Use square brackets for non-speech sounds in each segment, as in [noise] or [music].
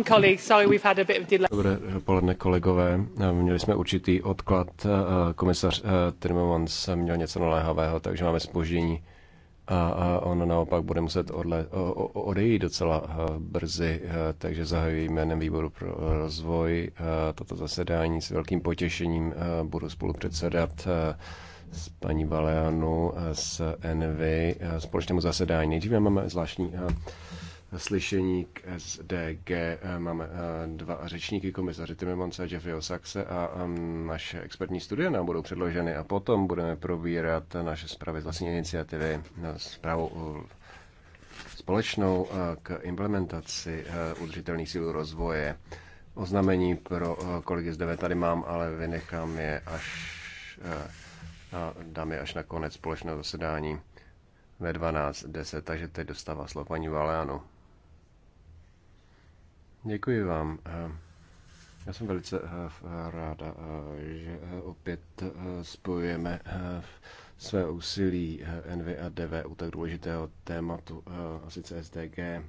Dobré eh, poledne, kolegové. Eh, měli jsme určitý odklad. Eh, komisař Timmermans měl něco naléhavého, takže máme spoždění. A on naopak bude muset odle, odejít docela brzy, takže zahajuji jménem výboru pro rozvoj toto zasedání. S velkým potěšením budu spolupředsedat s paní Baleanu z Envy společnému zasedání. Nejdříve máme zvláštní slyšení k SDG. Eh, máme eh, dva řečníky, komisaři Timemonce a Jeffreyho Saxe a naše expertní studie nám budou předloženy a potom budeme probírat naše zprávy z vlastní iniciativy, eh, zprávu společnou k implementaci udržitelných síl rozvoje. Oznamení pro kolegy z 9 tady mám, ale vynechám je až a dám je až na konec společného zasedání ve 12.10, takže teď dostává slovo paní Valéanu. Děkuji vám. Eh, já jsem velice eh, eh, ráda, že opět spojujeme své úsilí NV a DV u tak důležitého tématu, a sice SDG.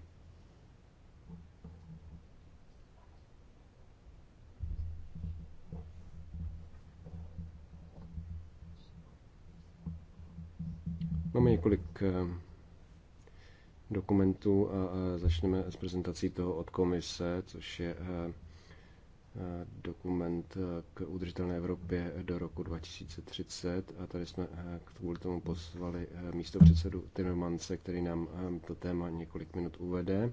Máme několik Dokumentu a začneme s prezentací toho od komise, což je eh, eh, dokument eh, k udržitelné Evropě do roku 2030 a tady jsme kvůli tomu pozvali místo předsedu Timmermanse, který nám to téma několik minut uvede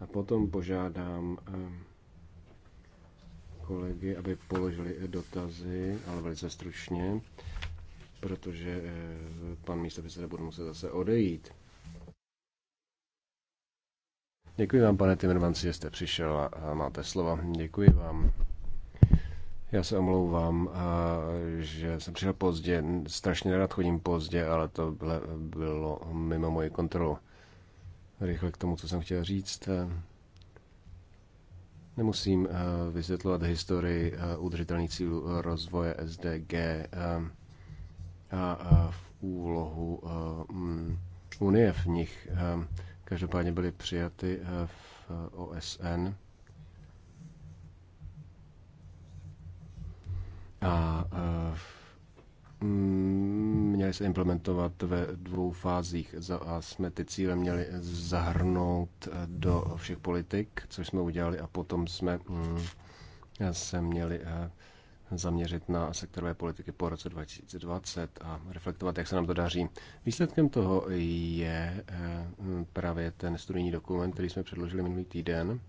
a potom požádám kolegy, aby položili dotazy, ale velice stručně, protože pan místo předseda bude muset zase odejít. Děkuji vám, pane Timmermansi, že jste přišel a máte slova. Děkuji vám. Já se omlouvám, že jsem přišel pozdě. Strašně nerad chodím pozdě, ale to bylo mimo moji kontrolu. Rychle k tomu, co jsem chtěl říct. Nemusím vysvětlovat historii udržitelných cílů rozvoje SDG a v úlohu Unie v nich. Každopádně byly přijaty eh, v eh, OSN. A eh, mm, měly se implementovat ve dvou fázích. A jsme ty cíle měli zahrnout do všech politik, což jsme udělali, a potom jsme mm, se měli zaměřit na sektorové politiky po roce 2020 a reflektovat, jak se nám to daří. Výsledkem toho je eh, právě ten studijní dokument, který jsme předložili minulý týden.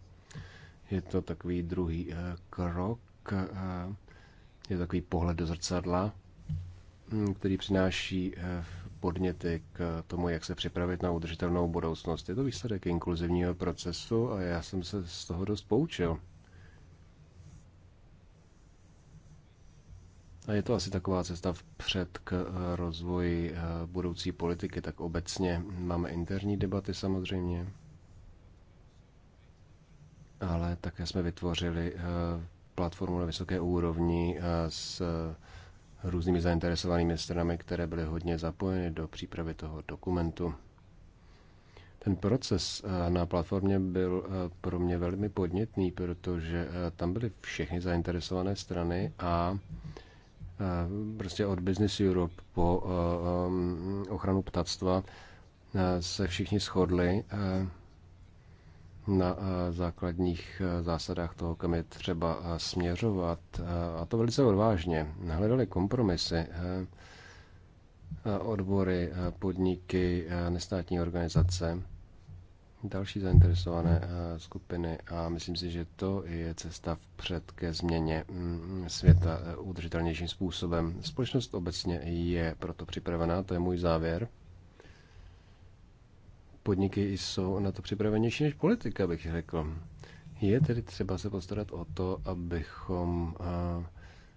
Je to takový druhý eh, krok, eh, je to takový pohled do zrcadla, hm, který přináší podněty k tomu, jak se připravit na udržitelnou budoucnost. Je to výsledek inkluzivního procesu a já jsem se z toho dost poučil. A je to asi taková cesta vpřed k eh, rozvoji eh, budoucí politiky, tak obecně máme interní debaty samozřejmě, ale také jsme vytvořili eh, platformu na vysoké úrovni s různými zainteresovanými stranami, které byly hodně zapojeny do přípravy toho dokumentu. Ten proces na platformě byl pro mě velmi podnětný, protože tam byly všechny zainteresované strany a Eh, prostě od Business Europe po eh, ochranu ptactva eh, se všichni shodli na základních zásadách toho, kam je třeba směřovat. A to velice odvážně. Hledali kompromisy odbory, podniky, nestátní organizace další zainteresované eh, skupiny a myslím si, že to je cesta vpřed ke změně mm, světa eh, udržitelnějším způsobem. Společnost obecně je proto připravená, to je můj závěr. Podniky jsou na to připravenější než politika, bych řekl. Je tedy třeba se postarat o to, abychom eh,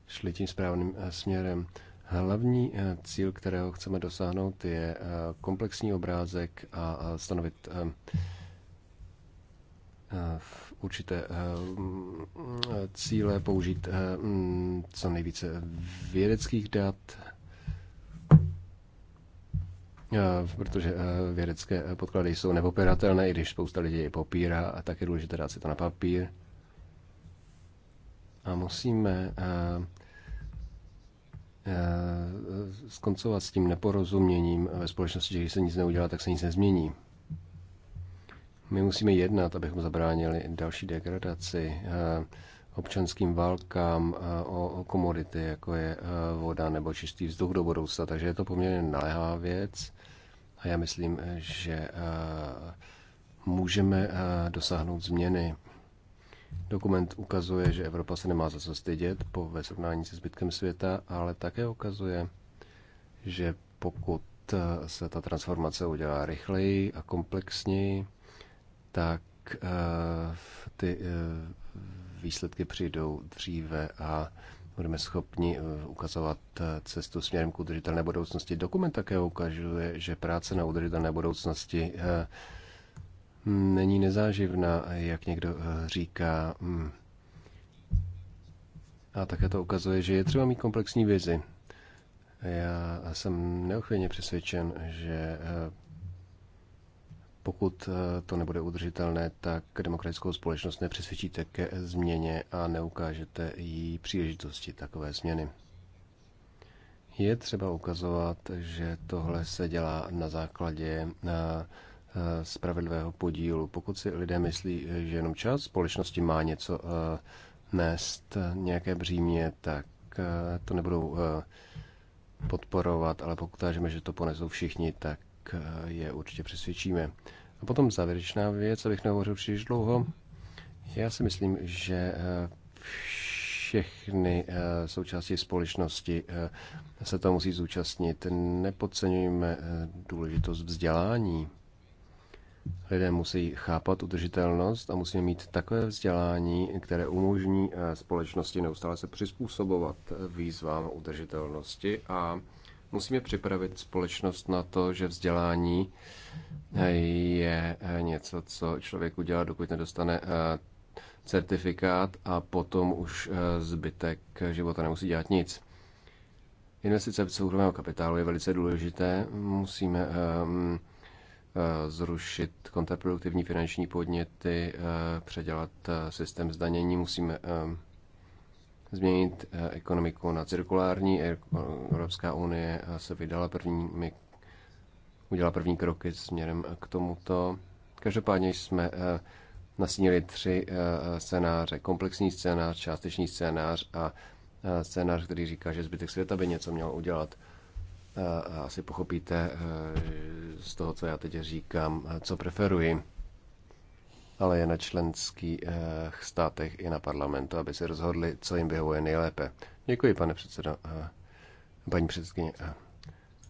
šli tím správným směrem. Hlavní eh, cíl, kterého chceme dosáhnout, je eh, komplexní obrázek a stanovit eh, v určité mm, cíle, použít mm, co nejvíce vědeckých dat, protože vědecké podklady jsou nepopiratelné, i když spousta lidí je popírá, a tak je důležité dát si to na papír. A musíme Eh, skoncovat s tím neporozuměním ve společnosti, že když se nic neudělá, tak se nic nezmění. My musíme jednat, abychom zabránili další degradaci eh, občanským válkám eh, o komodity, jako je voda nebo čistý vzduch do budoucna. Takže je to poměrně naléhavá věc a já myslím, že můžeme dosáhnout změny Dokument ukazuje, že Evropa se nemá za co stydět po ve srovnání se zbytkem světa, ale také ukazuje, že pokud eh, se ta transformace udělá rychleji a komplexněji, tak eh, ty eh, výsledky přijdou dříve a budeme schopni ukazovat cestu směrem k udržitelné budoucnosti. Dokument také ukazuje, že práce na udržitelné budoucnosti není nezáživná, jak někdo eh, říká. Hmm. A také to ukazuje, že je třeba mít komplexní vizi. Já jsem neochvějně přesvědčen, že eh, pokud eh, to nebude udržitelné, tak demokratickou společnost nepřesvědčíte ke změně a neukážete jí příležitosti takové změny. Je třeba ukazovat, že tohle se dělá na základě na Eh, spravedlivého podílu. Pokud si lidé myslí, že jenom část společnosti má něco eh, nést, nějaké břímě, tak eh, to nebudou podporovat, ale pokud ukážeme, že to ponesou všichni, tak je určitě přesvědčíme. A potom závěrečná věc, abych nehovořil příliš dlouho. Já si myslím, že všechny součásti společnosti se to musí zúčastnit. Nepodceňujeme důležitost vzdělání Lidé musí chápat udržitelnost a musíme mít takové vzdělání, které umožní eh, společnosti neustále se přizpůsobovat eh, výzvám udržitelnosti a musíme připravit společnost na to, že vzdělání eh, je něco, co člověk udělá, dokud nedostane certifikát a potom už zbytek života nemusí dělat nic. Investice v soukromého kapitálu je velice důležité. Musíme um, Eh, zrušit kontraproduktivní finanční podněty, eh, předělat eh, systém zdanění, musíme změnit ekonomiku na cirkulární. E, Evropská unie se vydala prvními, udělala první kroky směrem k tomuto. Každopádně jsme nasnili tři scénáře. Komplexní scénář, částečný scénář a scénář, který říká, že zbytek světa by něco měl udělat – asi pochopíte e, z toho, co já teď říkám, e, co preferuji. Ale je na členských e, státech i na parlamentu, aby se rozhodli, co jim vyhovuje nejlépe. Děkuji, pane předsedo, paní předsedkyně.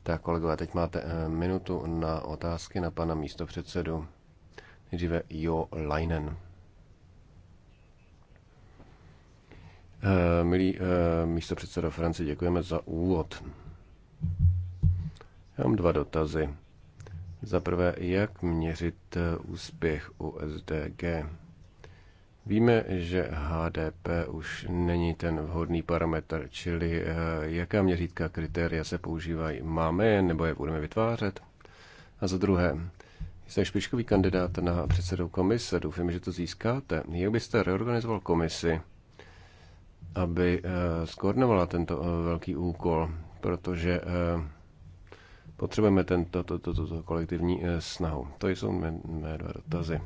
Tak, kolegové, teď máte minutu na otázky na pana místopředsedu. Nejdříve Jo Leinen. Milí místopředsedo Franci, děkujeme za úvod. Já mám dva dotazy. Za prvé, jak měřit eh, úspěch u SDG? Víme, že HDP už není ten vhodný parametr, čili eh, jaká měřítka kritéria se používají? Máme je nebo je budeme vytvářet? A za druhé, jste špičkový kandidát na předsedu komise, doufám, že to získáte. Jak byste reorganizoval komisi, aby eh, skoordinovala tento velký úkol? protože eh, potřebujeme tento, to, to, to, to kolektivní eh, snahu. To jsou mé, mé dva dotazy.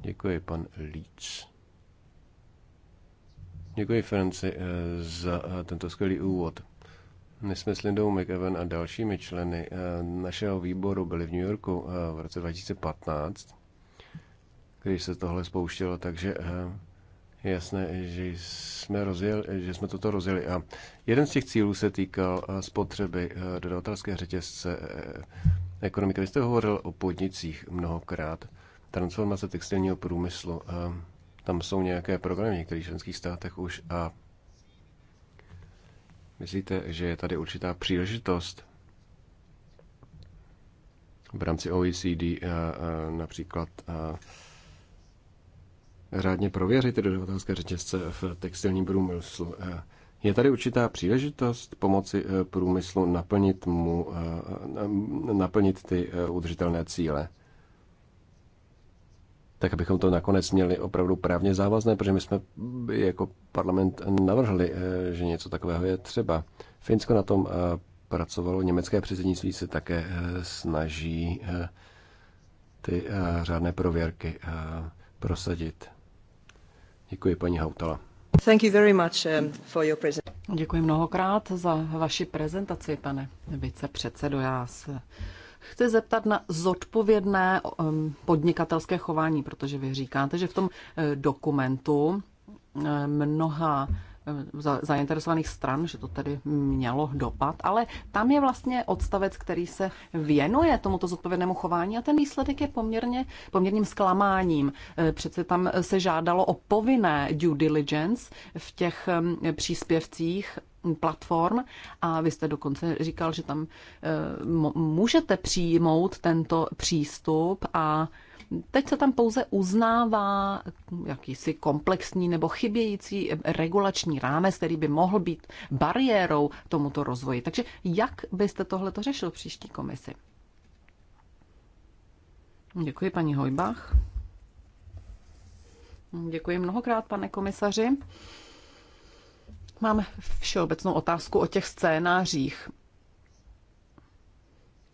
Děkuji, pan Líc. Děkuji, Franci, eh, za tento skvělý úvod. My jsme s Lindou McEwen a dalšími členy našeho výboru byli v New Yorku v roce 2015, když se tohle spouštělo, takže jasné, že jsme, rozjeli, že jsme toto rozjeli. A jeden z těch cílů se týkal eh, spotřeby eh, dodavatelské řetězce eh, ekonomiky. Vy jste hovořil o podnicích mnohokrát. Transformace textilního průmyslu. Tam jsou nějaké programy v některých členských státech už a myslíte, že je tady určitá příležitost v rámci OECD například řádně prověřit dodavatelské řetězce v textilním průmyslu. Eh, je tady určitá příležitost pomoci eh, průmyslu naplnit, mu, eh, naplnit ty udržitelné cíle? Tak abychom to nakonec měli opravdu právně závazné, protože my jsme jako parlament navrhli, že něco takového je třeba. Finsko na tom pracovalo, německé předsednictví se také snaží ty řádné prověrky prosadit. Děkuji, paní Hautala. Thank you very much um, for your Děkuji mnohokrát za vaši prezentaci, pane vicepředsedo. Já se chci zeptat na zodpovědné um, podnikatelské chování, protože vy říkáte, že v tom eh, dokumentu eh, mnoha Eh, zainteresovaných stran, že to tedy mělo dopad, ale tam je vlastně odstavec, který se věnuje tomuto zodpovědnému chování a ten výsledek je poměrně, poměrným zklamáním. Eh, přece tam se žádalo o povinné due diligence v těch eh, příspěvcích platform a vy jste dokonce říkal, že tam můžete přijmout tento přístup a Teď se tam pouze uznává jakýsi komplexní nebo chybějící regulační rámec, který by mohl být bariérou tomuto rozvoji. Takže jak byste tohle to řešil v příští komisi? Děkuji, paní Hojbach. Děkuji mnohokrát, pane komisaři. Mám všeobecnou otázku o těch scénářích.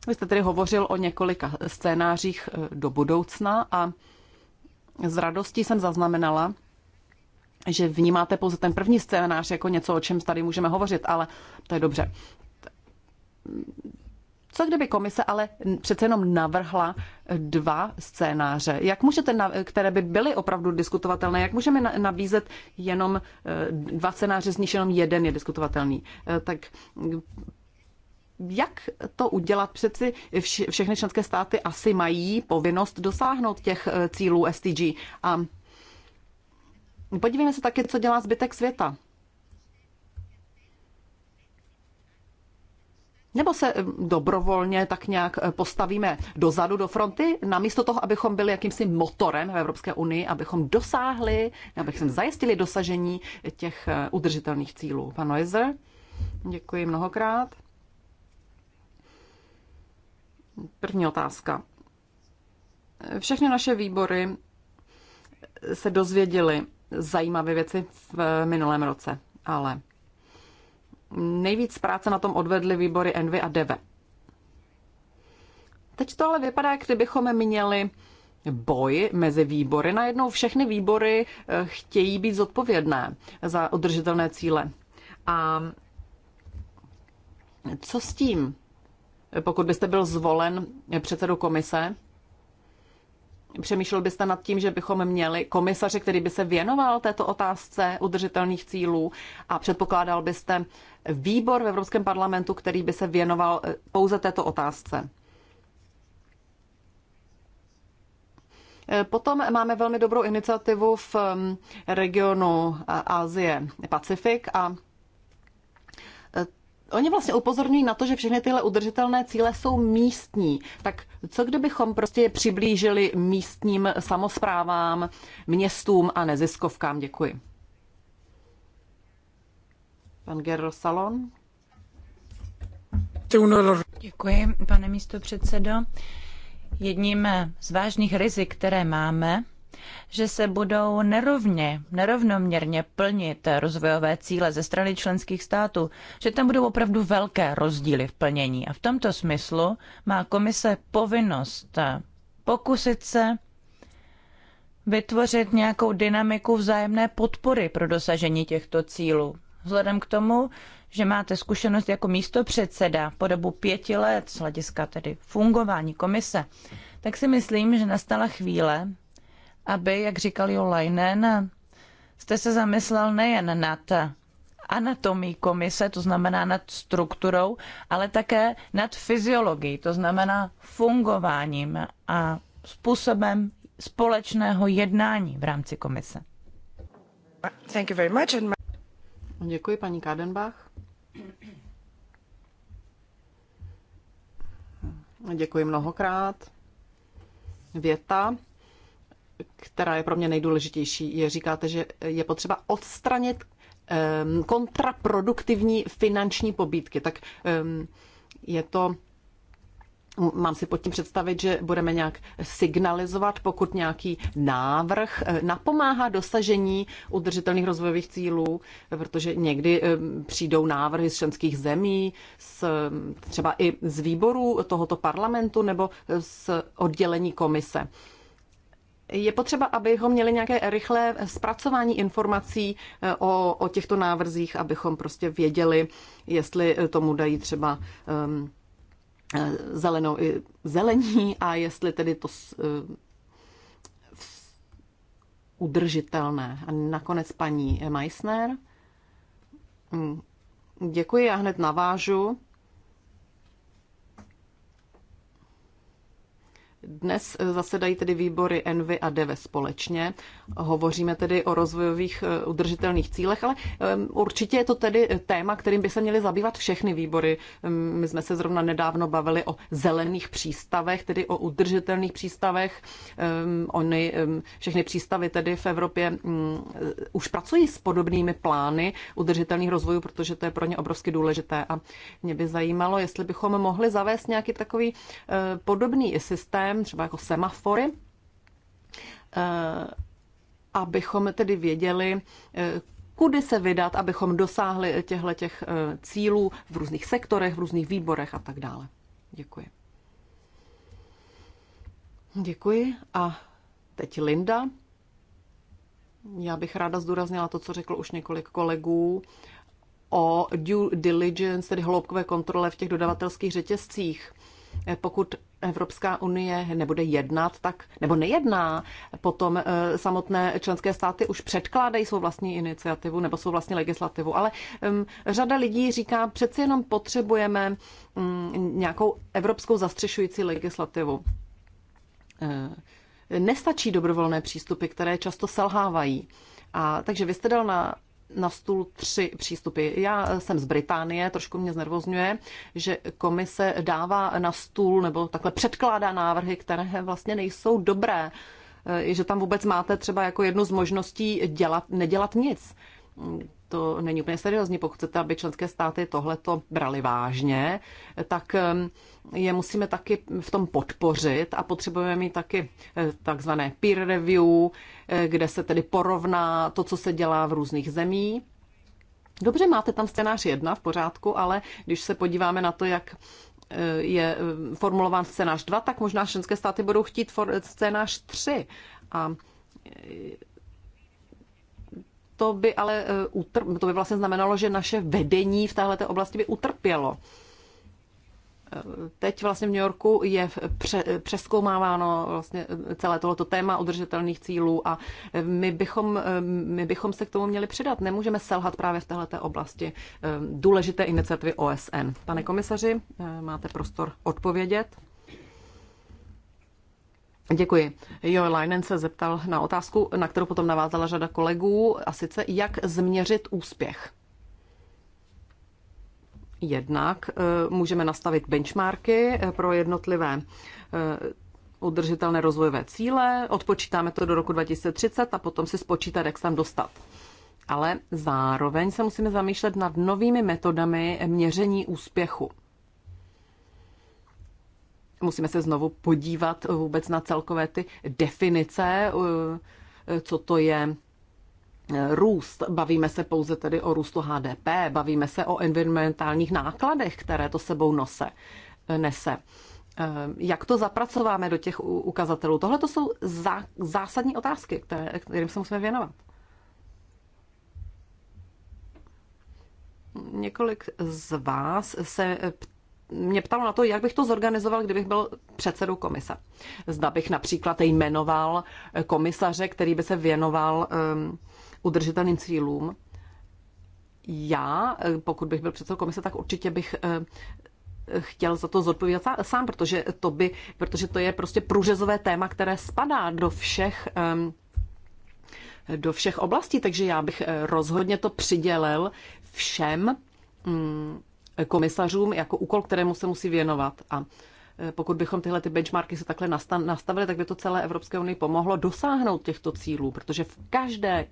Vy jste tedy hovořil o několika scénářích eh, do budoucna a s radostí jsem zaznamenala, že vnímáte pouze ten první scénář jako něco, o čem tady můžeme hovořit, ale to je dobře. Co kdyby komise ale přece jenom navrhla eh, dva scénáře? Jak můžete, které by byly opravdu diskutovatelné, jak můžeme nabízet jenom eh, dva scénáře, z nich jenom jeden je diskutovatelný? Tak jak to udělat? Přeci všechny členské státy asi mají povinnost dosáhnout těch eh, cílů SDG. A podívejme se taky, co dělá zbytek světa. Nebo se eh, dobrovolně tak nějak eh, postavíme dozadu do fronty, namísto toho, abychom byli jakýmsi motorem v Evropské unii, abychom dosáhli, abychom zajistili dosažení těch udržitelných cílů. Pan Neuser, děkuji mnohokrát. První otázka. Všechny naše výbory se dozvěděly zajímavé věci v minulém roce, ale nejvíc práce na tom odvedly výbory Envy a Deve. Teď to ale vypadá, jak kdybychom měli boj mezi výbory. Najednou všechny výbory eh, chtějí být zodpovědné za udržitelné cíle. A co s tím? pokud byste byl zvolen předsedou komise, přemýšlel byste nad tím, že bychom měli komisaře, který by se věnoval této otázce udržitelných cílů a předpokládal byste výbor v Evropském parlamentu, který by se věnoval eh, pouze této otázce. Eh, potom máme velmi dobrou iniciativu v mm, regionu eh, Asie Pacifik a Oni vlastně upozorňují na to, že všechny tyhle udržitelné cíle jsou místní. Tak co kdybychom prostě je přiblížili místním samozprávám, městům a neziskovkám? Děkuji. Pan Gerro Salon. Děkuji, pane místo předsedo. Jedním z vážných rizik, které máme, že se budou nerovně, nerovnoměrně plnit rozvojové cíle ze strany členských států, že tam budou opravdu velké rozdíly v plnění. A v tomto smyslu má komise povinnost pokusit se vytvořit nějakou dynamiku vzájemné podpory pro dosažení těchto cílů. Vzhledem k tomu, že máte zkušenost jako místopředseda po dobu pěti let z hlediska tedy fungování komise, tak si myslím, že nastala chvíle, aby, jak říkal Jo Leinen, jste se zamyslel nejen nad anatomí komise, to znamená nad strukturou, ale také nad fyziologií, to znamená fungováním a způsobem společného jednání v rámci komise. Thank you very much. And... Děkuji, paní Kádenbach. Děkuji mnohokrát. Věta která je pro mě nejdůležitější, je, říkáte, že je potřeba odstranit ehm, kontraproduktivní finanční pobídky. Tak ehm, je to Mám si pod tím představit, že budeme nějak signalizovat, pokud nějaký návrh eh, napomáhá dosažení udržitelných rozvojových cílů, protože někdy ehm, přijdou návrhy z členských zemí, z, třeba i z výborů tohoto parlamentu nebo eh, z oddělení komise. Je potřeba, abychom měli nějaké rychlé zpracování informací eh, o, o těchto návrzích, abychom prostě věděli, jestli eh, tomu dají třeba um, ehm, eh, zelenou, zelení a jestli tedy to uh, udržitelné. A nakonec paní Meissner. Hm, děkuji, já hned navážu. Dnes zasedají tedy výbory Envy a DEVE společně. Hovoříme tedy o rozvojových eh, udržitelných cílech, ale určitě je to tedy eh, téma, kterým by se měly zabývat všechny výbory. My jsme se zrovna nedávno bavili o zelených přístavech, tedy o udržitelných přístavech. Oni, všechny přístavy tedy v Evropě mm, eh, už pracují s podobnými plány udržitelných rozvojů, protože to je pro ně obrovsky důležité. A mě by zajímalo, jestli bychom mohli zavést nějaký takový podobný systém, systém, třeba jako semafory, eh, abychom tedy věděli, eh, kudy se vydat, abychom dosáhli těchto těch eh, cílů v různých sektorech, v různých výborech a tak dále. Děkuji. Děkuji. A teď Linda. Já bych ráda zdůraznila to, co řekl už několik kolegů o due diligence, tedy hloubkové kontrole v těch dodavatelských řetězcích. Eh, pokud Evropská unie nebude jednat, tak nebo nejedná, potom eh, samotné členské státy už předkládají svou vlastní iniciativu nebo svou vlastní legislativu. Ale řada lidí říká, přeci jenom potřebujeme mm, nějakou evropskou zastřešující legislativu. Eh, nestačí dobrovolné přístupy, které často selhávají. A takže vy jste dal na na stůl tři přístupy. Já jsem z Británie, trošku mě znervozňuje, že komise dává na stůl nebo takhle předkládá návrhy, které vlastně nejsou dobré. E, že tam vůbec máte třeba jako jednu z možností dělat, nedělat nic to není úplně seriózní. Pokud chcete, aby členské státy tohleto brali vážně, tak um, je musíme taky v tom podpořit a potřebujeme mít taky eh, takzvané peer review, eh, kde se tedy porovná to, co se dělá v různých zemích. Dobře, máte tam scénář jedna v pořádku, ale když se podíváme na to, jak eh, je formulován scénář 2, tak možná členské státy budou chtít scénář 3. A to by ale eh, utr, to by vlastně znamenalo, že naše vedení v této oblasti by utrpělo. Eh, teď vlastně v New Yorku je přeskoumáváno eh, vlastně celé tohoto téma udržitelných cílů a my bychom, my bychom se k tomu měli přidat. Nemůžeme selhat právě v této oblasti důležité iniciativy OSN. Pane komisaři, máte prostor odpovědět. Děkuji. Jo, Leinen se zeptal na otázku, na kterou potom navázala řada kolegů, a sice jak změřit úspěch. Jednak eh, můžeme nastavit benchmarky eh, pro jednotlivé eh, udržitelné rozvojové cíle, odpočítáme to do roku 2030 a potom si spočítat, jak se tam dostat. Ale zároveň se musíme zamýšlet nad novými metodami měření úspěchu musíme se znovu podívat eh, vůbec na celkové ty definice, eh, co to je eh, růst. Bavíme se pouze tedy o růstu HDP, bavíme se o environmentálních nákladech, které to sebou nose, nese. Jak to zapracováme do těch ukazatelů? Tohle to jsou zásadní otázky, které, kterým se musíme věnovat. Několik z vás se mě ptalo na to, jak bych to zorganizoval, kdybych byl předsedou komise. Zda bych například jmenoval komisaře, který by se věnoval um, udržitelným cílům. Já, eh, pokud bych byl předsedou komise, tak určitě bych um, chtěl za to zodpovědět sám, protože to, by, protože to je prostě průřezové téma, které spadá do všech um, do všech oblastí, takže já bych eh, rozhodně to přidělil všem mm, komisařům jako úkol, kterému se musí věnovat. A e, pokud bychom tyhle ty benchmarky se takhle nastavili, tak by to celé Evropské unii pomohlo dosáhnout těchto cílů, protože v každé e,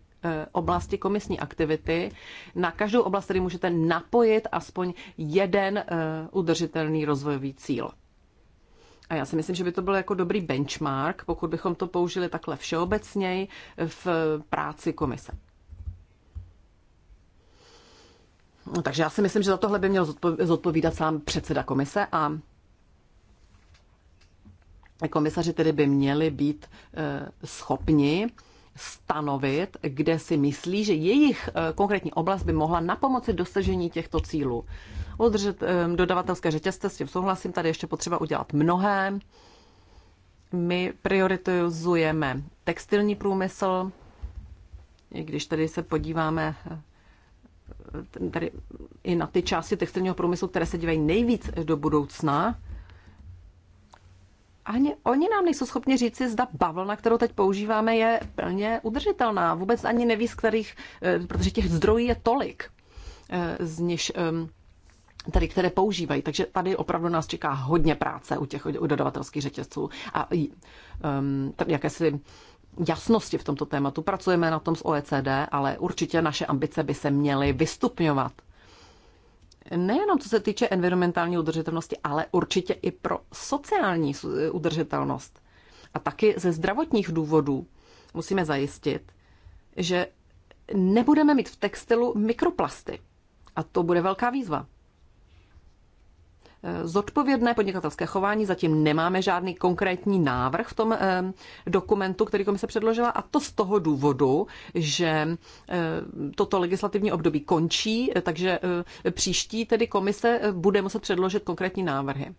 oblasti komisní aktivity. Na každou oblast tedy můžete napojit aspoň jeden e, udržitelný rozvojový cíl. A já si myslím, že by to byl jako dobrý benchmark, pokud bychom to použili takhle všeobecněji v práci komise. No, takže já si myslím, že za tohle by měl zodpovídat sám předseda komise a komisaři tedy by měli být eh, schopni stanovit, kde si myslí, že jejich eh, konkrétní oblast by mohla napomoci dosažení těchto cílů. Udržet eh, dodavatelské řetězce, s tím souhlasím, tady ještě potřeba udělat mnohé. My prioritizujeme textilní průmysl, i když tady se podíváme tady i na ty části textilního průmyslu, které se dívají nejvíc do budoucna, ani oni nám nejsou schopni říci, zda bavlna, kterou teď používáme, je plně udržitelná. Vůbec ani neví, z kterých, eh, protože těch zdrojů je tolik, eh, z nich ehm, tady, které používají. Takže tady opravdu nás čeká hodně práce u těch u dodavatelských řetězců a um, jakési jasnosti v tomto tématu. Pracujeme na tom s OECD, ale určitě naše ambice by se měly vystupňovat. Nejenom co se týče environmentální udržitelnosti, ale určitě i pro sociální udržitelnost. A taky ze zdravotních důvodů musíme zajistit, že nebudeme mít v textilu mikroplasty. A to bude velká výzva zodpovědné podnikatelské chování. Zatím nemáme žádný konkrétní návrh v tom eh, dokumentu, který komise předložila a to z toho důvodu, že eh, toto legislativní období končí, eh, takže příští tedy komise bude muset předložit konkrétní návrhy.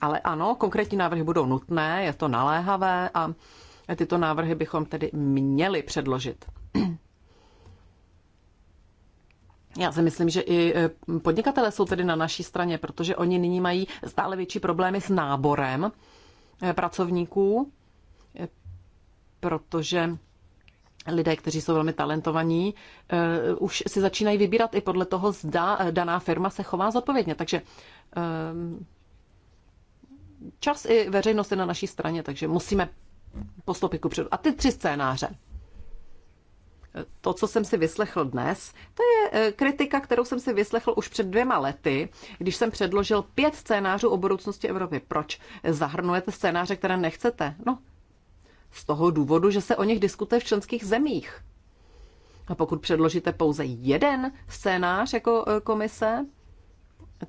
Ale ano, konkrétní návrhy budou nutné, je to naléhavé a tyto návrhy bychom tedy měli předložit. Já si myslím, že i e, podnikatele jsou tedy na naší straně, protože oni nyní mají stále větší problémy s náborem e, pracovníků, e, protože lidé, kteří jsou velmi talentovaní, už si začínají vybírat i podle toho, zda daná firma se chová zodpovědně. Takže čas i veřejnost je na naší straně, takže musíme postoupit ku předu. A ty tři scénáře to, co jsem si vyslechl dnes, to je eh, kritika, kterou jsem si vyslechl už před dvěma lety, když jsem předložil pět scénářů o budoucnosti Evropy. Proč zahrnujete scénáře, které nechcete? No, z toho důvodu, že se o nich diskutuje v členských zemích. A pokud předložíte pouze jeden scénář jako eh, komise,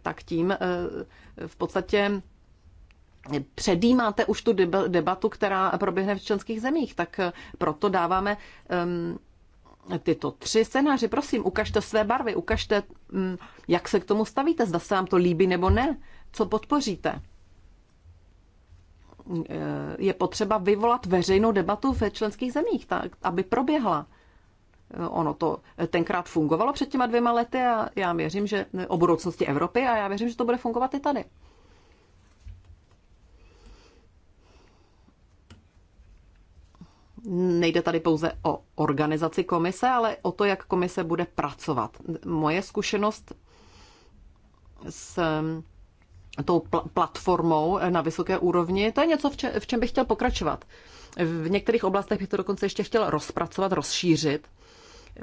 tak tím eh, v podstatě předjímáte už tu debatu, která proběhne v členských zemích. Tak proto dáváme ehm, tyto tři scénáře. Prosím, ukažte své barvy, ukažte, mm, jak se k tomu stavíte, zda se vám to líbí nebo ne, co podpoříte. Eh, je potřeba vyvolat veřejnou debatu ve členských zemích, tak, aby proběhla. Eh, ono to eh, tenkrát fungovalo před těma dvěma lety a já věřím, že o budoucnosti Evropy a já věřím, že to bude fungovat i tady. Nejde tady pouze o organizaci komise, ale o to, jak komise bude pracovat. Moje zkušenost s mm, tou pl- platformou na vysoké úrovni, to je něco, v, če- v čem bych chtěl pokračovat. V některých oblastech bych to dokonce ještě chtěl rozpracovat, rozšířit,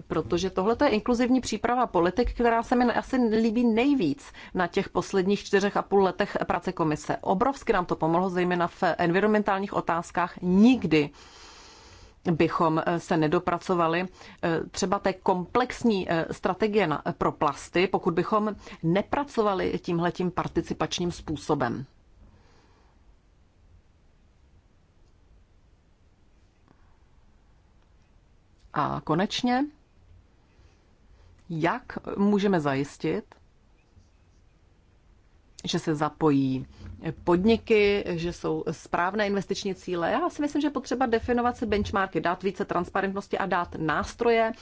protože tohle je inkluzivní příprava politik, která se mi asi líbí nejvíc na těch posledních čtyřech a půl letech práce komise. Obrovsky nám to pomohlo, zejména v environmentálních otázkách. Nikdy bychom eh, se nedopracovali eh, třeba té komplexní eh, strategie pro plasty, pokud bychom nepracovali tímhletím participačním způsobem. A konečně, jak můžeme zajistit, že se zapojí podniky, že jsou správné investiční cíle. Já si myslím, že potřeba definovat si benchmarky, dát více transparentnosti a dát nástroje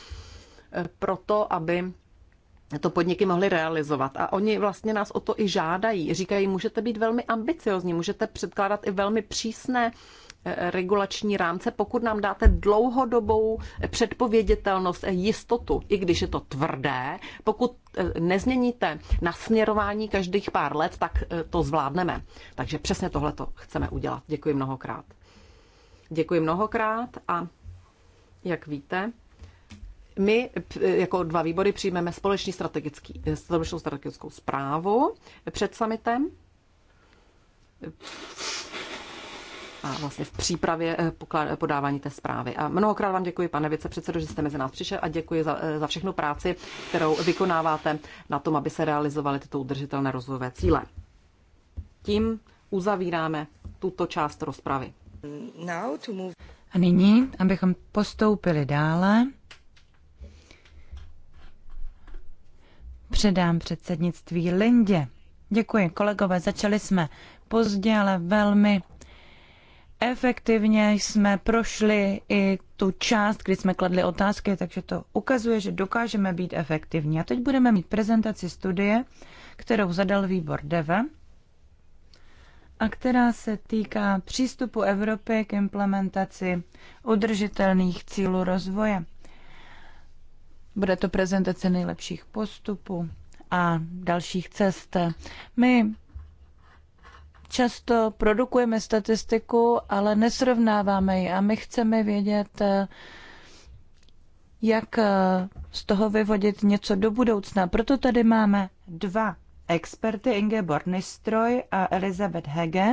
pro to, aby to podniky mohly realizovat. A oni vlastně nás o to i žádají. Říkají, můžete být velmi ambiciozní, můžete předkládat i velmi přísné Eh, regulační rámce, pokud nám dáte dlouhodobou předpověditelnost, eh, jistotu, i když je to tvrdé, pokud eh, nezměníte nasměrování každých pár let, tak to zvládneme. Takže přesně tohle to chceme udělat. Děkuji mnohokrát. Děkuji mnohokrát a jak víte, my jako dva výbory přijmeme společný strategický, společnou strategickou zprávu před summitem a vlastně v přípravě eh, podávání té zprávy. A mnohokrát vám děkuji, pane vicepředsedo, že jste mezi nás přišel a děkuji za, eh, za všechnu práci, kterou vykonáváte na tom, aby se realizovaly tyto udržitelné rozvojové cíle. Tím uzavíráme tuto část rozpravy. A nyní, abychom postoupili dále, předám předsednictví Lindě. Děkuji, kolegové, začali jsme pozdě, ale velmi efektivně jsme prošli i tu část, kdy jsme kladli otázky, takže to ukazuje, že dokážeme být efektivní. A teď budeme mít prezentaci studie, kterou zadal výbor DEVE a která se týká přístupu Evropy k implementaci udržitelných cílů rozvoje. Bude to prezentace nejlepších postupů a dalších cest. My Často produkujeme statistiku, ale nesrovnáváme ji a my chceme vědět, eh, jak eh, z toho vyvodit něco do budoucna. Proto tady máme dva experty, Ingeborg Nistroj a Elizabeth Hege.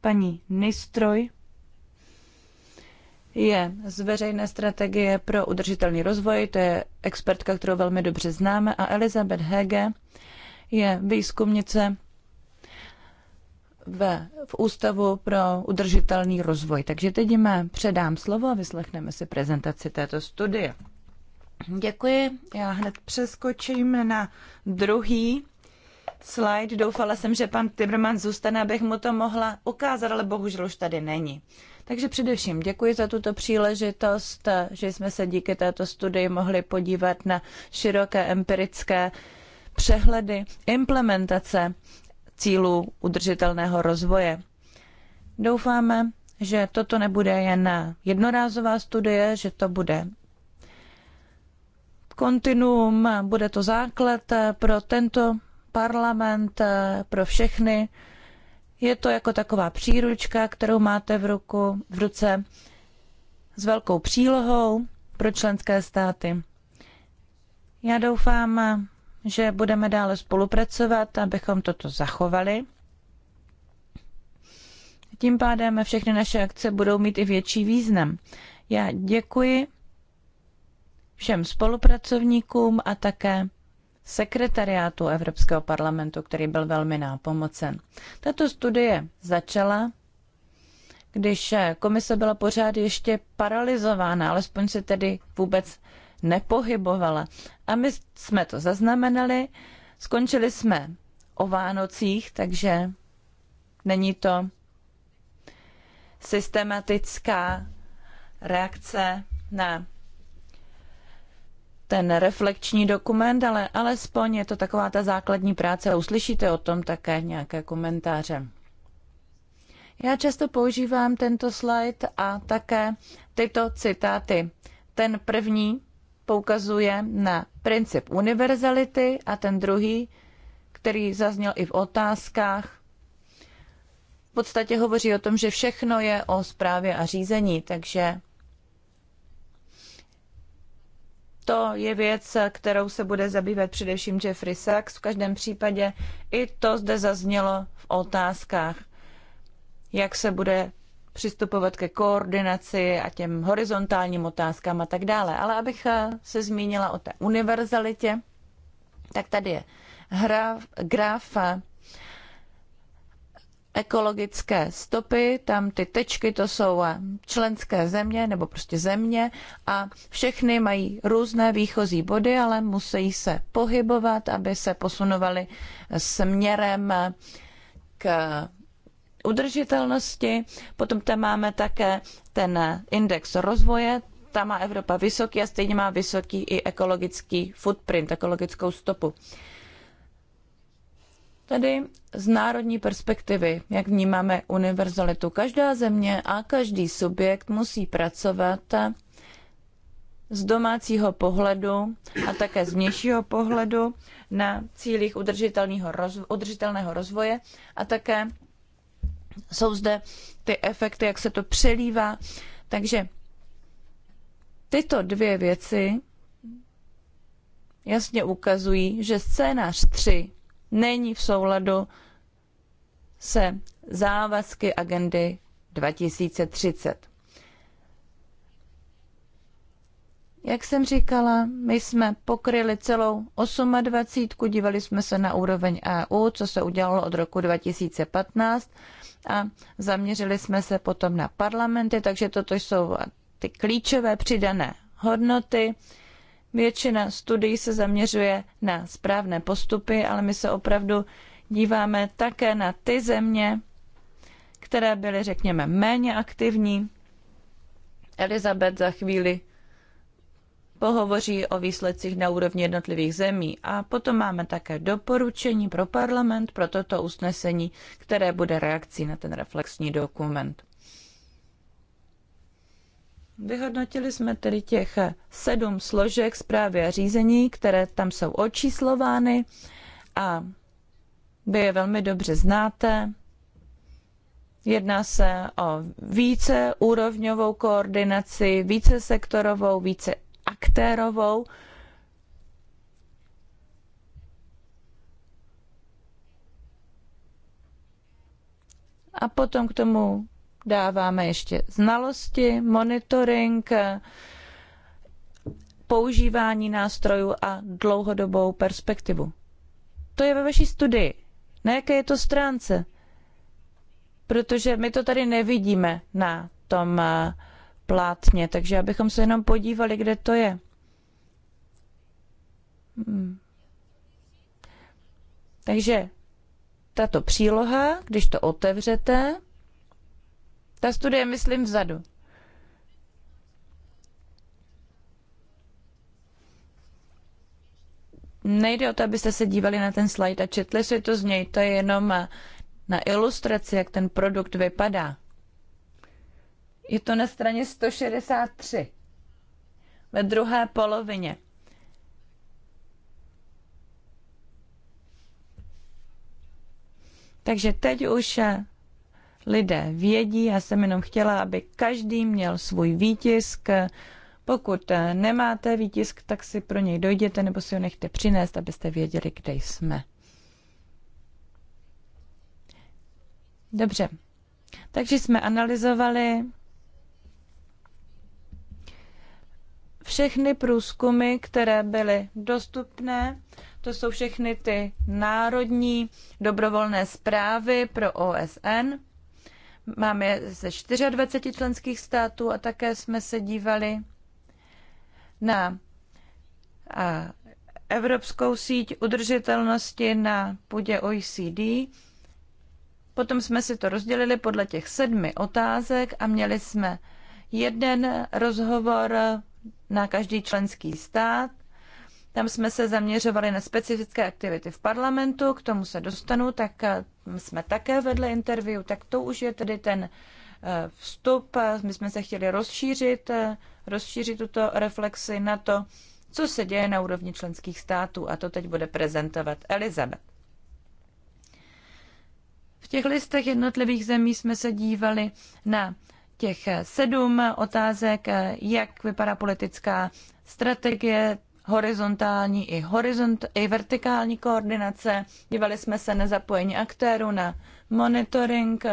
Paní Nistroj je z veřejné strategie pro udržitelný rozvoj, to je expertka, kterou velmi dobře známe, a Elizabeth Hege je výzkumnice v, v Ústavu pro udržitelný rozvoj. Takže teď jim předám slovo a vyslechneme si prezentaci této studie. Děkuji. Já hned přeskočím na druhý slide. Doufala jsem, že pan Timmerman zůstane, abych mu to mohla ukázat, ale bohužel už tady není. Takže především děkuji za tuto příležitost, že jsme se díky této studii mohli podívat na široké empirické přehledy implementace cílů udržitelného rozvoje. Doufáme, že toto nebude jen jednorázová studie, že to bude kontinuum, bude to základ pro tento parlament, pro všechny. Je to jako taková příručka, kterou máte v, ruku, v ruce s velkou přílohou pro členské státy. Já doufám, že budeme dále spolupracovat, abychom toto zachovali. Tím pádem všechny naše akce budou mít i větší význam. Já děkuji všem spolupracovníkům a také sekretariátu Evropského parlamentu, který byl velmi nápomocen. Tato studie začala, když komise byla pořád ještě paralizována, alespoň se tedy vůbec nepohybovala. A my jsme to zaznamenali, skončili jsme o Vánocích, takže není to systematická reakce na ten reflekční dokument, ale alespoň je to taková ta základní práce a uslyšíte o tom také nějaké komentáře. Já často používám tento slide a také tyto citáty. Ten první poukazuje na princip univerzality a ten druhý, který zazněl i v otázkách, v podstatě hovoří o tom, že všechno je o správě a řízení, takže to je věc, kterou se bude zabývat především Jeffrey Sachs. V každém případě i to zde zaznělo v otázkách, jak se bude přistupovat ke koordinaci a těm horizontálním otázkám a tak dále. Ale abych eh, se zmínila o té univerzalitě, tak tady je hra, graf eh, ekologické stopy, tam ty tečky to jsou eh, členské země nebo prostě země a všechny mají různé výchozí body, ale musí se pohybovat, aby se posunovali směrem k udržitelnosti, potom tam máme také ten index rozvoje, tam má Evropa vysoký a stejně má vysoký i ekologický footprint, ekologickou stopu. Tedy z národní perspektivy, jak vnímáme univerzalitu, každá země a každý subjekt musí pracovat z domácího pohledu a také z vnějšího pohledu na cílích udržitelného rozvoje a také jsou zde ty efekty, jak se to přelívá. Takže tyto dvě věci jasně ukazují, že scénář 3 není v souladu se závazky agendy 2030. Jak jsem říkala, my jsme pokryli celou 28, dívali jsme se na úroveň EU, co se udělalo od roku 2015 a zaměřili jsme se potom na parlamenty, takže toto jsou ty klíčové přidané hodnoty. Většina studií se zaměřuje na správné postupy, ale my se opravdu díváme také na ty země, které byly, řekněme, méně aktivní. Elizabeth za chvíli pohovoří o výsledcích na úrovni jednotlivých zemí. A potom máme také doporučení pro parlament pro toto usnesení, které bude reakcí na ten reflexní dokument. Vyhodnotili jsme tedy těch sedm složek zprávy a řízení, které tam jsou očíslovány a vy je velmi dobře znáte. Jedná se o více úrovňovou koordinaci, více sektorovou, více aktérovou, a potom k tomu dáváme ještě znalosti, monitoring, používání nástrojů a dlouhodobou perspektivu. To je ve vaší studii. Na jaké je to stránce? Protože my to tady nevidíme na tom eh, plátně, takže abychom se jenom podívali, kde to je. Hmm. Takže tato příloha, když to otevřete, ta studie, myslím, vzadu. Nejde o to, abyste se dívali na ten slide a četli si to z něj, to je jenom na ilustraci, jak ten produkt vypadá. Je to na straně 163, ve druhé polovině. Takže teď už eh, lidé vědí, já jsem jenom chtěla, aby každý měl svůj výtisk. Pokud eh, nemáte výtisk, tak si pro něj dojděte nebo si ho nechte přinést, abyste věděli, kde jsme. Dobře, takže jsme analyzovali všechny průzkumy, které byly dostupné, to jsou všechny ty národní dobrovolné zprávy pro OSN. Máme je ze 24 členských států a také jsme se dívali na Evropskou síť udržitelnosti na půdě OECD. Potom jsme si to rozdělili podle těch sedmi otázek a měli jsme jeden rozhovor na každý členský stát. Tam jsme se zaměřovali na specifické aktivity v parlamentu, k tomu se dostanu, tak eh, jsme také vedli interview, tak to už je tedy ten eh, vstup. My jsme se chtěli rozšířit, eh, rozšířit tuto reflexi na to, co se děje na úrovni členských států a to teď bude prezentovat Elizabeth. V těch listech jednotlivých zemí jsme se dívali na těch sedm otázek, jak vypadá politická strategie, horizontální i, horizont, i vertikální koordinace. Dívali jsme se na zapojení aktérů, na monitoring,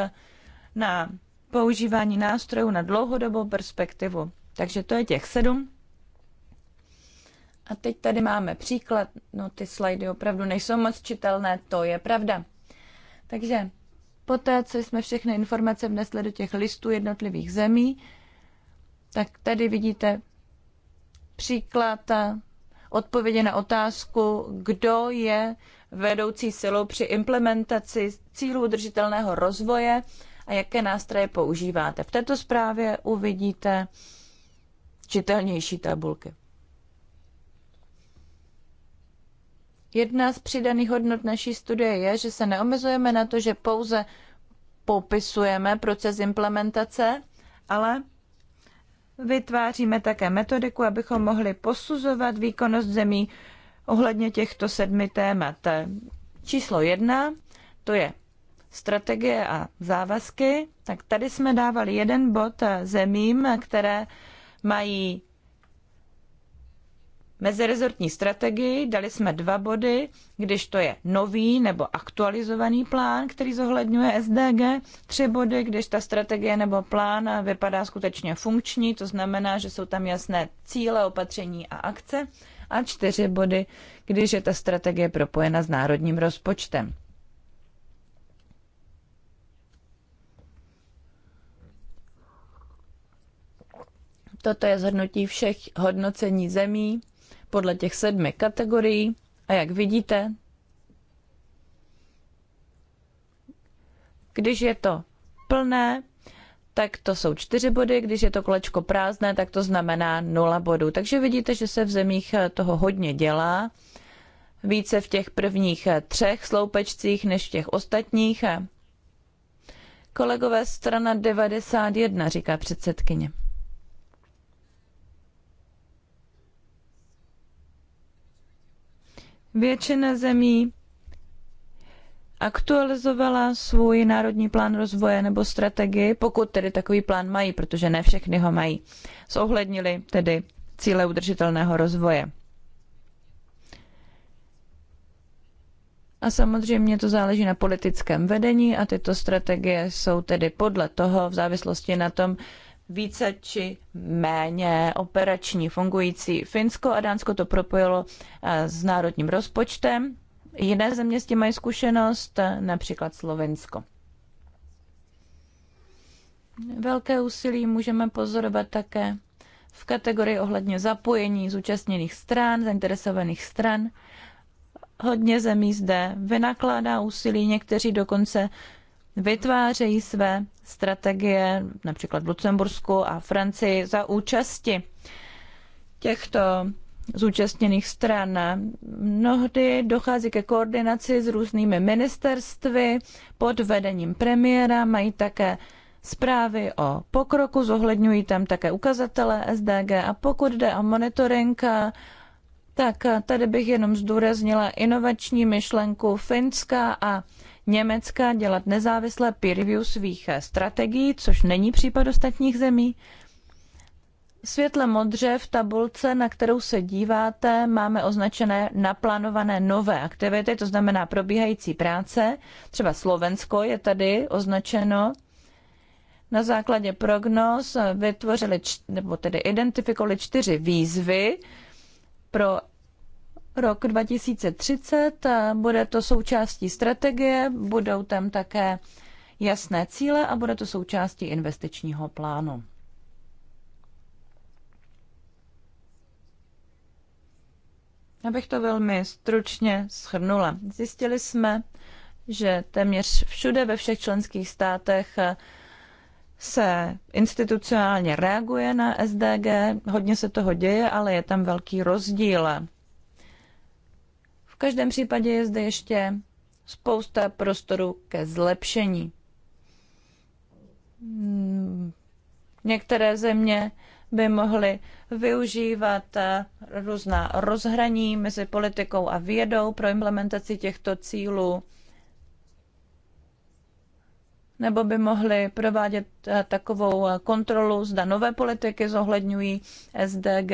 na používání nástrojů na dlouhodobou perspektivu. Takže to je těch sedm. A teď tady máme příklad, no ty slajdy opravdu nejsou moc čitelné, to je pravda. Takže Poté, co jsme všechny informace vnesli do těch listů jednotlivých zemí, tak tady vidíte příklad odpovědi na otázku, kdo je vedoucí silou při implementaci cílů udržitelného rozvoje a jaké nástroje používáte. V této zprávě uvidíte čitelnější tabulky. Jedna z přidaných hodnot naší studie je, že se neomezujeme na to, že pouze popisujeme proces implementace, ale vytváříme také metodiku, abychom mohli posuzovat výkonnost zemí ohledně těchto sedmi témat. Číslo jedna, to je strategie a závazky, tak tady jsme dávali jeden bod zemím, které mají mezirezortní strategii dali jsme dva body, když to je nový nebo aktualizovaný plán, který zohledňuje SDG, tři body, když ta strategie nebo plán vypadá skutečně funkční, to znamená, že jsou tam jasné cíle, opatření a akce, a čtyři body, když je ta strategie propojena s národním rozpočtem. Toto je zhodnotí všech hodnocení zemí podle těch sedmi kategorií a jak vidíte, když je to plné, tak to jsou čtyři body, když je to kolečko prázdné, tak to znamená nula bodů. Takže vidíte, že se v zemích eh, toho hodně dělá, více v těch prvních eh, třech sloupečcích než v těch ostatních. Eh, Kolegové, strana 91, říká předsedkyně. Většina zemí aktualizovala svůj národní plán rozvoje nebo strategii, pokud tedy takový plán mají, protože ne všechny ho mají. Zohlednili tedy cíle udržitelného rozvoje. A samozřejmě to záleží na politickém vedení a tyto strategie jsou tedy podle toho v závislosti na tom, více či méně operační fungující. Finsko a Dánsko to propojilo eh, s národním rozpočtem. Jiné země s tím mají zkušenost, eh, například Slovensko. Velké úsilí můžeme pozorovat také v kategorii ohledně zapojení zúčastněných stran, zainteresovaných stran. Hodně zemí zde vynakládá úsilí, někteří dokonce vytvářejí své strategie, například v Lucembursku a Francii, za účasti těchto zúčastněných stran. Mnohdy dochází ke koordinaci s různými ministerstvy pod vedením premiéra, mají také zprávy o pokroku, zohledňují tam také ukazatele SDG a pokud jde o monitoring, tak tady bych jenom zdůraznila inovační myšlenku Finska a Německa dělat nezávislé peer review svých eh, strategií, což není případ ostatních zemí. Světle modře v tabulce, na kterou se díváte, máme označené naplánované nové aktivity, to znamená probíhající práce. Třeba Slovensko je tady označeno. Na základě prognóz eh, vytvořili, nebo tedy identifikovali čtyři výzvy pro rok 2030, bude to součástí strategie, budou tam také jasné cíle a bude to součástí investičního plánu. Abych to velmi stručně shrnula. Zjistili jsme, že téměř všude ve všech členských státech se institucionálně reaguje na SDG, hodně se toho děje, ale je tam velký rozdíl v každém případě je zde ještě spousta prostoru ke zlepšení. Hmm, některé země by mohly využívat eh, různá rozhraní mezi politikou a vědou pro implementaci těchto cílů, nebo by mohly provádět eh, takovou eh, kontrolu, zda nové politiky zohledňují SDG,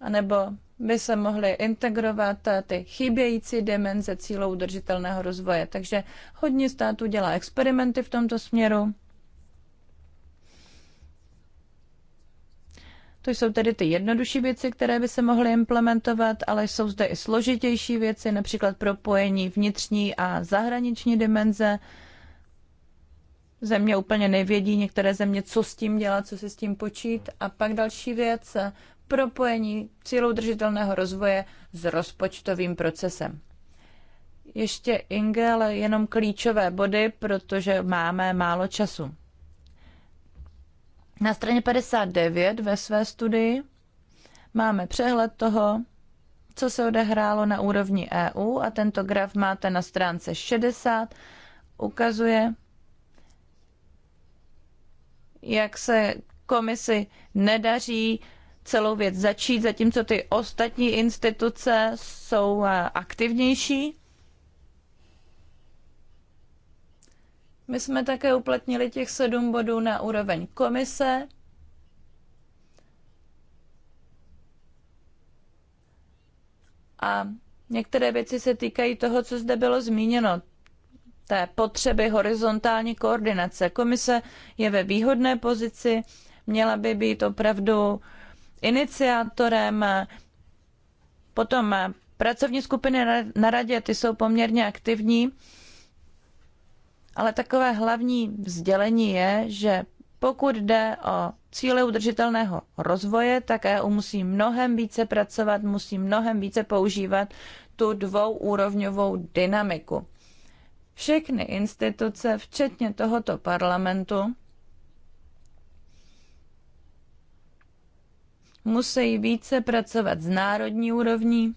anebo by se mohly integrovat ty chybějící dimenze cílou udržitelného rozvoje. Takže hodně států dělá experimenty v tomto směru. To jsou tedy ty jednodušší věci, které by se mohly implementovat, ale jsou zde i složitější věci, například propojení vnitřní a zahraniční dimenze. Země úplně nevědí, některé země, co s tím dělat, co se s tím počít. A pak další věc, propojení cílů držitelného rozvoje s rozpočtovým procesem. Ještě Inge, ale jenom klíčové body, protože máme málo času. Na straně 59 ve své studii máme přehled toho, co se odehrálo na úrovni EU a tento graf máte na stránce 60, ukazuje, jak se komisi nedaří celou věc začít, zatímco ty ostatní instituce jsou eh, aktivnější? My jsme také uplatnili těch sedm bodů na úroveň komise. A některé věci se týkají toho, co zde bylo zmíněno, té potřeby horizontální koordinace. Komise je ve výhodné pozici, měla by být opravdu iniciátorem. Potom pracovní skupiny na radě, ty jsou poměrně aktivní, ale takové hlavní vzdělení je, že pokud jde o cíle udržitelného rozvoje, tak EU musí mnohem více pracovat, musí mnohem více používat tu dvouúrovňovou dynamiku. Všechny instituce, včetně tohoto parlamentu, musí více pracovat z národní úrovní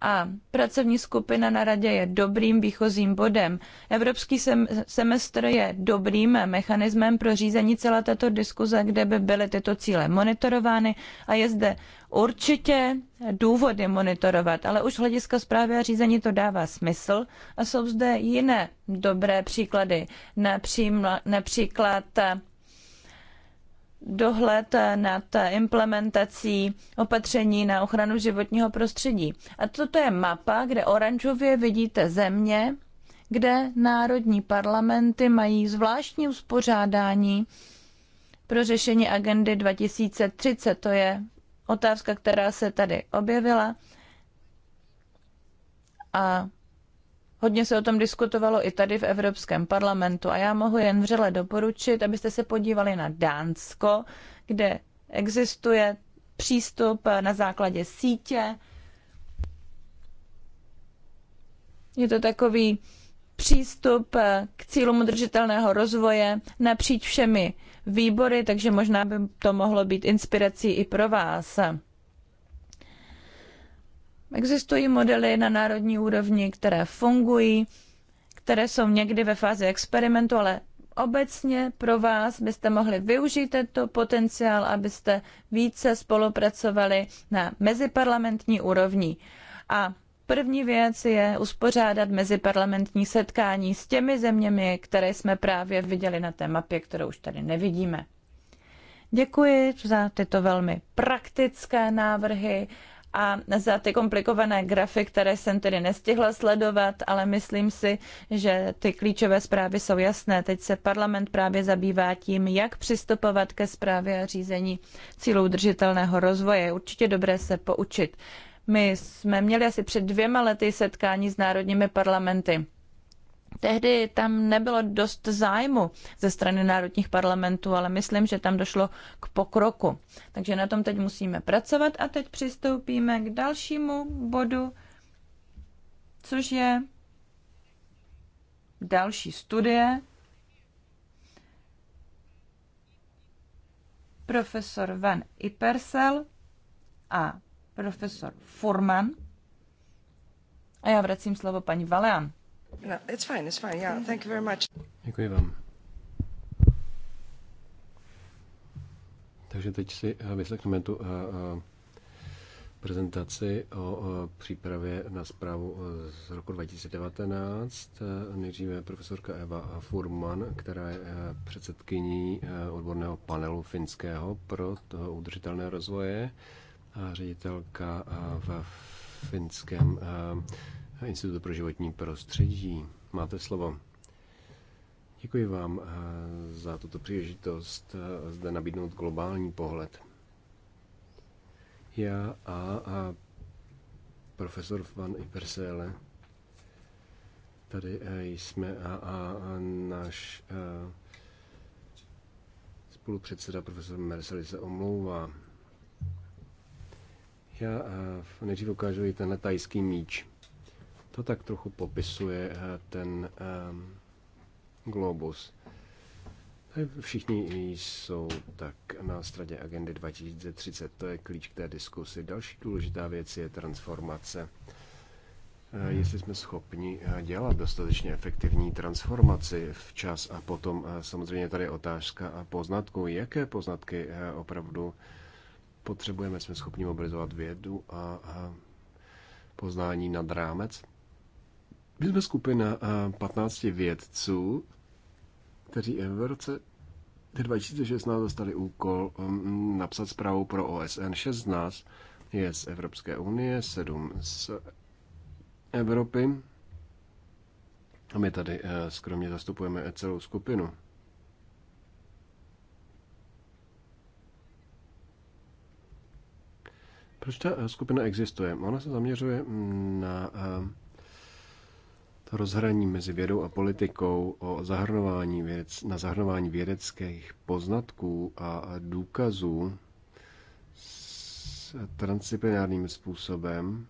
a pracovní skupina na radě je dobrým výchozím bodem. Evropský semestr je dobrým mechanismem pro řízení celé této diskuze, kde by byly tyto cíle monitorovány a je zde určitě důvody monitorovat, ale už hlediska zprávy a řízení to dává smysl a jsou zde jiné dobré příklady, například dohled nad implementací opatření na ochranu životního prostředí. A toto je mapa, kde oranžově vidíte země, kde národní parlamenty mají zvláštní uspořádání pro řešení agendy 2030. To je otázka, která se tady objevila. A Hodně se o tom diskutovalo i tady v Evropském parlamentu a já mohu jen vřele doporučit, abyste se podívali na Dánsko, kde existuje přístup na základě sítě. Je to takový přístup k cílům udržitelného rozvoje napříč všemi výbory, takže možná by to mohlo být inspirací i pro vás. Existují modely na národní úrovni, které fungují, které jsou někdy ve fázi experimentu, ale obecně pro vás byste mohli využít tento potenciál, abyste více spolupracovali na meziparlamentní úrovni. A první věc je uspořádat meziparlamentní setkání s těmi zeměmi, které jsme právě viděli na té mapě, kterou už tady nevidíme. Děkuji za tyto velmi praktické návrhy a za ty komplikované grafy, které jsem tedy nestihla sledovat, ale myslím si, že ty klíčové zprávy jsou jasné. Teď se parlament právě zabývá tím, jak přistupovat ke zprávě a řízení cílů udržitelného rozvoje. Je určitě dobré se poučit. My jsme měli asi před dvěma lety setkání s národními parlamenty Tehdy tam nebylo dost zájmu ze strany národních parlamentů, ale myslím, že tam došlo k pokroku. Takže na tom teď musíme pracovat a teď přistoupíme k dalšímu bodu, což je další studie. Profesor Van Ipersel a profesor Furman. A já vracím slovo paní Valean. No, it's fine, it's fine. Yeah, thank you very much. Děkuji vám. Takže teď si eh, vyslechneme tu eh, eh, prezentaci o přípravě na zprávu z roku 2019. Nejdříve profesorka Eva Furman, která je předsedkyní odborného panelu finského pro udržitelné rozvoje a ředitelka v finském Institutu pro životní prostředí. Máte slovo. Děkuji vám eh, za tuto příležitost eh, zde nabídnout globální pohled. Já a, a profesor Van Ipersele tady eh, jsme a, a, a náš a, spolupředseda profesor Merseli se omlouvá. Já nejdřív ukážu i tenhle tajský míč. To tak trochu popisuje eh, ten ehm, globus. Eh, všichni jsou tak na straně agendy 2030, to je klíč k té diskusi. Další důležitá věc je transformace. Eh, hmm. Jestli jsme schopni dělat dostatečně efektivní transformaci včas a potom samozřejmě tady je otázka a poznatku, jaké poznatky opravdu potřebujeme, jsme schopni mobilizovat vědu a poznání nad rámec my jsme skupina 15 eh, vědců, kteří v roce 2016 dostali úkol mm, napsat zprávu pro OSN. 6 z nás je z Evropské unie, 7 z Evropy. A my tady eh, skromně zastupujeme celou skupinu. Proč ta eh, skupina existuje? Ona se zaměřuje mm, na to rozhraní mezi vědou a politikou o zahrnování věc, na zahrnování vědeckých poznatků a důkazů s transdisciplinárním způsobem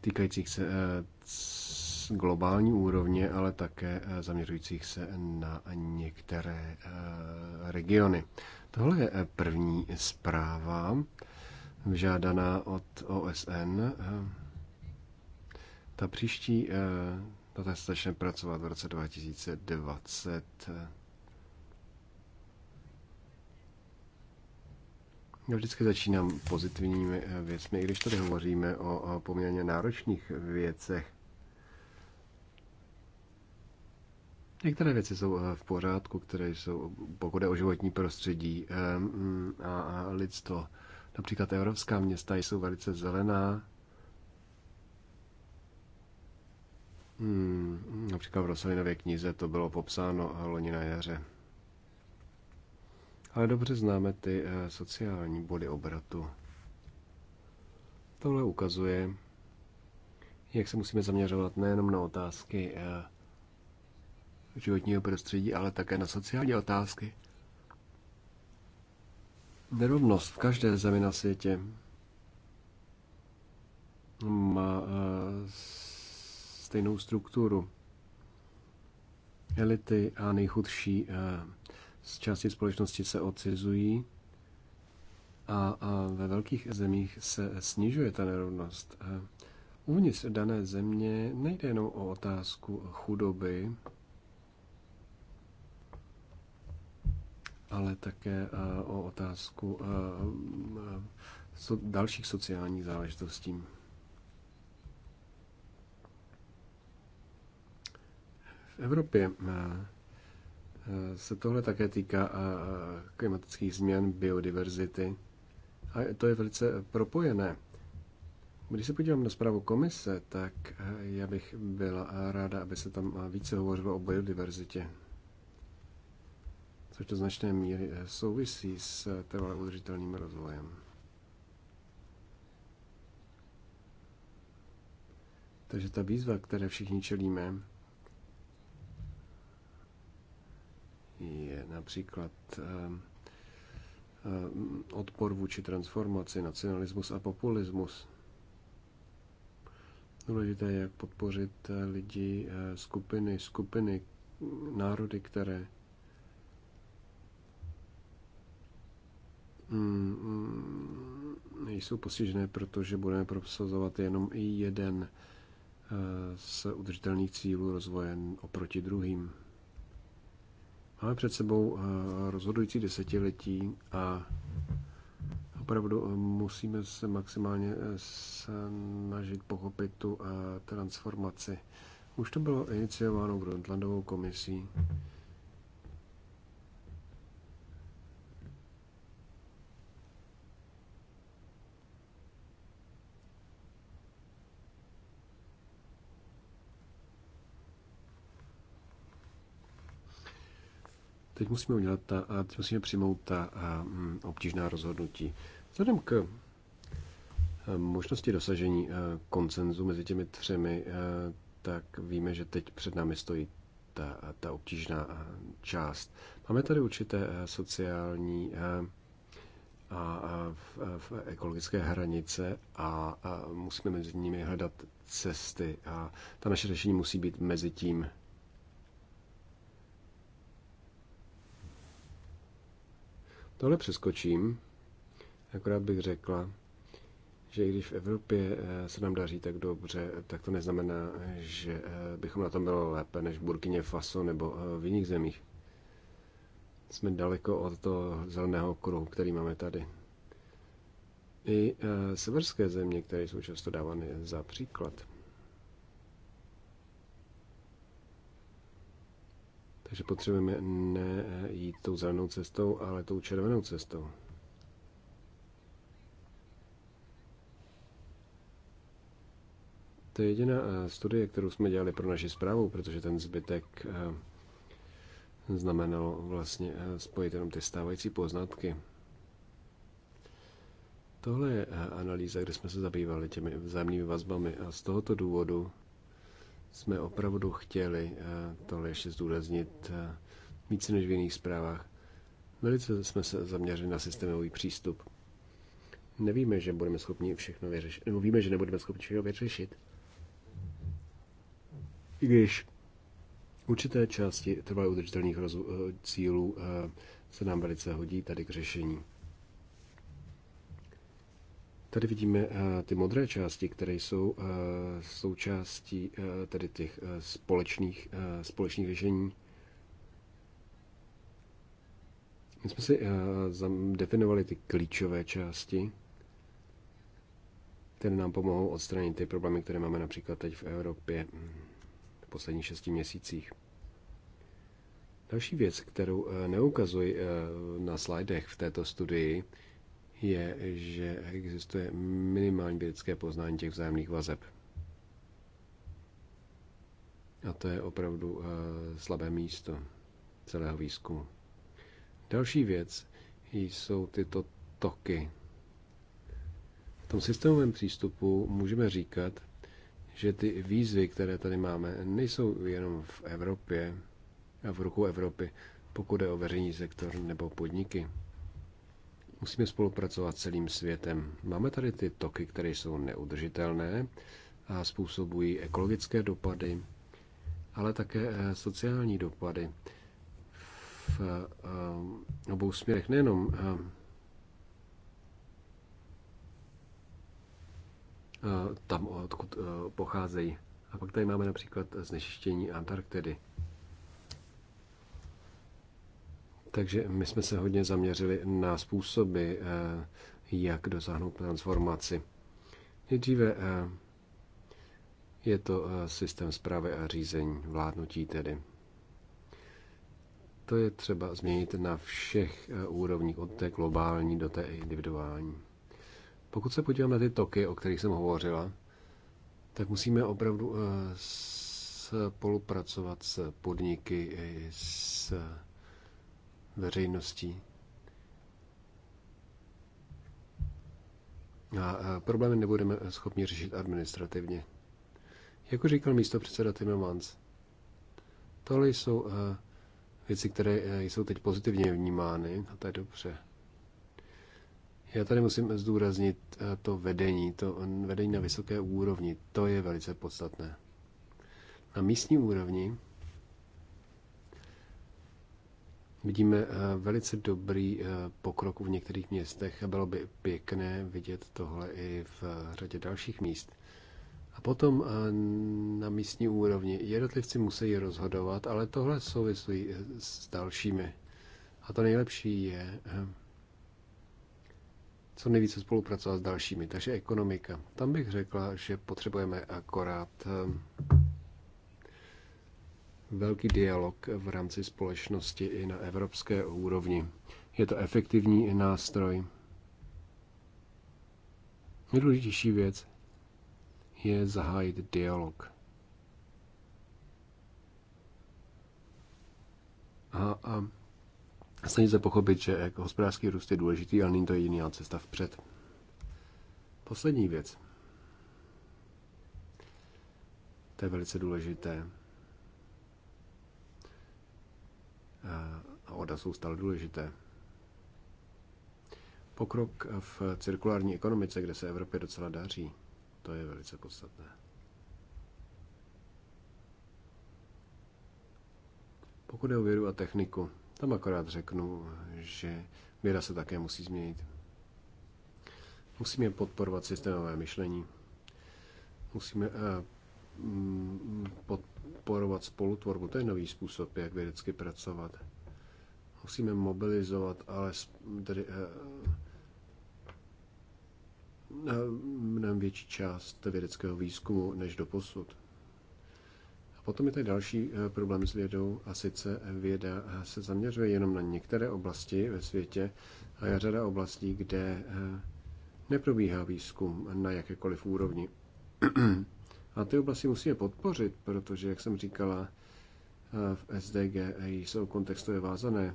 týkajících se eh, globální úrovně, ale také eh, zaměřujících se na některé eh, regiony. Tohle je první zpráva vyžádaná od OSN ta příští, eh, ta ta začne pracovat v roce 2020. Já vždycky začínám pozitivními eh, věcmi, i když tady hovoříme o poměrně náročných věcech. Některé věci jsou eh, v pořádku, které jsou, pokud je o životní prostředí mm, a lidstvo. Například evropská města jsou velice zelená, Hmm, například v Rosalinově knize to bylo popsáno loni na jaře. Ale dobře známe ty eh, sociální body obratu. Tohle ukazuje, jak se musíme zaměřovat nejenom na otázky eh, životního prostředí, ale také na sociální otázky. Nerovnost v každé zemi na světě má eh, stejnou strukturu. Elity a nejchudší eh, z části společnosti se odcizují a, a ve velkých zemích se snižuje ta nerovnost. Eh, uvnitř dané země nejde jenom o otázku chudoby, ale také eh, o otázku dalších sociálních záležitostí. Evropě eh, se tohle také týká eh, klimatických změn, biodiverzity. A to je velice propojené. Když se podívám na zprávu komise, tak eh, já bych byla ráda, aby se tam více hovořilo o biodiverzitě, což to značné míry souvisí s trvalým udržitelným rozvojem. Takže ta výzva, které všichni čelíme, je například ehm, ehm, odpor vůči transformaci, nacionalismus a populismus. Důležité je, jak podpořit eh, lidi, eh, skupiny, skupiny, národy, které mm, mm, nejsou postižené, protože budeme prosazovat jenom i jeden eh, z udržitelných cílů rozvoje oproti druhým. Máme před sebou eh, rozhodující desetiletí a opravdu eh, musíme se maximálně eh, snažit pochopit tu transformaci. Už to bylo iniciováno Grundlandovou komisí Teď musíme udělat ta, a teď musíme přijmout ta a, m, hm, obtížná rozhodnutí. Vzhledem k hm, možnosti dosažení hm, koncenzu mezi těmi třemi, tak víme, že teď před námi stojí ta, ta obtížná část. Máme tady určité sociální a v, v ekologické hranice a, a musíme mezi nimi hledat cesty a ta naše řešení musí být mezi tím. Tohle přeskočím. Akorát bych řekla, že i když v Evropě eh, se nám daří tak dobře, tak to neznamená, že eh, bychom na tom bylo lépe než v Burkině Faso nebo eh, v jiných zemích. Jsme daleko od toho zeleného kruhu, který máme tady. I severské země, které jsou často dávány za příklad, Takže potřebujeme ne eh, jít tou zelenou cestou, ale tou červenou cestou. To je jediná eh, studie, kterou jsme dělali pro naši zprávu, protože ten zbytek eh, znamenalo vlastně spojit jenom ty stávající poznatky. Tohle je analýza, kde jsme se zabývali těmi vzájemnými vazbami a z tohoto důvodu jsme opravdu chtěli eh, tohle ještě zdůraznit eh, více než v jiných zprávách. Velice jsme se zaměřili na systémový přístup. Nevíme, že budeme schopni všechno vyřešit. Nebo víme, že nebudeme schopni všechno vyřešit. I když určité části trvalé udržitelných eh, cílů se nám velice hodí tady k řešení. Tady vidíme eh, ty modré části, které jsou eh, součástí eh, tedy těch společných, společných řešení. My jsme si definovali ty klíčové části, které nám pomohou odstranit ty problémy, které máme například teď v Evropě v posledních šesti měsících. Další věc, kterou neukazuji na slajdech v této studii, je, že existuje minimální vědecké poznání těch vzájemných vazeb. A to je opravdu eh, slabé místo celého výzkumu. Další věc jsou tyto toky. V tom systémovém přístupu můžeme říkat, že ty výzvy, které tady máme, nejsou jenom v Evropě a v ruku Evropy, pokud je o veřejný sektor nebo podniky. Musíme spolupracovat celým světem. Máme tady ty toky, které jsou neudržitelné a způsobují ekologické dopady, ale také eh, sociální dopady v eh, obou směrech, nejenom eh, tam, odkud pocházejí. A pak tady máme například znečištění Antarktidy. Takže my jsme se hodně zaměřili na způsoby, eh, jak dosáhnout transformaci. Nejdříve eh, je to eh, systém zprávy a řízení, vládnutí tedy. To je třeba změnit na všech úrovních, od té globální do té individuální. Pokud se podíváme na ty toky, o kterých jsem hovořila, tak musíme opravdu spolupracovat s podniky, s veřejností. A problémy nebudeme schopni řešit administrativně. Jako říkal místo předseda Timmermans, tohle jsou věci, které jsou teď pozitivně vnímány a to je dobře. Já tady musím zdůraznit to vedení, to vedení na vysoké úrovni, to je velice podstatné. Na místní úrovni Vidíme eh, velice dobrý eh, pokrok v některých městech a bylo by pěkné vidět tohle i v eh, řadě dalších míst. A potom na místní úrovni jednotlivci musí rozhodovat, ale tohle souvisí s dalšími. A to nejlepší je co nejvíce spolupracovat s dalšími. Takže ekonomika. Tam bych řekla, že potřebujeme akorát velký dialog v rámci společnosti i na evropské úrovni. Je to efektivní nástroj. Nejdůležitější věc je zahájit dialog. A, a snaží se pochopit, že hospodářský růst je důležitý, ale není to jediná cesta vpřed. Poslední věc. To je velice důležité. a eh, ODA jsou stále důležité. Pokrok v cirkulární ekonomice, kde se Evropě docela daří, to je velice podstatné. Pokud je o vědu a techniku, tam akorát řeknu, že věda se také musí změnit. Musíme podporovat systémové myšlení. Musíme eh, podporovat podporovat spolutvorbu. To je nový způsob, jak vědecky pracovat. Musíme mobilizovat, ale tedy eh, mnohem větší část vědeckého výzkumu než do posud. A potom je tady další eh, problém s vědou, a sice věda eh, se zaměřuje jenom na některé oblasti ve světě a je řada oblastí, kde eh, neprobíhá výzkum na jakékoliv úrovni. [clears throat] A ty oblasti musíme podpořit, protože, jak jsem říkala, eh, v SDG jsou kontextově vázané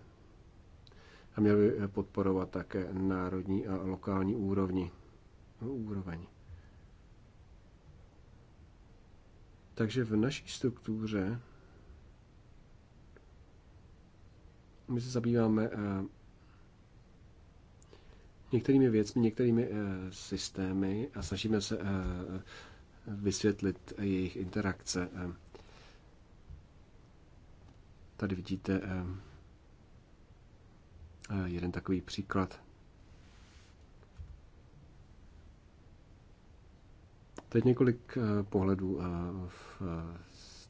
a měly by podporovat také národní a lokální úrovni. No, úroveň. Takže v naší struktuře my se zabýváme eh, některými věcmi, některými eh, systémy a snažíme se vysvětlit jejich interakce. Eh, tady vidíte eh, eh, jeden takový příklad. Teď několik pohledů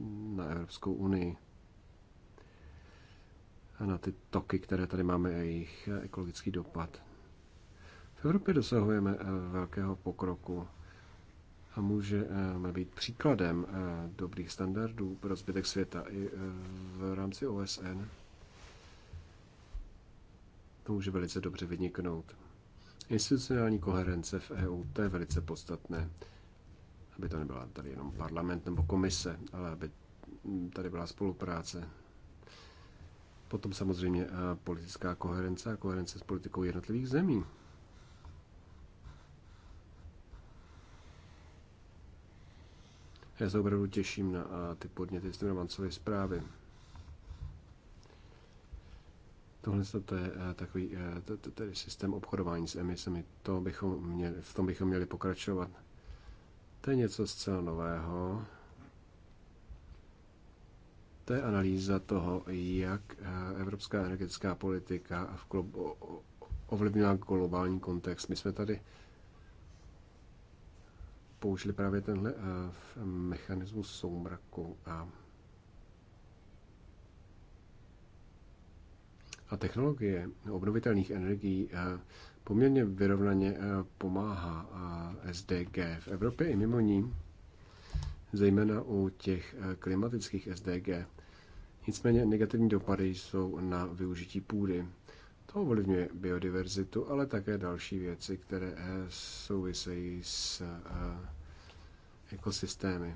na Evropskou unii a na ty toky, které tady máme a jejich ekologický dopad. V Evropě dosahujeme velkého pokroku a můžeme být příkladem eh, dobrých standardů pro zbytek světa i eh, v rámci OSN, to může velice dobře vyniknout. Institucionální koherence v EU, to je velice podstatné, aby to nebyla tady jenom parlament nebo komise, ale aby tady byla spolupráce. Potom samozřejmě eh, politická koherence a koherence s politikou jednotlivých zemí. Já se opravdu těším na ty podněty z Timmermansovy zprávy. Tohle to je e, takový e, tedy systém obchodování s emisemi. To bychom měli, v tom bychom měli pokračovat. To je něco zcela nového. To je analýza toho, jak e, evropská energetická politika v ovlivnila globální kontext. My jsme tady použili právě tenhle eh, eh, mechanismus soumraku a A technologie obnovitelných energií eh, poměrně vyrovnaně pomáhá SDG v Evropě i mimo ní, zejména u těch klimatických SDG. Nicméně negativní dopady jsou na využití půdy. To ovlivňuje biodiverzitu, ale také další věci, které souvisejí s ekosystémy,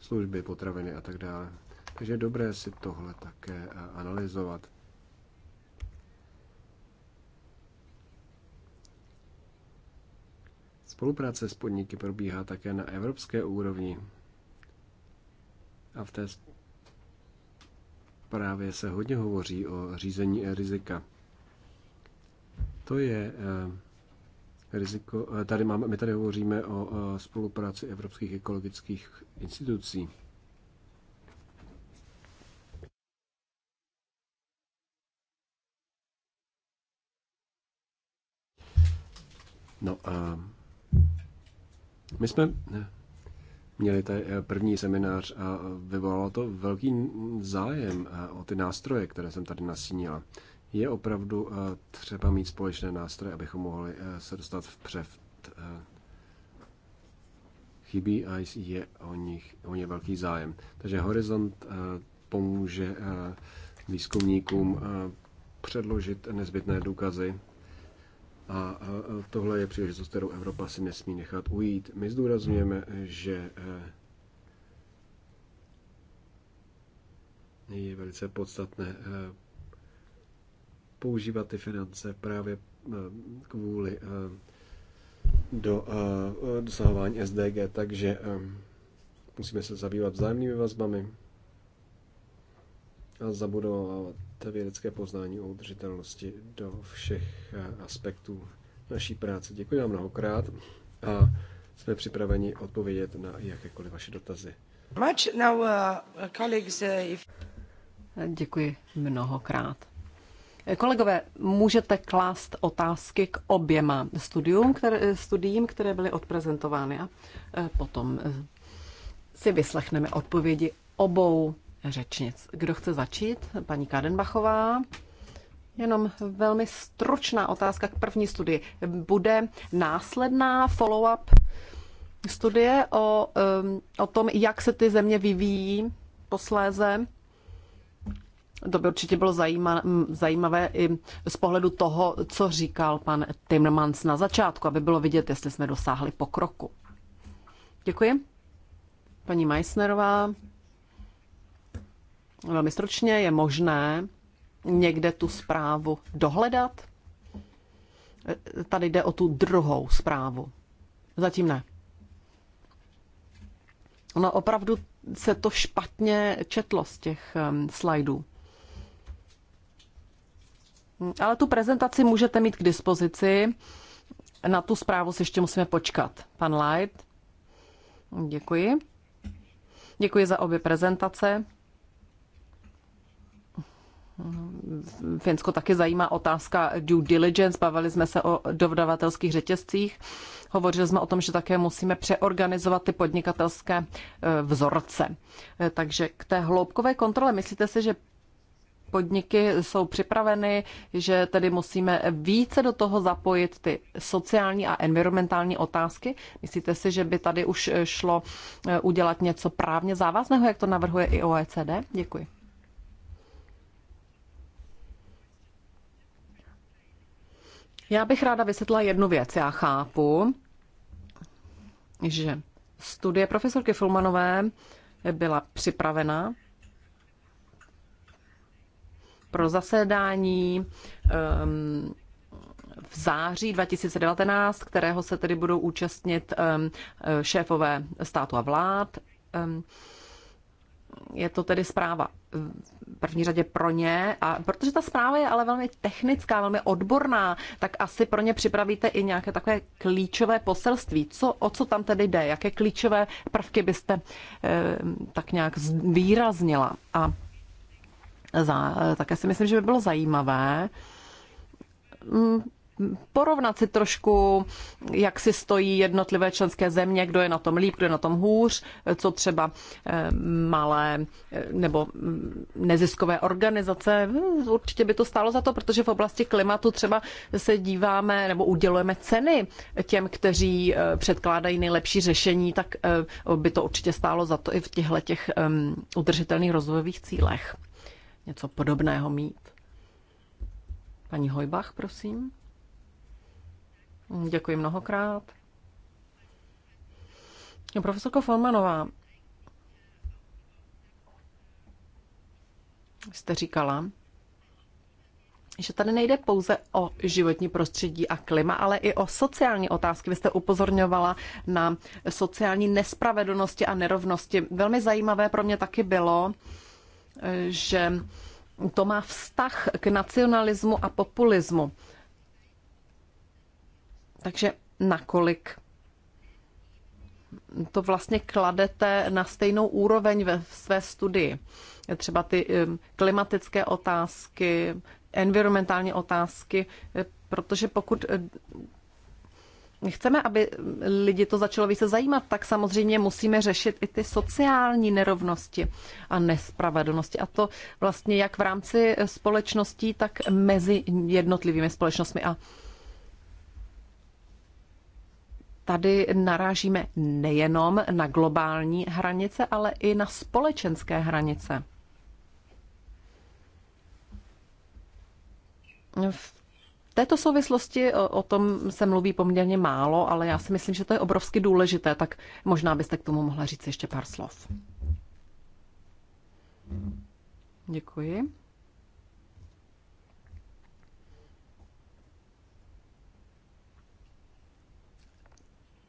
služby, potraviny a tak dále. Takže je dobré si tohle také eh, analyzovat. Spolupráce s podniky probíhá také na evropské úrovni. A v té právě se hodně hovoří o řízení rizika. To je eh, riziko, eh, tady máme, my tady hovoříme o eh, spolupráci evropských ekologických institucí. No a my jsme eh, měli tady první seminář a vyvolalo to velký zájem o ty nástroje, které jsem tady nasínila je opravdu eh, třeba mít společné nástroje, abychom mohli eh, se dostat vpřed. Eh, chybí a je o, nich, o ně velký zájem. Takže Horizont pomůže výzkumníkům předložit nezbytné důkazy a tohle je příležitost, kterou Evropa si nesmí nechat ujít. My zdůrazňujeme, že je velice podstatné používat ty finance právě eh, kvůli eh, do eh, dosahování SDG, takže musíme se zabývat vzájemnými vazbami a zabudovávat vědecké poznání o udržitelnosti do všech aspektů naší práce. Děkuji vám mnohokrát a jsme připraveni odpovědět na jakékoliv vaše dotazy. Uh, uh, Děkuji mnohokrát. Kolegové, můžete klást otázky k oběma studium, které, studiím, které byly odprezentovány a e, potom e, si vyslechneme odpovědi obou řečnic. Kdo chce začít? Paní Kadenbachová. Jenom velmi stručná otázka k první studii. Bude následná follow-up studie o, e, o tom, jak se ty země vyvíjí posléze to by určitě bylo zajímavé i z pohledu toho, co říkal pan Timmermans na začátku, aby bylo vidět, jestli jsme dosáhli pokroku. Děkuji. Paní Meissnerová, velmi stručně, je možné někde tu zprávu dohledat? Tady jde o tu druhou zprávu. Zatím ne. Ono opravdu se to špatně četlo z těch um, slajdů. Ale tu prezentaci můžete mít k dispozici. Na tu zprávu si ještě musíme počkat. Pan Light. Děkuji. Děkuji za obě prezentace. Finsko taky zajímá otázka due diligence. Bavili jsme se o dodavatelských řetězcích. Hovořili jsme o tom, že také musíme přeorganizovat ty podnikatelské eh, vzorce. Eh, takže k té hloubkové kontrole, myslíte si, že podniky jsou připraveny, že tedy musíme více do toho zapojit ty sociální a environmentální otázky? Myslíte si, že by tady už šlo eh, udělat něco právně závazného, jak to navrhuje i OECD? Děkuji. Já bych ráda vysvětla jednu věc. Já chápu, že studie profesorky Fulmanové byla připravena pro zasedání ehm, v září 2019, kterého se tedy budou účastnit ehm, šéfové státu a vlád. Ehm, je to tedy zpráva v první řadě pro ně, a protože ta zpráva je ale velmi technická, velmi odborná, tak asi pro ně připravíte i nějaké takové klíčové poselství. Co, o co tam tedy jde? Jaké klíčové prvky byste eh, tak nějak výraznila? A za, také si myslím, že by bylo zajímavé mm, porovnat si trošku, jak si stojí jednotlivé členské země, kdo je na tom líp, kdo je na tom hůř, co třeba eh, malé eh, nebo mm, neziskové organizace. Určitě by to stálo za to, protože v oblasti klimatu třeba se díváme nebo udělujeme ceny těm, kteří eh, předkládají nejlepší řešení, tak by to určitě stálo za to i v těchto těch udržitelných rozvojových cílech něco podobného mít. Paní Hojbach, prosím. Děkuji mnohokrát. Profesorko Folmanová, jste říkala, že tady nejde pouze o životní prostředí a klima, ale i o sociální otázky. Vy jste upozorňovala na sociální nespravedlnosti a nerovnosti. Velmi zajímavé pro mě taky bylo, že to má vztah k nacionalismu a populismu. Takže nakolik to vlastně kladete na stejnou úroveň ve své studii? Třeba ty eh, klimatické otázky, environmentální otázky, eh, protože pokud eh, chceme, aby lidi to začalo více zajímat, tak samozřejmě musíme řešit i ty sociální nerovnosti a nespravedlnosti. A to vlastně jak v rámci společností, tak mezi jednotlivými společnostmi. A tady narážíme nejenom na globální hranice, ale i na společenské hranice. V této souvislosti e, o tom se mluví poměrně málo, ale já si myslím, že to je obrovsky důležité, tak možná byste k tomu mohla říct ještě pár slov. Děkuji.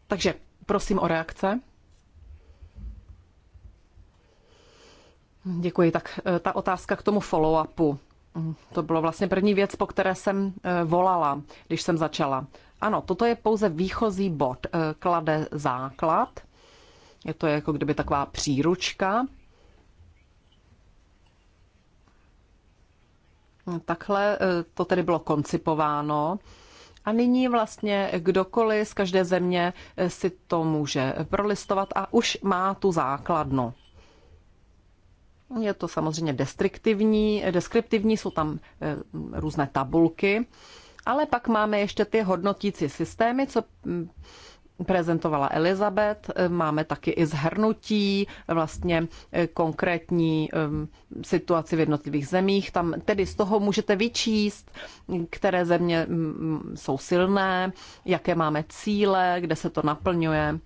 Takže prosím o reakce. Děkuji. Tak e, ta otázka k tomu follow-upu. Mm, to bylo vlastně první věc, po které jsem e, volala, když jsem začala. Ano, toto je pouze výchozí bod, e, klade základ. Je to jako kdyby taková příručka. No, takhle e, to tedy bylo koncipováno. A nyní vlastně kdokoliv z každé země si to může prolistovat a už má tu základnu. Je to samozřejmě deskriptivní, deskriptivní jsou tam eh, různé tabulky, ale pak máme ještě ty hodnotící systémy, co mm, prezentovala Elizabeth. Eh, máme taky i zhrnutí vlastně eh, konkrétní ehm, situaci v jednotlivých zemích. Tam tedy z toho můžete vyčíst, které země mm, jsou silné, jaké máme cíle, kde se to naplňuje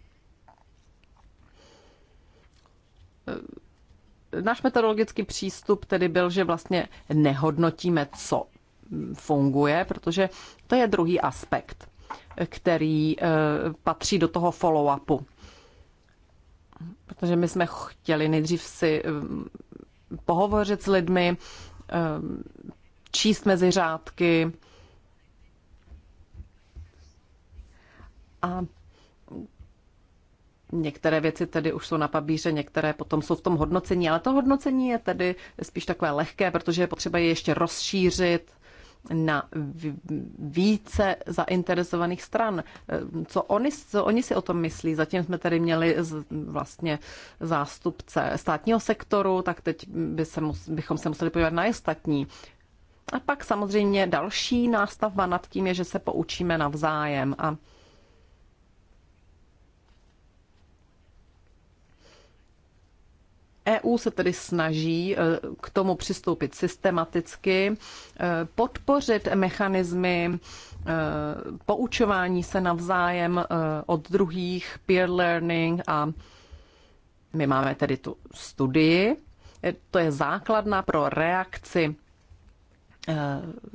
náš metodologický přístup tedy byl, že vlastně nehodnotíme, co funguje, protože to je druhý aspekt, který e, patří do toho follow-upu. Protože my jsme chtěli nejdřív si e, pohovořit s lidmi, e, číst mezi řádky. A Některé věci tedy už jsou na papíře, některé potom jsou v tom hodnocení, ale to hodnocení je tedy spíš takové lehké, protože je potřeba je ještě rozšířit na více zainteresovaných stran. Co oni, co oni si o tom myslí? Zatím jsme tady měli vlastně zástupce státního sektoru, tak teď by se mus, bychom se museli podívat na ostatní. A pak samozřejmě další nástavba nad tím je, že se poučíme navzájem. A EU se tedy snaží e, k tomu přistoupit systematicky, e, podpořit mechanismy e, poučování se navzájem od druhých, peer learning a my máme tedy tu studii, to je základna pro reakci Eh,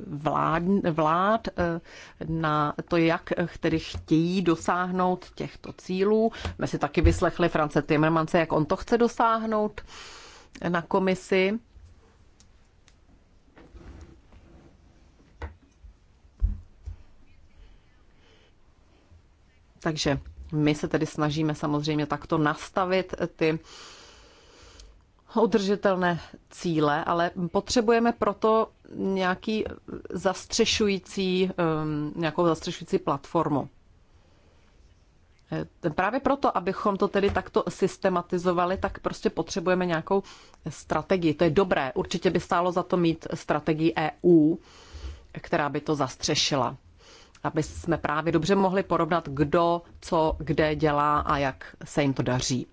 vlád, vlád eh, na to, jak eh, tedy chtějí dosáhnout těchto cílů. My si taky vyslechli France Timmermanse, jak on to chce dosáhnout na komisi. Takže my se tedy snažíme samozřejmě takto nastavit ty udržitelné cíle, ale potřebujeme proto nějaký zastřešující, um, nějakou zastřešující platformu. E, právě proto, abychom to tedy takto systematizovali, tak prostě potřebujeme nějakou strategii. To je dobré. Určitě by stálo za to mít strategii EU, která by to zastřešila. Aby jsme právě dobře mohli porovnat, kdo co kde dělá a jak se jim to daří.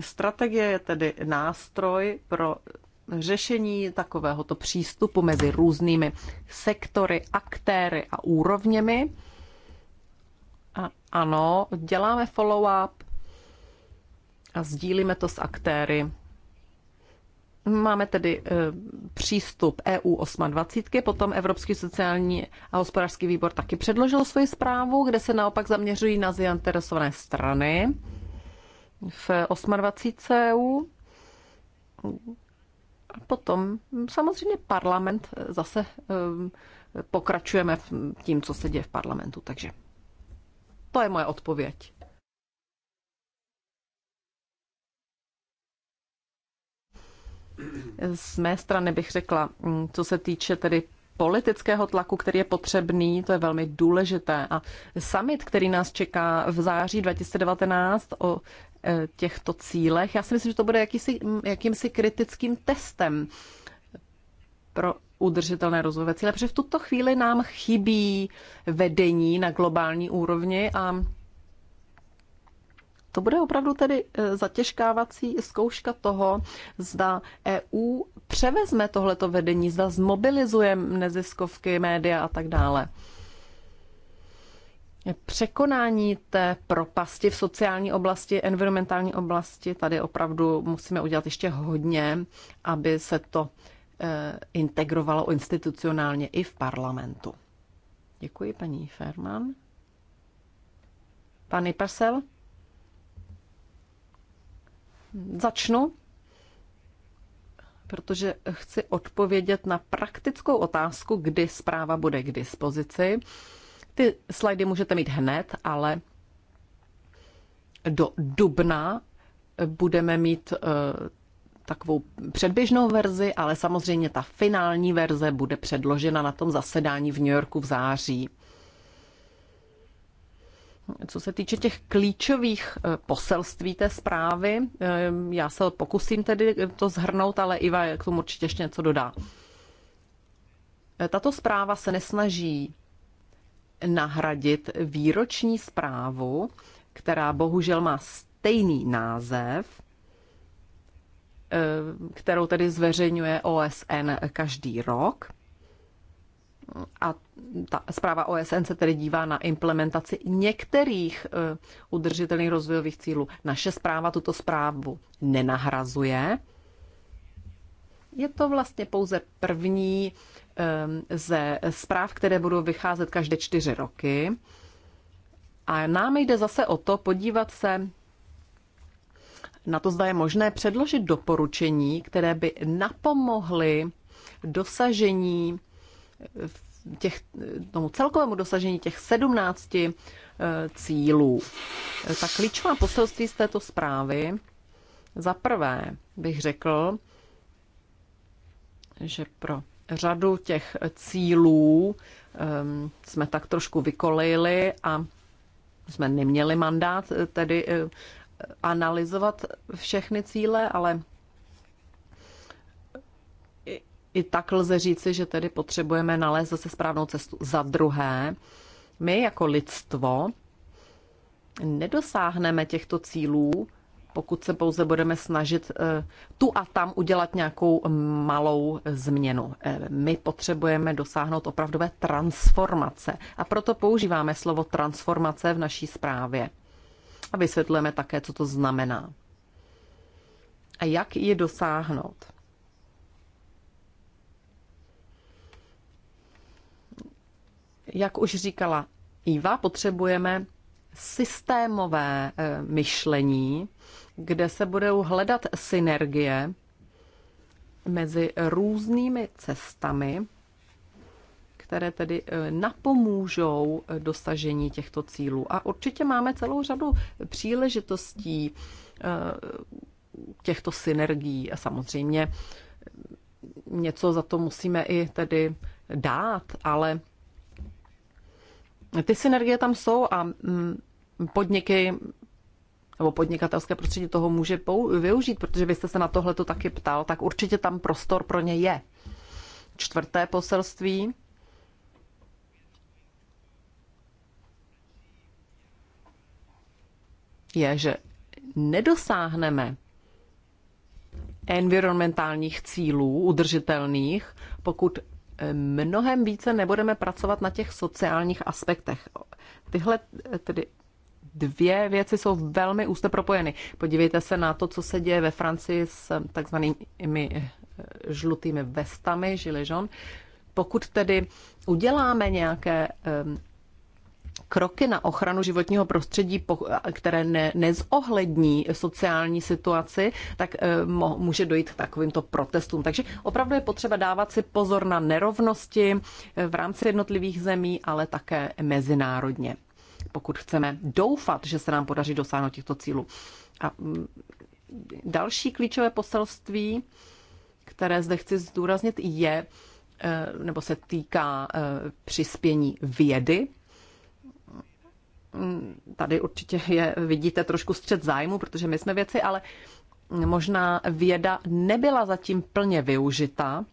Strategie je tedy nástroj pro řešení takovéhoto přístupu mezi různými sektory, aktéry a úrovněmi. A ano, děláme follow-up a sdílíme to s aktéry. Máme tedy e, přístup EU 28, potom Evropský sociální a hospodářský výbor taky předložil svoji zprávu, kde se naopak zaměřují na zainteresované strany v 28 EU. A potom samozřejmě parlament zase ehm, pokračujeme v tím, co se děje v parlamentu. Takže to je moje odpověď. Z mé strany bych řekla, hm, co se týče tedy politického tlaku, který je potřebný, to je velmi důležité. A summit, který nás čeká v září 2019 o Eh, těchto cílech. Já si myslím, že to bude jakýsi, mm, jakýmsi kritickým testem pro udržitelné rozvojové cíle, protože v tuto chvíli nám chybí vedení na globální úrovni a to bude opravdu tedy eh, zatěžkávací zkouška toho, zda EU převezme tohleto vedení, zda zmobilizuje neziskovky, média a tak dále. Překonání té propasti v sociální oblasti, environmentální oblasti, tady opravdu musíme udělat ještě hodně, aby se to eh, integrovalo institucionálně i v parlamentu. Děkuji, paní Ferman. Pan Ipasel? Začnu, protože chci odpovědět na praktickou otázku, kdy zpráva bude k dispozici. Ty slajdy můžete mít hned, ale do dubna budeme mít eh, takovou předběžnou verzi, ale samozřejmě ta finální verze bude předložena na tom zasedání v New Yorku v září. Co se týče těch klíčových eh, poselství té zprávy, eh, já se pokusím tedy to zhrnout, ale Iva k tomu určitě ještě něco dodá. Tato zpráva se nesnaží nahradit výroční zprávu, která bohužel má stejný název, eh, kterou tedy zveřejňuje OSN každý rok. A ta zpráva OSN se tedy dívá na implementaci některých eh, udržitelných rozvojových cílů. Naše zpráva tuto zprávu nenahrazuje. Je to vlastně pouze první Ehm, ze zpráv, které budou vycházet každé čtyři roky. A nám jde zase o to podívat se na to, zda je možné předložit doporučení, které by napomohly dosažení eh, těch, tomu celkovému dosažení těch 17 eh, cílů. Eh, ta klíčová poselství z této zprávy za prvé bych řekl, že pro řadu těch cílů jsme tak trošku vykolejili a jsme neměli mandát eh, tedy eh, analyzovat všechny cíle, ale i, i tak lze říci, že tedy potřebujeme nalézt zase správnou cestu. Za druhé, my jako lidstvo nedosáhneme těchto cílů, pokud se pouze budeme snažit eh, tu a tam udělat nějakou malou změnu. Eh, my potřebujeme dosáhnout opravdové transformace a proto používáme slovo transformace v naší zprávě. A vysvětlujeme také, co to znamená. A jak ji dosáhnout? Jak už říkala Iva, potřebujeme systémové eh, myšlení, kde se budou hledat synergie mezi různými cestami, které tedy eh, napomůžou eh, dosažení těchto cílů. A určitě máme celou řadu příležitostí těchto synergií a samozřejmě něco za to musíme i tedy dát, ale ty synergie tam jsou a mm, podniky nebo podnikatelské prostředí toho může využít, protože vy jste se na tohle to taky ptal, tak určitě tam prostor pro ně je. Čtvrté poselství. je, že nedosáhneme environmentálních cílů udržitelných, pokud mnohem více nebudeme pracovat na těch sociálních aspektech. Tyhle tedy dvě věci jsou velmi úzce propojeny. Podívejte se na to, co se děje ve Francii s takzvanými eh, žlutými vestami, žiližon. Pokud tedy uděláme nějaké eh, kroky na ochranu životního prostředí, které ne, nezohlední sociální situaci, tak eh, může dojít k takovýmto protestům. Takže opravdu je potřeba dávat si pozor na nerovnosti eh, v rámci jednotlivých zemí, ale také mezinárodně, pokud chceme doufat, že se nám podaří dosáhnout těchto cílů. A mm, další klíčové poselství, které zde chci zdůraznit, je eh, nebo se týká přispění vědy Mm, tady určitě je, vidíte trošku střed zájmu, protože my jsme věci, ale možná věda nebyla zatím plně využita,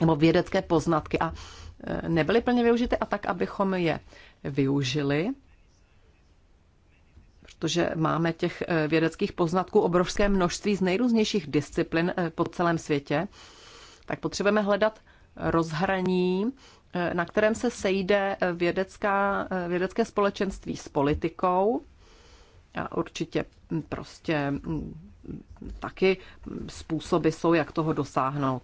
nebo vědecké poznatky a e, nebyly plně využity a tak, abychom je využili, protože máme těch e, vědeckých poznatků obrovské množství z nejrůznějších disciplin e, po celém světě, tak potřebujeme hledat rozhraní na kterém se sejde eh, vědecká, eh, vědecké společenství s politikou. A určitě hm, prostě hm, taky hm, způsoby jsou, jak toho dosáhnout.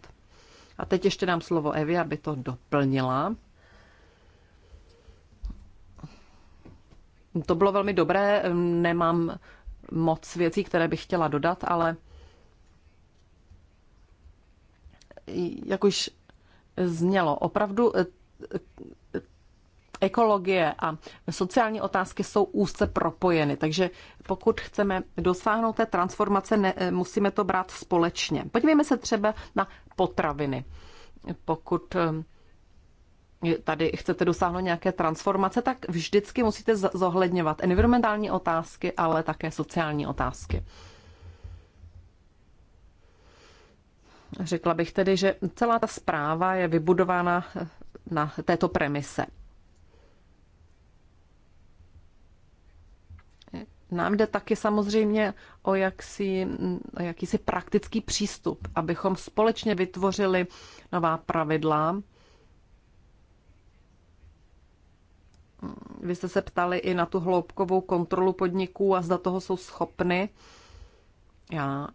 A teď ještě dám slovo Evi, aby to doplnila. To bylo velmi dobré, nemám moc věcí, které bych chtěla dodat, ale jak už znělo, opravdu eh, ekologie a sociální otázky jsou úzce propojeny. Takže pokud chceme dosáhnout té transformace, ne, eh, musíme to brát společně. Podívejme se třeba na potraviny. Pokud eh, tady chcete dosáhnout nějaké transformace, tak vždycky musíte zohledňovat environmentální otázky, ale také sociální otázky. Řekla bych tedy, že celá ta zpráva je vybudována eh, na této premise. Nám jde taky samozřejmě o, jaksi, o jakýsi praktický přístup, abychom společně vytvořili nová pravidla. Vy jste se ptali i na tu hloubkovou kontrolu podniků a zda toho jsou schopny. Já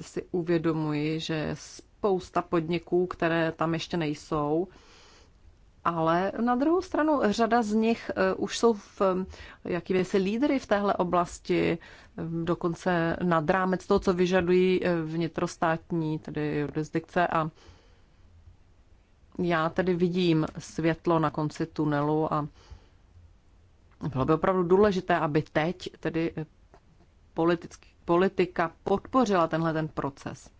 si uvědomuji, že spousta podniků, které tam ještě nejsou, ale na druhou stranu řada z nich eh, už jsou v eh, jakými si lídry v téhle oblasti, eh, dokonce nad rámec toho, co vyžadují vnitrostátní, tedy jurisdikce a já tedy vidím světlo na konci tunelu a bylo by opravdu důležité, aby teď tedy politika podpořila tenhle ten proces.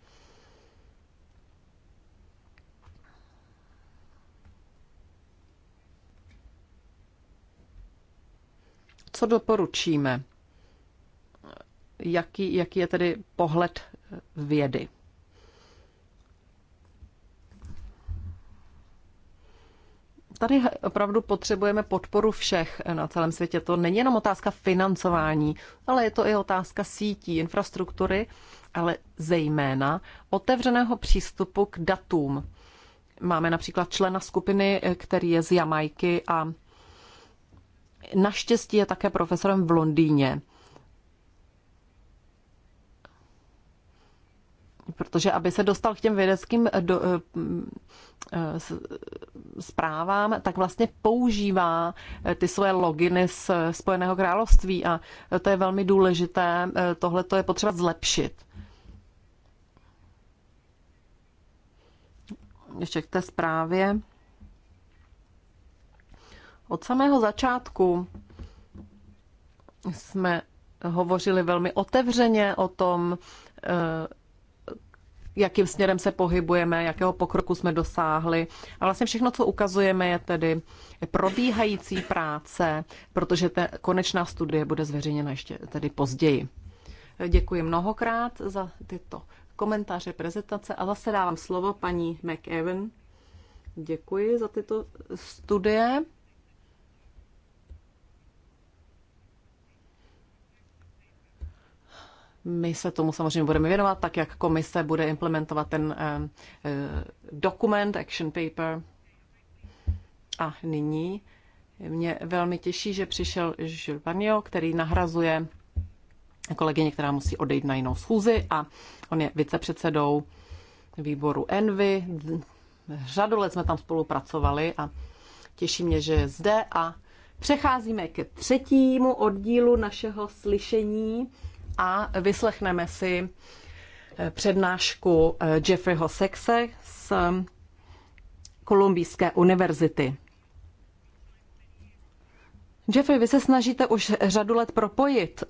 co doporučíme? Jaký, jaký je tedy pohled vědy? Tady opravdu potřebujeme podporu všech na celém světě. To není jenom otázka financování, ale je to i otázka sítí, infrastruktury, ale zejména otevřeného přístupu k datům. Máme například člena skupiny, který je z Jamajky a Naštěstí je také profesorem v Londýně. Protože aby se dostal k těm vědeckým do, eh, eh, zprávám, tak vlastně používá eh, ty svoje loginy z Spojeného království a to je velmi důležité. Tohle to je potřeba zlepšit. Ještě k té zprávě. Od samého začátku jsme hovořili velmi otevřeně o tom, eh, jakým směrem se pohybujeme, jakého pokroku jsme dosáhli. A vlastně všechno, co ukazujeme, je tedy probíhající práce, protože ta konečná studie bude zveřejněna ještě tedy později. Děkuji mnohokrát za tyto komentáře, prezentace a zase dávám slovo paní McEwen. Děkuji za tyto studie. My se tomu samozřejmě budeme věnovat, tak jak komise bude implementovat ten eh, eh, dokument, action paper. A nyní mě velmi těší, že přišel Jules který nahrazuje kolegyně, která musí odejít na jinou schůzi a on je vicepředsedou výboru Envy. Řadu let jsme tam spolupracovali a těší mě, že je zde a přecházíme ke třetímu oddílu našeho slyšení a vyslechneme si eh, přednášku eh, Jeffreyho Sexe z eh, Kolumbijské univerzity. Jeffrey, vy se snažíte už řadu let propojit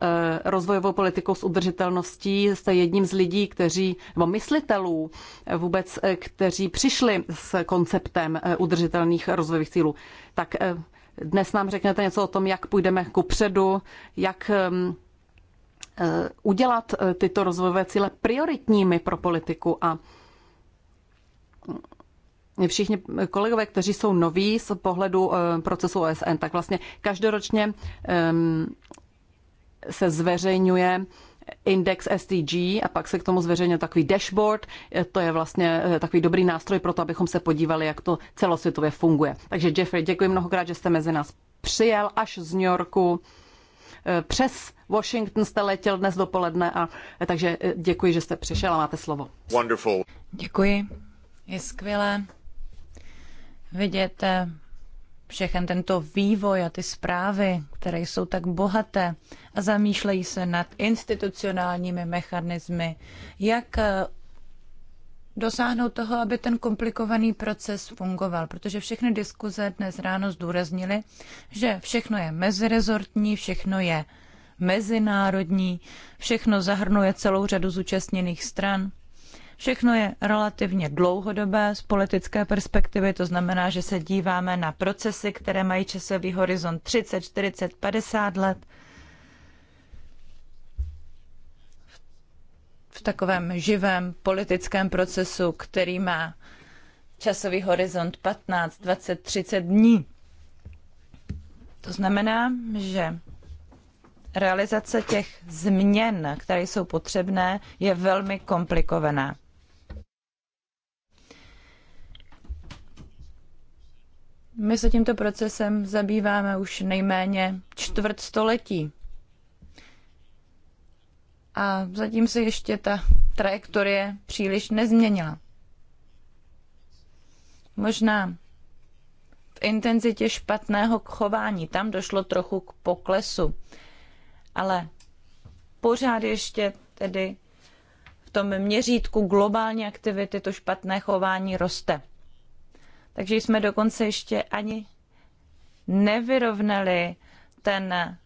rozvojovou politiku s udržitelností. Jste jedním z lidí, kteří, nebo myslitelů vůbec, kteří přišli s konceptem udržitelných rozvojových cílů. Tak dnes nám řeknete něco o tom, jak půjdeme ku předu, jak Eh, udělat eh, tyto rozvojové cíle prioritními pro politiku a všichni kolegové, kteří jsou noví z pohledu eh, procesu OSN, tak vlastně každoročně ehm, se zveřejňuje index SDG a pak se k tomu zveřejňuje takový dashboard. To je vlastně takový dobrý nástroj pro to, abychom se podívali, jak to celosvětově funguje. Takže Jeffrey, děkuji mnohokrát, že jste mezi nás přijel až z New Yorku. Eh, přes Washington jste letěl dnes dopoledne, a, eh, takže eh, děkuji, že jste přišel a máte slovo. Wonderful. Děkuji, je skvělé vidět všechen tento vývoj a ty zprávy, které jsou tak bohaté a zamýšlejí se nad institucionálními mechanismy, jak dosáhnout toho, aby ten komplikovaný proces fungoval, protože všechny diskuze dnes ráno zdůraznily, že všechno je mezirezortní, všechno je mezinárodní, všechno zahrnuje celou řadu zúčastněných stran. Všechno je relativně dlouhodobé z politické perspektivy, to znamená, že se díváme na procesy, které mají časový horizont 30, 40, 50 let. v takovém živém politickém procesu, který má časový horizont 15, 20, 30 dní. To znamená, že realizace těch změn, které jsou potřebné, je velmi komplikovaná. My se tímto procesem zabýváme už nejméně čtvrt století a zatím se ještě ta trajektorie příliš nezměnila. Možná v intenzitě špatného chování tam došlo trochu k poklesu, ale pořád ještě tedy v tom měřítku globální aktivity to špatné chování roste. Takže jsme dokonce ještě ani nevyrovnali ten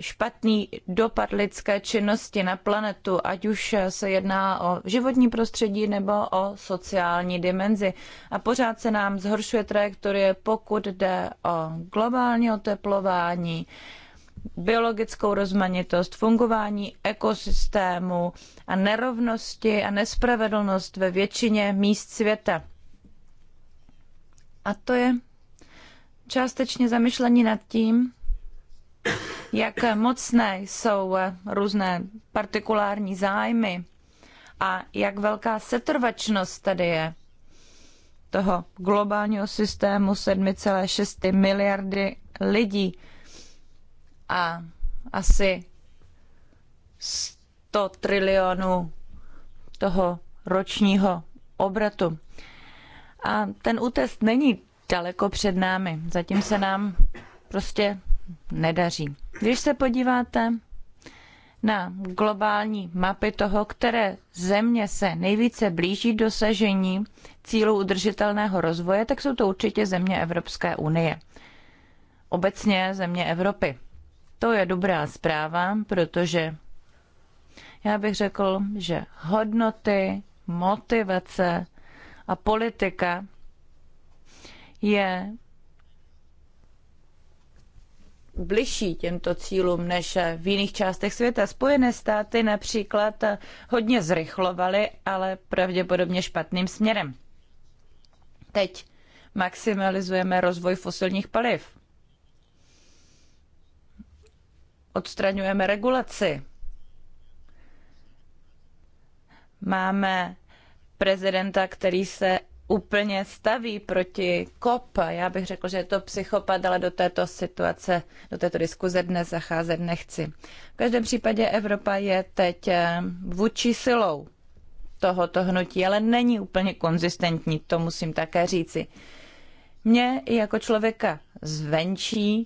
špatný dopad lidské činnosti na planetu, ať už se jedná o životní prostředí nebo o sociální dimenzi. A pořád se nám zhoršuje trajektorie, pokud jde o globální oteplování, biologickou rozmanitost, fungování ekosystému a nerovnosti a nespravedlnost ve většině míst světa. A to je částečně zamyšlení nad tím, jak mocné jsou různé partikulární zájmy a jak velká setrvačnost tady je toho globálního systému 7,6 miliardy lidí a asi 100 trilionů toho ročního obratu. A ten útest není daleko před námi. Zatím se nám prostě nedaří. Když se podíváte na globální mapy toho, které země se nejvíce blíží dosažení cílů udržitelného rozvoje, tak jsou to určitě země Evropské unie. Obecně země Evropy. To je dobrá zpráva, protože já bych řekl, že hodnoty, motivace a politika je bližší těmto cílům než v jiných částech světa. Spojené státy například hodně zrychlovaly, ale pravděpodobně špatným směrem. Teď maximalizujeme rozvoj fosilních paliv. Odstraňujeme regulaci. Máme prezidenta, který se úplně staví proti kop. Já bych řekl, že je to psychopat, ale do této situace, do této diskuze dnes zacházet nechci. V každém případě Evropa je teď eh, vůči silou tohoto hnutí, ale není úplně konzistentní, to musím také říci. Mě jako člověka zvenčí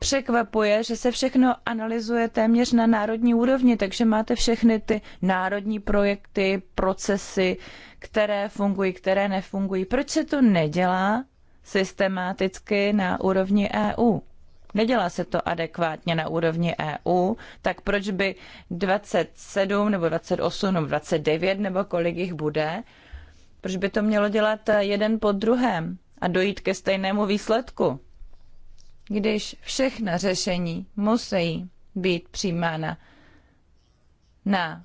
překvapuje, že se všechno analyzuje téměř na národní úrovni, takže máte všechny ty národní projekty, procesy, které fungují, které nefungují. Proč se to nedělá systematicky na úrovni EU? Nedělá se to adekvátně na úrovni EU, tak proč by 27 nebo 28 nebo 29 nebo kolik jich bude, proč by to mělo dělat jeden po druhém a dojít ke stejnému výsledku? když všechna řešení musí být přijímána na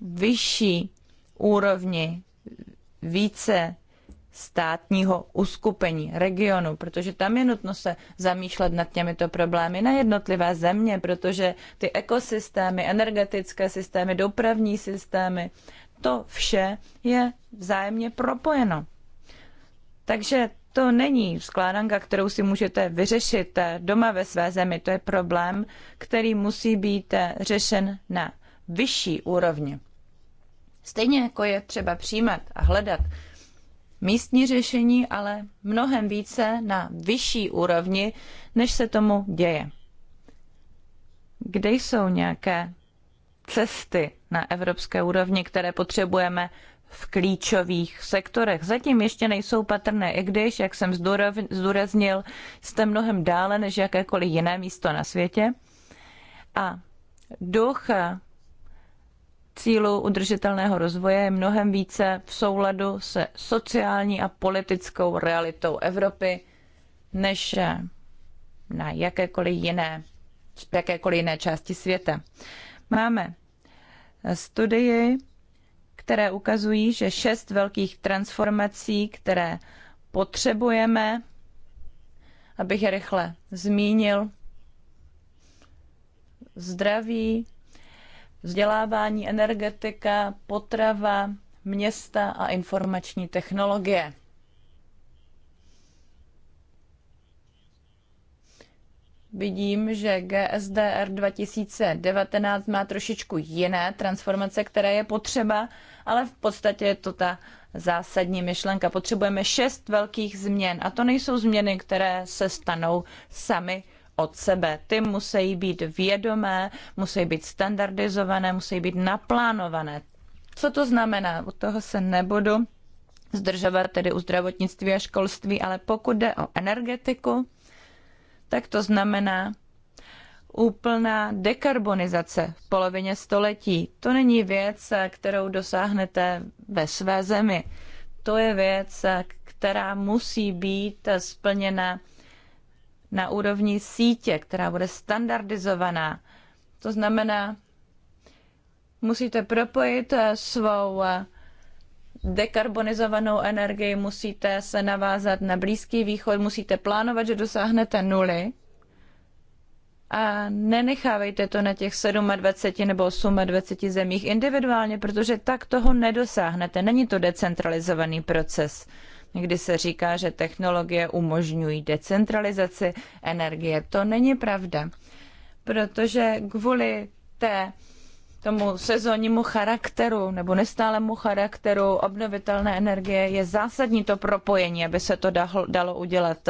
vyšší úrovni více státního uskupení regionu, protože tam je nutno se zamýšlet nad těmito problémy na jednotlivé země, protože ty ekosystémy, energetické systémy, dopravní systémy, to vše je vzájemně propojeno. Takže to není skládanka, kterou si můžete vyřešit eh, doma ve své zemi. To je problém, který musí být eh, řešen na vyšší úrovni. Stejně jako je třeba přijímat a hledat místní řešení, ale mnohem více na vyšší úrovni, než se tomu děje. Kde jsou nějaké cesty na evropské úrovni, které potřebujeme v klíčových sektorech. Zatím ještě nejsou patrné, i když, jak jsem zdůraznil, jste mnohem dále než jakékoliv jiné místo na světě. A duch cílu udržitelného rozvoje je mnohem více v souladu se sociální a politickou realitou Evropy než na jakékoliv jiné, jakékoliv jiné části světa. Máme studii které ukazují, že šest velkých transformací, které potřebujeme, abych je rychle zmínil, zdraví, vzdělávání, energetika, potrava, města a informační technologie. Vidím, že GSDR 2019 má trošičku jiné transformace, které je potřeba, ale v podstatě je to ta zásadní myšlenka. Potřebujeme šest velkých změn a to nejsou změny, které se stanou sami od sebe. Ty musí být vědomé, musí být standardizované, musí být naplánované. Co to znamená? Od toho se nebudu zdržovat tedy u zdravotnictví a školství, ale pokud jde o energetiku, tak to znamená úplná dekarbonizace v polovině století. To není věc, kterou dosáhnete ve své zemi. To je věc, která musí být splněna na úrovni sítě, která bude standardizovaná. To znamená, musíte propojit svou dekarbonizovanou energii, musíte se navázat na Blízký východ, musíte plánovat, že dosáhnete nuly a nenechávejte to na těch 27 nebo 28 zemích individuálně, protože tak toho nedosáhnete. Není to decentralizovaný proces. Někdy se říká, že technologie umožňují decentralizaci energie. To není pravda, protože kvůli té tomu sezónnímu charakteru nebo nestálému charakteru obnovitelné energie je zásadní to propojení, aby se to dalo udělat,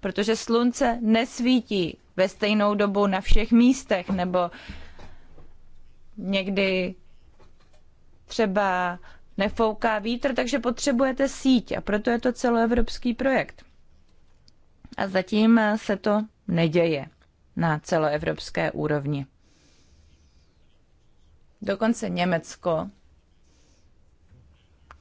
protože slunce nesvítí ve stejnou dobu na všech místech nebo někdy třeba nefouká vítr, takže potřebujete síť a proto je to celoevropský projekt. A zatím se to neděje na celoevropské úrovni dokonce Německo,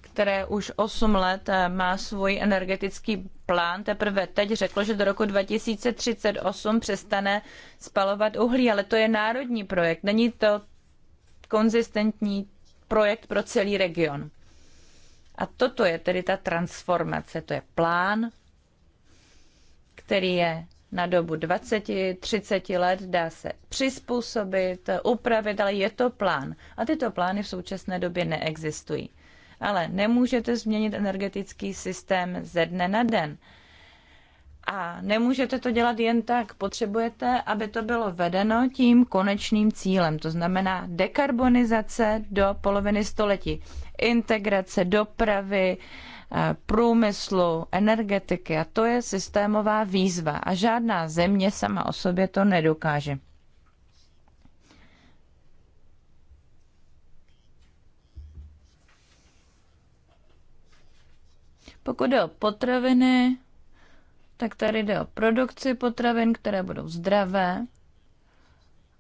které už 8 let eh, má svůj energetický plán, teprve teď řeklo, že do roku 2038 přestane spalovat uhlí, ale to je národní projekt, není to konzistentní projekt pro celý region. A toto je tedy ta transformace, to je plán, který je na dobu 20-30 let, dá se přizpůsobit, upravit, ale je to plán. A tyto plány v současné době neexistují. Ale nemůžete změnit energetický systém ze dne na den. A nemůžete to dělat jen tak. Potřebujete, aby to bylo vedeno tím konečným cílem, to znamená dekarbonizace do poloviny století, integrace dopravy, Eh, průmyslu, energetiky a to je systémová výzva a žádná země sama o sobě to nedokáže. Pokud jde o potraviny, tak tady jde o produkci potravin, které budou zdravé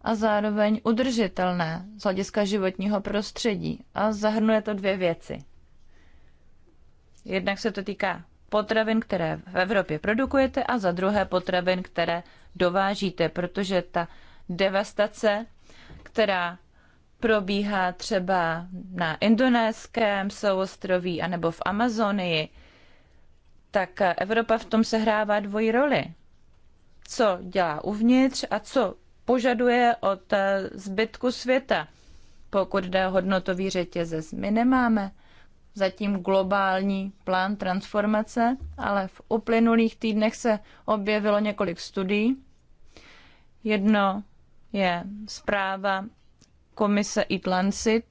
a zároveň udržitelné z hlediska životního prostředí. A zahrnuje to dvě věci. Jednak se to týká potravin, které v Evropě produkujete a za druhé potravin, které dovážíte, protože ta devastace, která probíhá třeba na indonéském souostroví anebo v Amazonii, tak Evropa v tom sehrává dvojí roli. Co dělá uvnitř a co požaduje od eh, zbytku světa. Pokud jde o hodnotový řetězec, my nemáme zatím globální plán transformace, ale v uplynulých týdnech se objevilo několik studií. Jedno je zpráva komise Eat Lancet,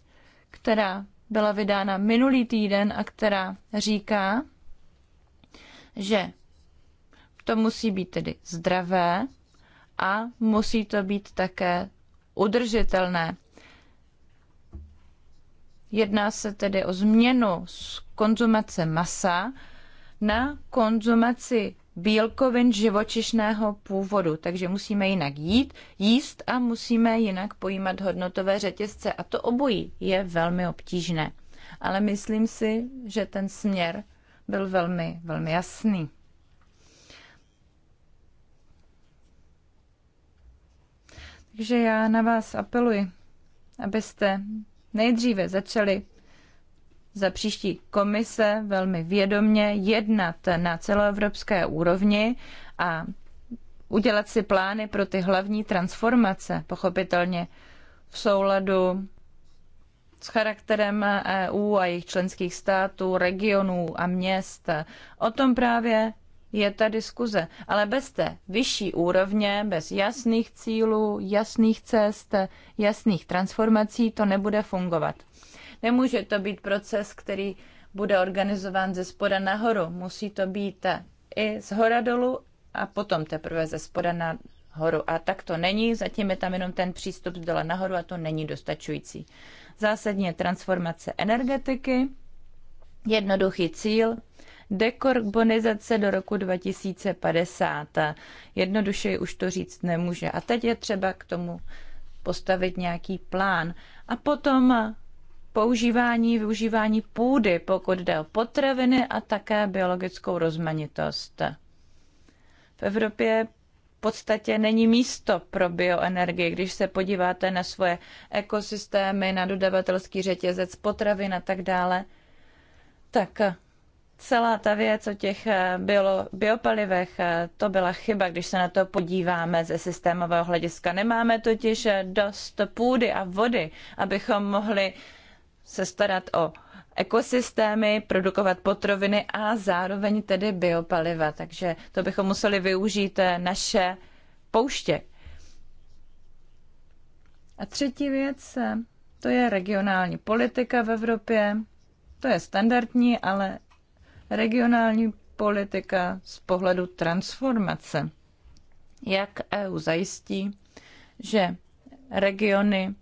která byla vydána minulý týden a která říká, že to musí být tedy zdravé a musí to být také udržitelné. Jedná se tedy o změnu z konzumace masa na konzumaci bílkovin živočišného původu. Takže musíme jinak jít, jíst a musíme jinak pojímat hodnotové řetězce. A to obojí je velmi obtížné. Ale myslím si, že ten směr byl velmi, velmi jasný. Takže já na vás apeluji, abyste nejdříve začali za příští komise velmi vědomně jednat na celoevropské úrovni a udělat si plány pro ty hlavní transformace, pochopitelně v souladu s charakterem EU a jejich členských států, regionů a měst. O tom právě je ta diskuze. Ale bez té vyšší úrovně, bez jasných cílů, jasných cest, jasných transformací to nebude fungovat. Nemůže to být proces, který bude organizován ze spoda nahoru. Musí to být i z hora dolů a potom teprve ze spoda nahoru. A tak to není, zatím je tam jenom ten přístup z dole nahoru a to není dostačující. Zásadně transformace energetiky, jednoduchý cíl, dekorbonizace do roku 2050. jednoduše už to říct nemůže. A teď je třeba k tomu postavit nějaký plán. A potom používání, využívání půdy, pokud jde o potraviny a také biologickou rozmanitost. V Evropě v podstatě není místo pro bioenergii. Když se podíváte na svoje ekosystémy, na dodavatelský řetězec potravin a tak dále, tak celá ta věc o těch eh, bio, biopalivech, eh, to byla chyba, když se na to podíváme ze systémového hlediska. Nemáme totiž eh, dost půdy a vody, abychom mohli se starat o ekosystémy, produkovat potroviny a zároveň tedy biopaliva. Takže to bychom museli využít naše pouště. A třetí věc, to je regionální politika v Evropě. To je standardní, ale regionální politika z pohledu transformace. Jak EU zajistí, že regiony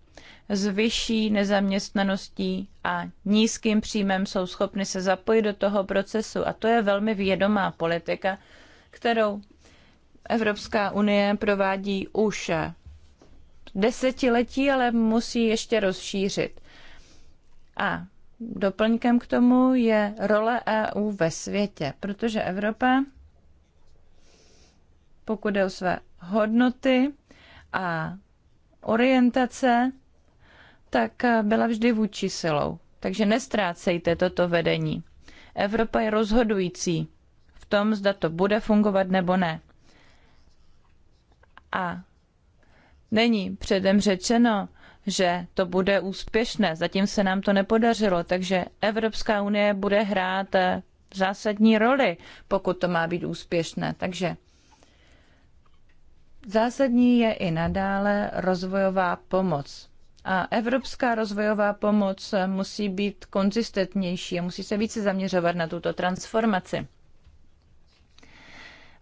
s vyšší nezaměstnaností a nízkým příjmem jsou schopny se zapojit do toho procesu. A to je velmi vědomá politika, kterou Evropská unie provádí už desetiletí, ale musí ještě rozšířit. A Doplňkem k tomu je role EU ve světě, protože Evropa, pokud je o své hodnoty a orientace, tak byla vždy vůči silou. Takže nestrácejte toto vedení. Evropa je rozhodující v tom, zda to bude fungovat nebo ne. A není předem řečeno, že to bude úspěšné. Zatím se nám to nepodařilo, takže Evropská unie bude hrát eh, zásadní roli, pokud to má být úspěšné. Takže zásadní je i nadále rozvojová pomoc. A evropská rozvojová pomoc eh, musí být konzistentnější a musí se více zaměřovat na tuto transformaci.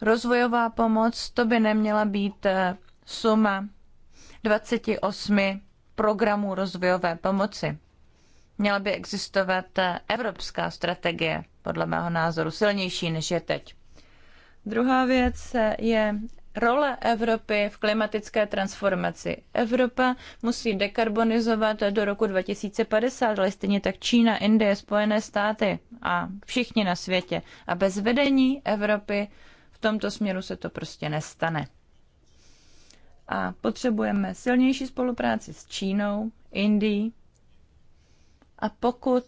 Rozvojová pomoc to by neměla být eh, suma 28 programů rozvojové pomoci. Měla by existovat evropská strategie, podle mého názoru, silnější než je teď. Druhá věc je role Evropy v klimatické transformaci. Evropa musí dekarbonizovat do roku 2050, ale stejně tak Čína, Indie, Spojené státy a všichni na světě. A bez vedení Evropy v tomto směru se to prostě nestane a potřebujeme silnější spolupráci s Čínou, Indií a pokud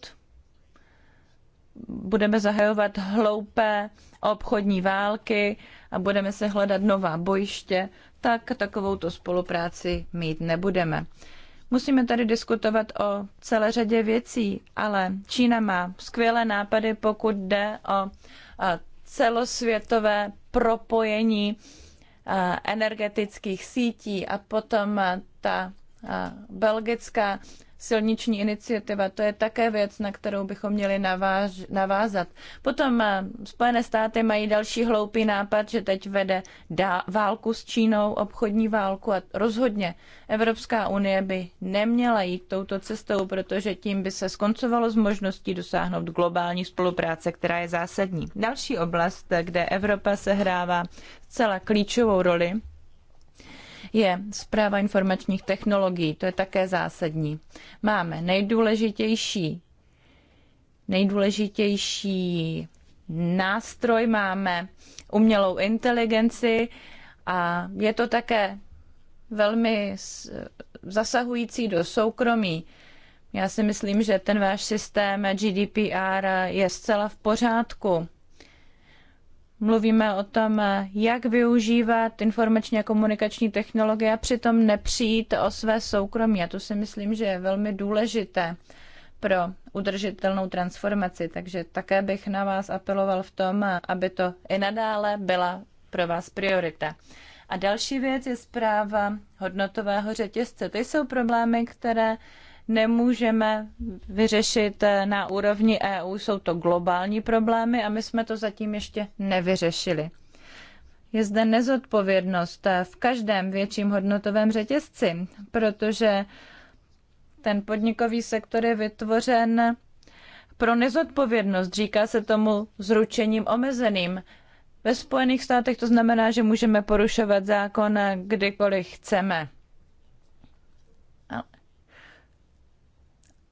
budeme zahajovat hloupé obchodní války a budeme se hledat nová bojiště, tak takovouto spolupráci mít nebudeme. Musíme tady diskutovat o celé řadě věcí, ale Čína má skvělé nápady, pokud jde o celosvětové propojení Eh, energetických sítí a potom ta eh, belgická silniční iniciativa, to je také věc, na kterou bychom měli naváž, navázat. Potom eh, Spojené státy mají další hloupý nápad, že teď vede dá, válku s Čínou, obchodní válku a rozhodně Evropská unie by neměla jít touto cestou, protože tím by se skoncovalo s možností dosáhnout globální spolupráce, která je zásadní. Další oblast, kde Evropa sehrává zcela klíčovou roli, je zpráva informačních technologií. To je také zásadní. Máme nejdůležitější, nejdůležitější nástroj, máme umělou inteligenci a je to také velmi zasahující do soukromí. Já si myslím, že ten váš systém GDPR je zcela v pořádku mluvíme o tom, jak využívat informační a komunikační technologie a přitom nepřijít o své soukromí. A to si myslím, že je velmi důležité pro udržitelnou transformaci. Takže také bych na vás apeloval v tom, aby to i nadále byla pro vás priorita. A další věc je zpráva hodnotového řetězce. To jsou problémy, které nemůžeme vyřešit eh, na úrovni EU. Jsou to globální problémy a my jsme to zatím ještě nevyřešili. Je zde nezodpovědnost eh, v každém větším hodnotovém řetězci, protože ten podnikový sektor je vytvořen pro nezodpovědnost. Říká se tomu zručením omezeným. Ve Spojených státech to znamená, že můžeme porušovat zákon eh, kdykoliv chceme.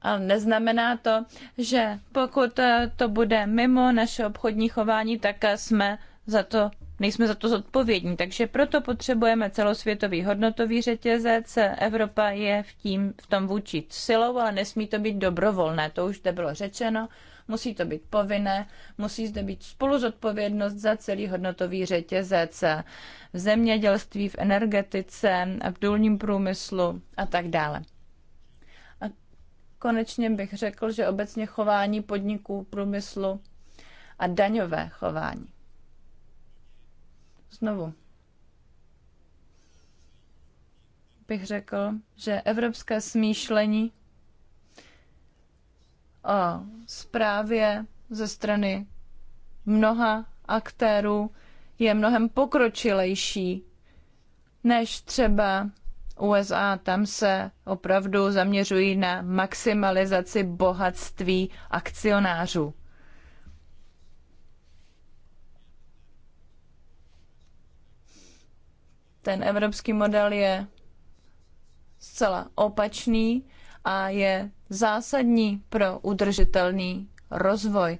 ale neznamená to, že pokud eh, to bude mimo naše obchodní chování, tak eh, jsme za to, nejsme za to zodpovědní. Takže proto potřebujeme celosvětový hodnotový řetězec. Evropa je v, tím, v tom vůči silou, ale nesmí to být dobrovolné, to už zde bylo řečeno. Musí to být povinné, musí zde být spoluzodpovědnost za celý hodnotový řetězec v zemědělství, v energetice, v důlním průmyslu a tak dále. Konečně bych řekl, že obecně chování podniků, průmyslu a daňové chování. Znovu bych řekl, že evropské smýšlení o zprávě ze strany mnoha aktérů je mnohem pokročilejší než třeba USA. Tam se opravdu zaměřují na maximalizaci bohatství akcionářů. Ten evropský model je zcela opačný a je zásadní pro udržitelný rozvoj.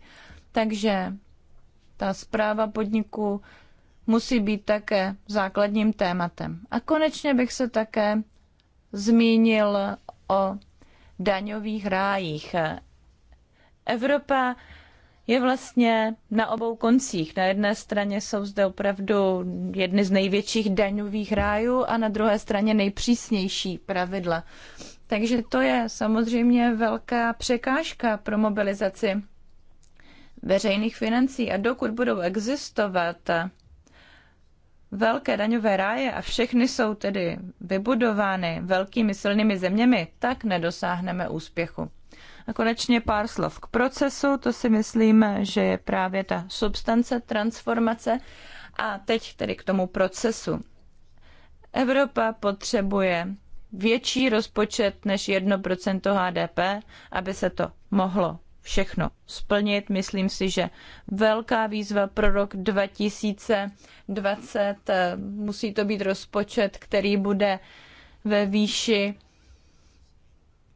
Takže ta zpráva podniku musí být také základním tématem. A konečně bych se také zmínil o daňových rájích. Evropa je vlastně na obou koncích. Na jedné straně jsou zde opravdu jedny z největších daňových rájů a na druhé straně nejpřísnější pravidla. Takže to je samozřejmě velká překážka pro mobilizaci veřejných financí a dokud budou existovat velké daňové ráje a všechny jsou tedy vybudovány velkými silnými zeměmi, tak nedosáhneme úspěchu. A konečně pár slov k procesu, to si myslím, že je právě ta substance transformace. A teď tedy k tomu procesu. Evropa potřebuje větší rozpočet než 1% HDP, aby se to mohlo všechno splnit. Myslím si, že velká výzva pro rok 2020 eh, musí to být rozpočet, který bude ve výši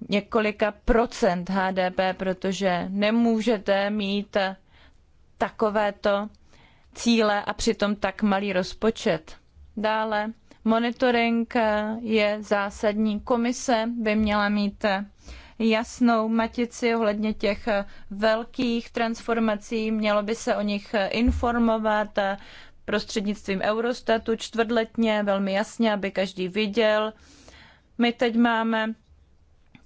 několika procent HDP, protože nemůžete mít eh, takovéto cíle a přitom tak malý rozpočet. Dále monitoring eh, je zásadní. Komise by měla mít jasnou matici ohledně těch velkých transformací, mělo by se o nich informovat prostřednictvím Eurostatu čtvrtletně, velmi jasně, aby každý viděl. My teď máme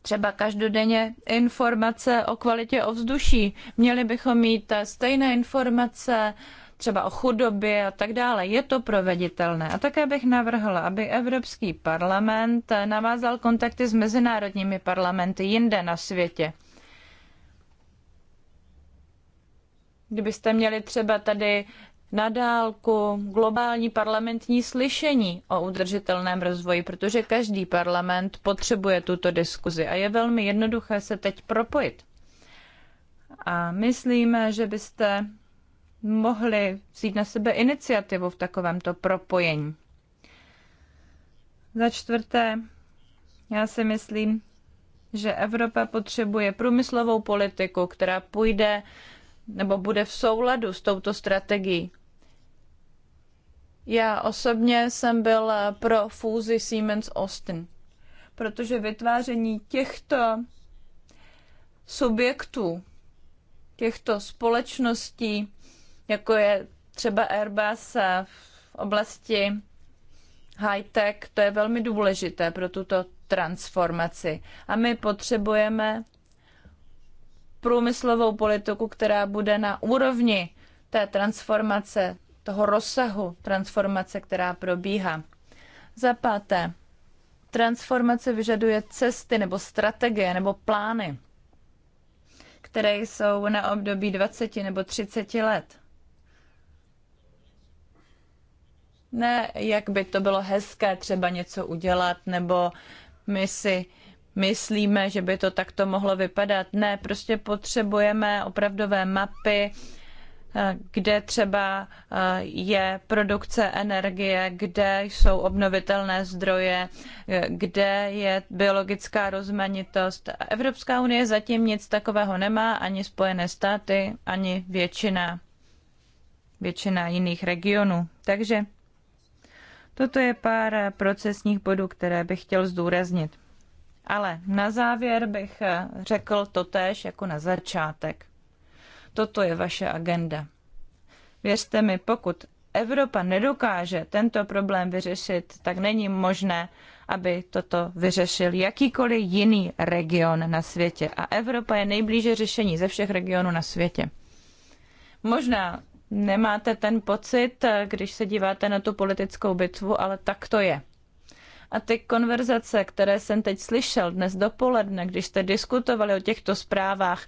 třeba každodenně informace o kvalitě ovzduší. Měli bychom mít stejné informace třeba o chudobě a tak dále. Je to proveditelné. A také bych navrhla, aby Evropský parlament navázal kontakty s mezinárodními parlamenty jinde na světě. Kdybyste měli třeba tady na dálku globální parlamentní slyšení o udržitelném rozvoji, protože každý parlament potřebuje tuto diskuzi a je velmi jednoduché se teď propojit. A myslíme, že byste mohli vzít na sebe iniciativu v takovémto propojení. Za čtvrté, já si myslím, že Evropa potřebuje průmyslovou politiku, která půjde nebo bude v souladu s touto strategií. Já osobně jsem byl pro fúzi Siemens Austin, protože vytváření těchto subjektů, těchto společností jako je třeba Airbus v oblasti high-tech, to je velmi důležité pro tuto transformaci. A my potřebujeme průmyslovou politiku, která bude na úrovni té transformace, toho rozsahu transformace, která probíhá. Za páté, transformace vyžaduje cesty nebo strategie nebo plány, které jsou na období 20 nebo 30 let. Ne, jak by to bylo hezké třeba něco udělat, nebo my si myslíme, že by to takto mohlo vypadat. Ne, prostě potřebujeme opravdové mapy, eh, kde třeba eh, je produkce energie, kde jsou obnovitelné zdroje, eh, kde je biologická rozmanitost. Evropská unie zatím nic takového nemá, ani Spojené státy, ani většina, většina jiných regionů. Takže Toto je pár procesních bodů, které bych chtěl zdůraznit. Ale na závěr bych řekl totéž jako na začátek. Toto je vaše agenda. Věřte mi, pokud Evropa nedokáže tento problém vyřešit, tak není možné, aby toto vyřešil jakýkoliv jiný region na světě. A Evropa je nejblíže řešení ze všech regionů na světě. Možná Nemáte ten pocit, když se díváte na tu politickou bitvu, ale tak to je. A ty konverzace, které jsem teď slyšel dnes dopoledne, když jste diskutovali o těchto zprávách,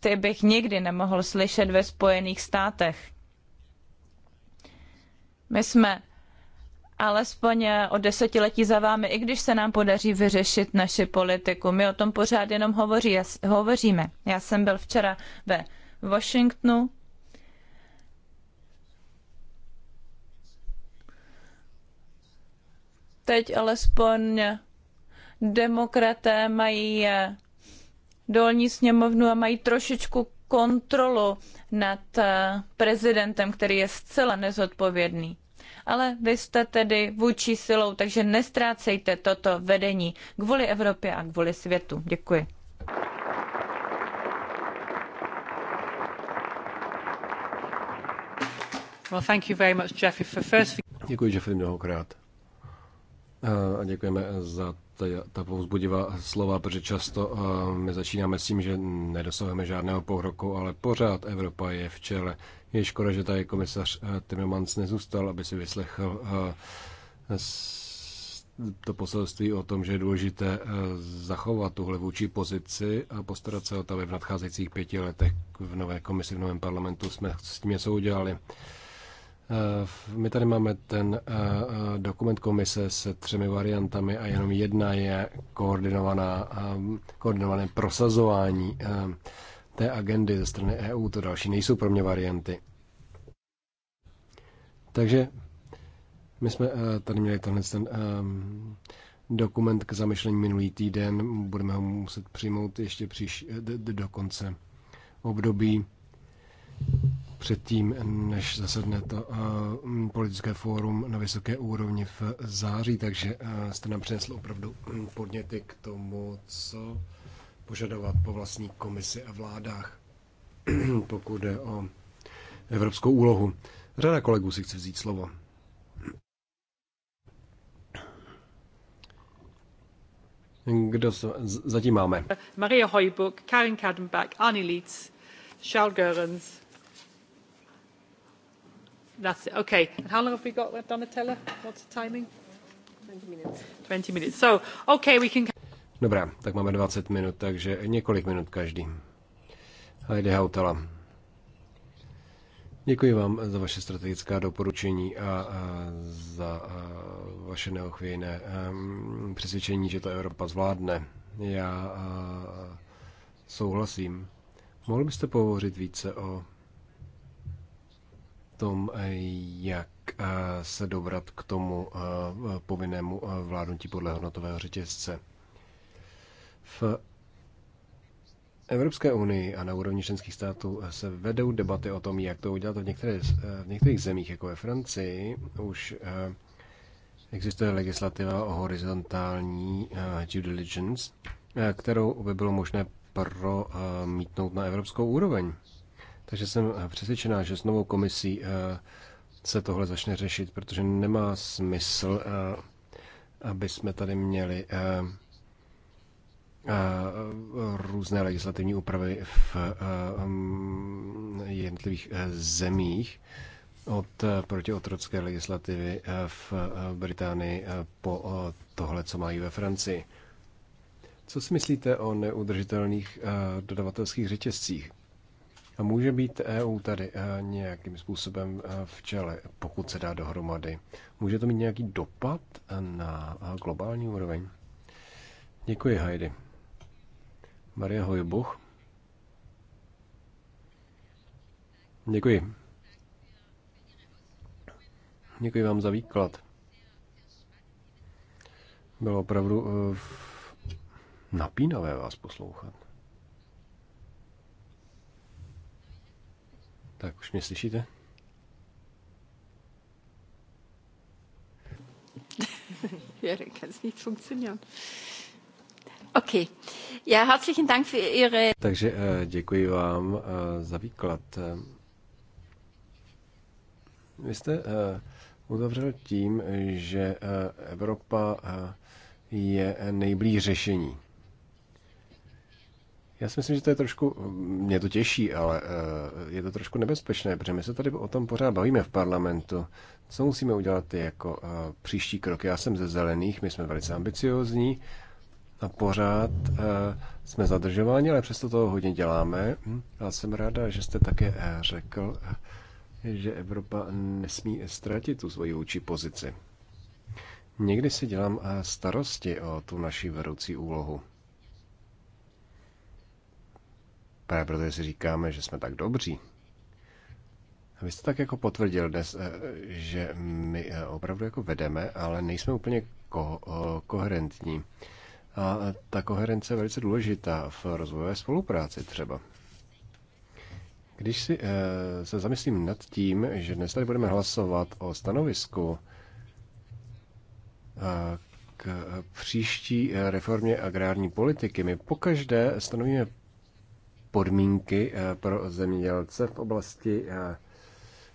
ty bych nikdy nemohl slyšet ve Spojených státech. My jsme alespoň o desetiletí za vámi, i když se nám podaří vyřešit naši politiku. My o tom pořád jenom hovoří, hovoříme. Já jsem byl včera ve Washingtonu teď alespoň demokraté mají eh, dolní sněmovnu a mají trošičku kontrolu nad eh, prezidentem, který je zcela nezodpovědný. Ale vy jste tedy vůči silou, takže nestrácejte toto vedení kvůli Evropě a kvůli světu. Děkuji. Well, thank you very much, for first... Děkuji, Jeffy, mnohokrát Eh, a děkujeme za ta, ta povzbudivá slova, protože často eh, my začínáme s tím, že nedosahujeme žádného pohroku, ale pořád Evropa je v čele. Je škoda, že tady komisař eh, Timmermans nezůstal, aby si vyslechl to poselství o tom, že je důležité zachovat tuhle vůči pozici a postarat se o to, aby v nadcházejících pěti letech v nové komisi, v novém parlamentu jsme s tím něco udělali. Eh, my tady máme ten eh, eh, dokument komise se třemi variantami a jenom jedna je koordinovaná, ehm, koordinované prosazování ehm, té agendy ze strany EU. To další nejsou pro mě varianty. Takže my jsme tady měli tenhle ten ehm, dokument k zamišlení minulý týden. Budeme ho muset přijmout ještě příš, do konce období předtím, než zasedne to eh, politické fórum na vysoké úrovni v září, takže eh, jste nám přinesl opravdu hm, podněty k tomu, co požadovat po vlastní komisi a vládách, [clears throat] pokud jde o evropskou úlohu. Řada kolegů si chce vzít slovo. Kdo se, zatím máme? Maria Hojbuk, Karin Kadenbach, Arnie Lietz, Charles Görens, That's it. Okay. And how long have we got, Donatella? What's the timing? 20 minutes. 20 minutes. So, okay, we can... Dobrá, tak máme 20 minut, takže několik minut každý. Hajde Hautala. Děkuji vám za vaše strategická doporučení a za vaše neochvějné přesvědčení, že to Evropa zvládne. Já souhlasím. Mohl byste pohovořit více o tom, eh, jak eh, se dobrat k tomu eh, povinnému vládnutí podle hodnotového řetězce. V Evropské unii a na úrovni členských států se vedou debaty o tom, jak to udělat. V, některé, v některých zemích, jako ve Francii, už existuje legislativa o horizontální due diligence, kterou by bylo možné promítnout na evropskou úroveň. Takže jsem eh, přesvědčená, že s novou komisí eh, se tohle začne řešit, protože nemá smysl, eh, aby jsme tady měli různé legislativní úpravy v jednotlivých zemích od protiotrocké legislativy v Británii po tohle, co mají ve Francii. Co si myslíte o neudržitelných dodavatelských řetězcích? Může být EU tady eh, nějakým způsobem eh, v čele, pokud se dá dohromady? Může to mít nějaký dopad eh, na globální úroveň? Děkuji, Heidi. Maria Hojbuch. Děkuji. Děkuji vám za výklad. Bylo opravdu napínavé vás poslouchat. Tak už mě slyšíte? [laughs] Ja, kann es nicht funktionieren. Okay. herzlichen Dank für Ihre... Takže eh, děkuji vám eh, za výklad. Vy jste eh, uzavřel tím, že Evropa je nejblíž řešení. Já si myslím, že to je trošku, mě to těší, ale eh, je to trošku nebezpečné, protože my se tady o tom pořád bavíme v parlamentu. Co musíme udělat jako eh, příští krok? Já jsem ze zelených, my jsme velice ambiciozní a pořád eh, jsme zadržováni, ale přesto toho hodně děláme. Já hm? jsem ráda, že jste také řekl, že Evropa nesmí ztratit tu svoji vůči pozici. Někdy si dělám starosti o tu naši vedoucí úlohu. Právě protože si říkáme, že jsme tak dobří. A vy jste tak jako potvrdil dnes, eh, že my eh, opravdu jako vedeme, ale nejsme úplně ko- eh, koherentní. A ta koherence je velice důležitá v rozvojové spolupráci třeba. Když si, se zamyslím nad tím, že dnes tady budeme hlasovat o stanovisku k příští reformě agrární politiky, my pokaždé stanovíme podmínky eh, pro zemědělce v oblasti eh,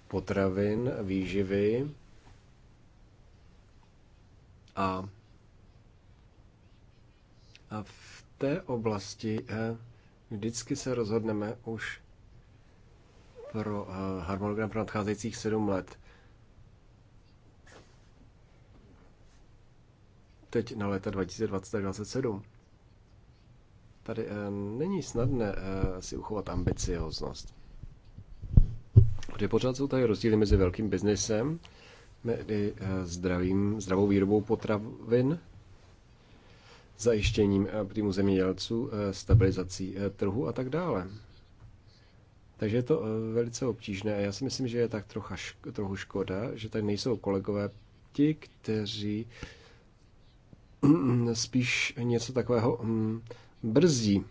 potravin, výživy a, a v té oblasti eh, vždycky se rozhodneme už pro harmonogram pro nadcházejících sedm let. Teď na léta 2020-2027. Tady eh, není snadné eh, si uchovat ambicioznost. Protože pořád jsou tady rozdíly mezi velkým biznesem, mezi eh, zdravým, zdravou výrobou potravin, zajištěním příjmu zemědělců, stabilizací trhu a tak dále. Takže je to velice obtížné a já si myslím, že je tak trocha, trochu škoda, že tady nejsou kolegové ti, kteří [clears throat] spíš něco takového hm, brzdí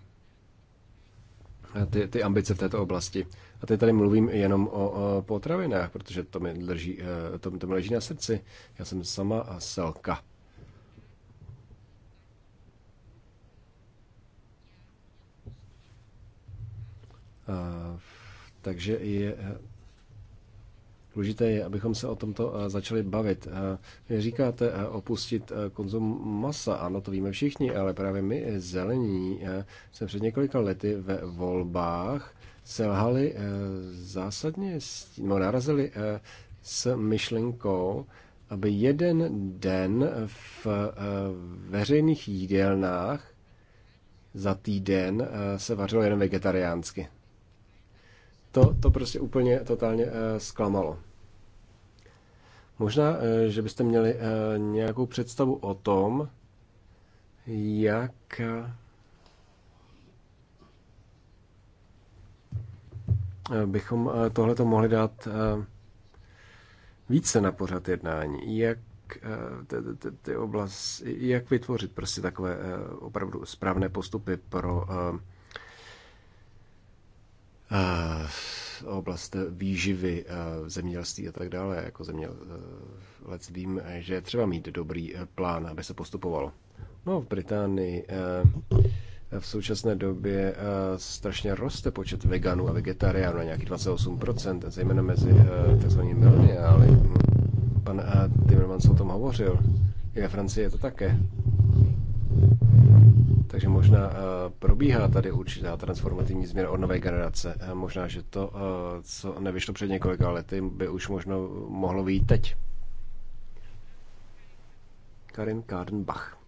ty, ty ambice v této oblasti. A teď tady mluvím jenom o, o potravinách, protože to mi, drží, eh, to, to mi leží na srdci. Já jsem sama a selka. Eh, takže je eh, Důležité je, abychom se o tomto eh, začali bavit. Eh, vy říkáte eh, opustit konzum masa, ano, to víme všichni, ale právě my zelení jsme před několika lety ve volbách selhali zásadně, no, narazili s myšlenkou, aby jeden den v veřejných jídelnách za týden se vařilo jen vegetariánsky to, to prostě úplně totálně eh, zklamalo. Možná, eh, že byste měli eh, nějakou představu o tom, jak bychom tohleto mohli dát více na pořad jednání, jak ty, ty, ty oblast, jak vytvořit prostě takové opravdu správné postupy pro Eh, oblast výživy, eh, zemědělství a tak dále. Jako zemědělec vím, že třeba mít dobrý eh, plán, aby se postupovalo. No, v Británii v současné době strašně roste počet veganů a vegetariánů na nějakých 28%, zejména mezi takzvanými mileniály. Pan Timmermans o tom hovořil. I ve Francii je to také. Takže možná eh, probíhá tady určitá transformativní změna od nové generace. Eh, možná, že to, eh, co nevyšlo před několika lety, by už možno mohlo vyjít teď. Karin Kádenbach.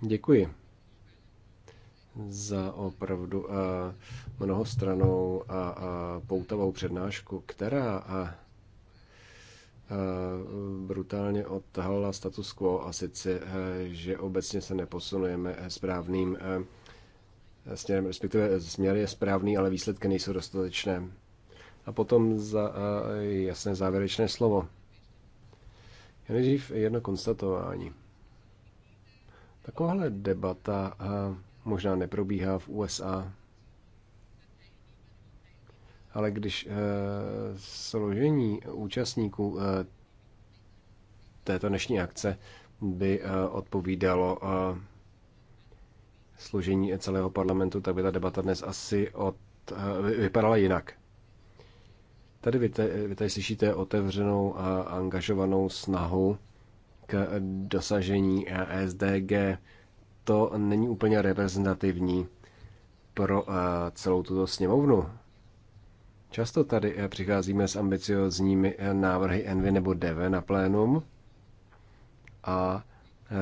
Děkuji za opravdu mnohostranou a poutavou přednášku, která Eh, brutálně odtahala status quo a sice, eh, že obecně se neposunujeme eh, správným směrem, respektive směr je správný, ale výsledky nejsou dostatečné. A potom za jasné závěrečné slovo. Já nejdřív jedno konstatování. Takováhle debata možná neprobíhá v USA, ale když eh, složení účastníků eh, této dnešní akce by eh, odpovídalo složení celého parlamentu, tak by ta debata dnes asi od, vypadala jinak. Tady vy, vy tady slyšíte otevřenou a angažovanou snahu k dosažení SDG. To není úplně reprezentativní pro celou tuto sněmovnu. Často tady eh, přicházíme s ambiciozními eh, návrhy Envy nebo Deve na plénum a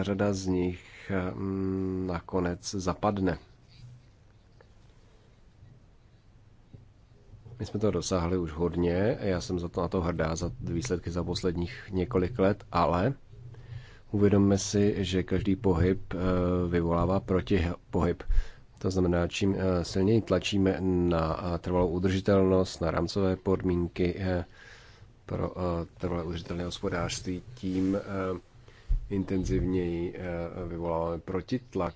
řada z nich eh, mm, nakonec zapadne. My jsme to dosáhli už hodně, já jsem za to na to hrdá, za výsledky za posledních několik let, ale uvědomme si, že každý pohyb vyvolává protipohyb. To znamená, čím eh, silněji tlačíme na eh, trvalou udržitelnost, na rámcové podmínky eh, pro trvalé udržitelné hospodářství, tím intenzivněji vyvoláváme protitlak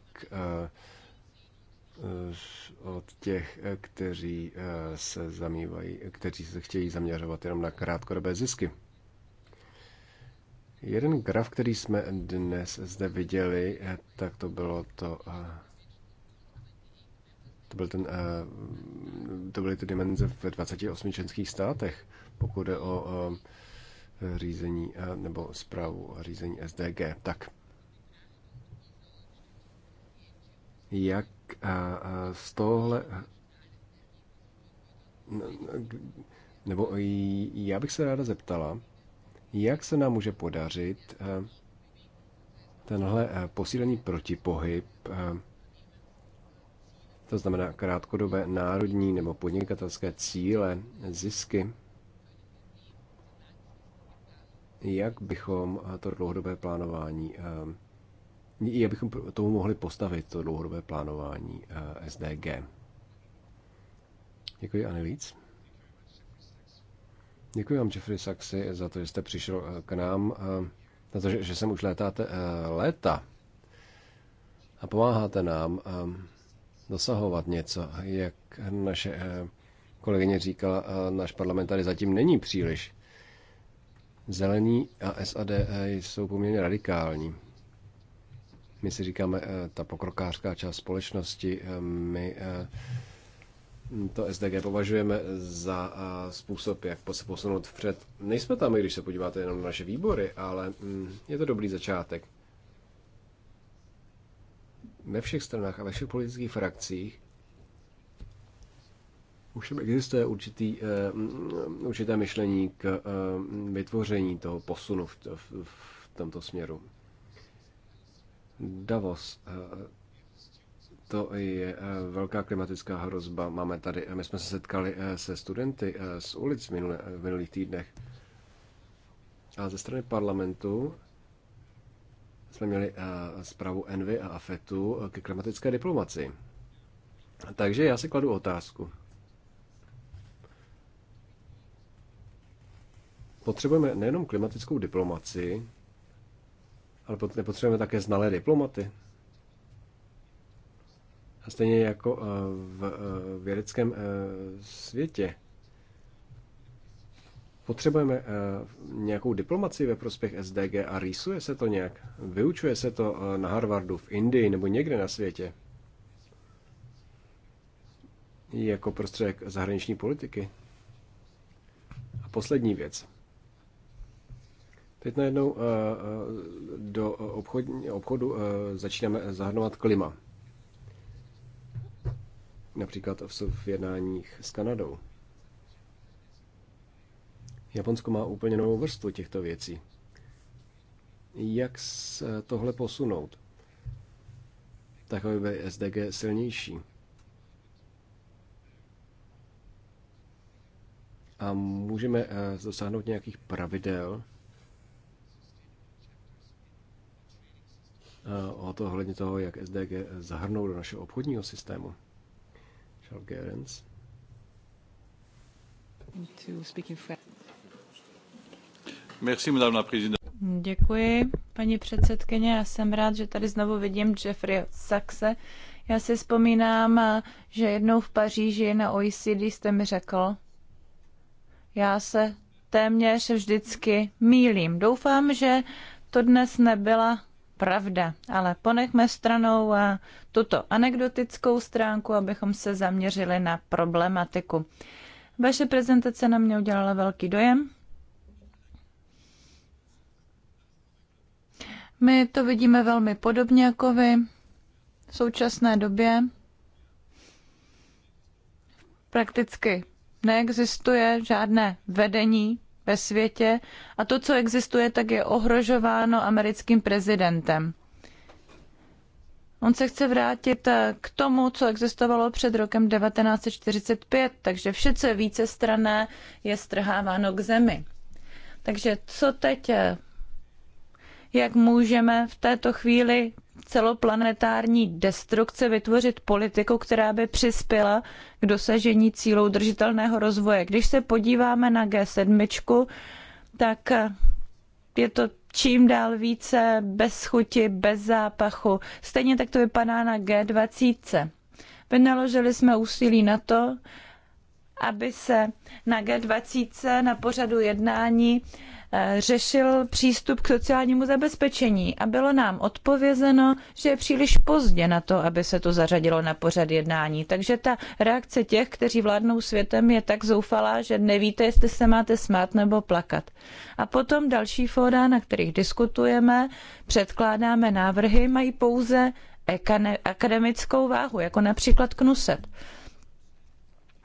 od těch, kteří se zamývají, kteří se chtějí zaměřovat jenom na krátkodobé zisky. Jeden graf, který jsme dnes zde viděli, tak to bylo to to, byl ten, eh, to byly ty dimenze ve 28 členských státech, pokud jde o eh, řízení eh, nebo zprávu a řízení SDG. Tak. Jak z tohle nebo já bych se ráda zeptala, jak se nám může podařit tenhle posílený protipohyb to znamená krátkodobé národní nebo podnikatelské cíle, zisky, jak bychom to dlouhodobé plánování, eh, jak bychom tomu mohli postavit to dlouhodobé plánování eh, SDG. Děkuji, Anelíc. Děkuji vám, Jeffrey Saxy, za to, že jste přišel eh, k nám, za to, že, že sem už létáte léta a pomáháte nám dosahovat něco. Jak naše eh, kolegyně říkala, eh, náš parlament tady zatím není příliš. zelený a SAD eh, jsou poměrně radikální. My si říkáme, ta pokrokářská část společnosti, my to SDG považujeme za způsob, jak se posunout vpřed. Nejsme tam, když se podíváte jenom na naše výbory, ale mm, je to dobrý začátek ve všech stranách a ve všech politických frakcích už existuje určitý, eh, určité myšlení k eh, vytvoření toho posunu v, v, v tomto směru. Davos. Eh, to je velká klimatická hrozba. Máme tady, my jsme se setkali se studenty z ulic v, minulé, v minulých týdnech. A ze strany parlamentu jsme měli eh, zprávu Envy a AFETu eh, ke klimatické diplomaci. Takže já si kladu otázku. Potřebujeme nejenom klimatickou diplomaci, ale potřebujeme také znalé diplomaty. A stejně jako eh, v vědeckém světě. Potřebujeme eh, nějakou diplomaci ve prospěch SDG a rýsuje se to nějak? Vyučuje se to eh, na Harvardu, v Indii nebo někde na světě? Jako prostředek zahraniční politiky? A poslední věc. Teď najednou eh, do obchod, obchodu začínáme zahrnovat klima. Například v jednáních s Kanadou. Japonsko má úplně novou vrstvu těchto věcí. Jak tohle posunout? Tak, aby SDG silnější. A můžeme eh, dosáhnout nějakých pravidel, eh, o to hledně toho, jak SDG zahrnou do našeho obchodního systému. Charles Gerens. Merci, madame la présidente. Děkuji, paní předsedkyně. Já jsem rád, že tady znovu vidím Jeffrey Saxe. Já si vzpomínám, že jednou v Paříži na OECD jste mi řekl, já se téměř vždycky mílím. Doufám, že to dnes nebyla pravda, ale ponechme stranou a eh, tuto anekdotickou stránku, abychom se zaměřili na problematiku. Vaše prezentace na mě udělala velký dojem. My to vidíme velmi podobně jako vy v současné době. Prakticky neexistuje žádné vedení ve světě a to, co existuje, tak je ohrožováno americkým prezidentem. On se chce vrátit eh, k tomu, co existovalo před rokem 1945, takže vše, co je vícestrané, je strháváno k zemi. Takže co teď eh, jak můžeme v této chvíli celoplanetární destrukce vytvořit politiku, která by přispěla k dosažení cílů udržitelného rozvoje. Když se podíváme na G7, tak je to čím dál více bez chuti, bez zápachu. Stejně tak to vypadá na G20. Vynaložili jsme úsilí na to, aby se na G20 na pořadu jednání eh, řešil přístup k sociálnímu zabezpečení a bylo nám odpovězeno, že je příliš pozdě na to, aby se to zařadilo na pořad jednání. Takže ta reakce těch, kteří vládnou světem, je tak zoufalá, že nevíte, jestli se máte smát nebo plakat. A potom další fóra, na kterých diskutujeme, předkládáme návrhy, mají pouze akademickou váhu, jako například Knuset.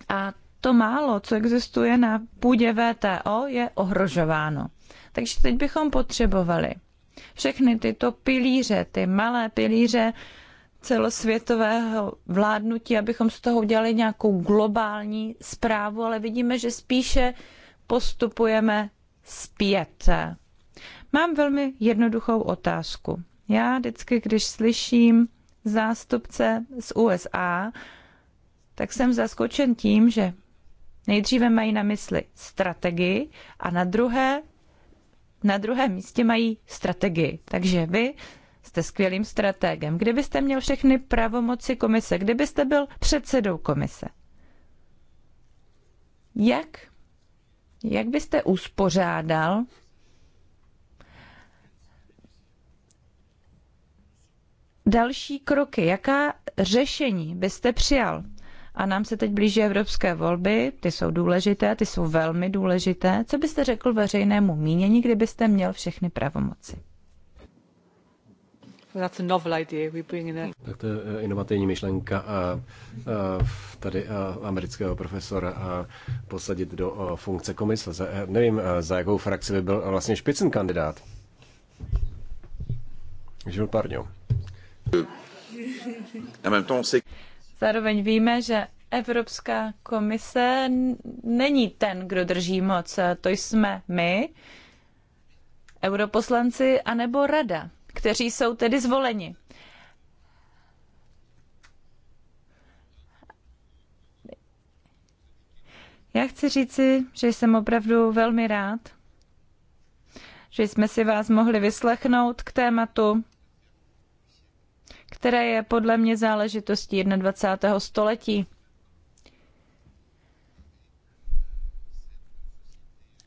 A to málo, co existuje na půdě VTO, je ohrožováno. Takže teď bychom potřebovali všechny tyto pilíře, ty malé pilíře celosvětového vládnutí, abychom z toho udělali nějakou globální zprávu, ale vidíme, že spíše postupujeme zpět. Mám velmi jednoduchou otázku. Já vždycky, když slyším zástupce z USA, tak jsem zaskočen tím, že Nejdříve mají na mysli strategii a na druhé, na druhém místě mají strategii. Takže vy jste skvělým strategem. Kdybyste měl všechny pravomoci komise, kdybyste byl předsedou komise, jak, jak byste uspořádal další kroky, jaká řešení byste přijal? a nám se teď blíží evropské volby, ty jsou důležité, ty jsou velmi důležité. Co byste řekl veřejnému mínění, kdybyste měl všechny pravomoci? Tak to je eh, inovativní myšlenka a, a, tady a, eh, amerického profesora a posadit do a, eh, funkce Za, Nevím, a, za jakou frakci by byl vlastně špicen kandidát. Žil Parňo. Zároveň víme, že Evropská komise není ten, kdo drží moc. To jsme my, europoslanci, anebo rada, kteří jsou tedy zvoleni. Já chci říci, že jsem opravdu velmi rád, že jsme si vás mohli vyslechnout k tématu, které je podle mě záležitostí 21. století.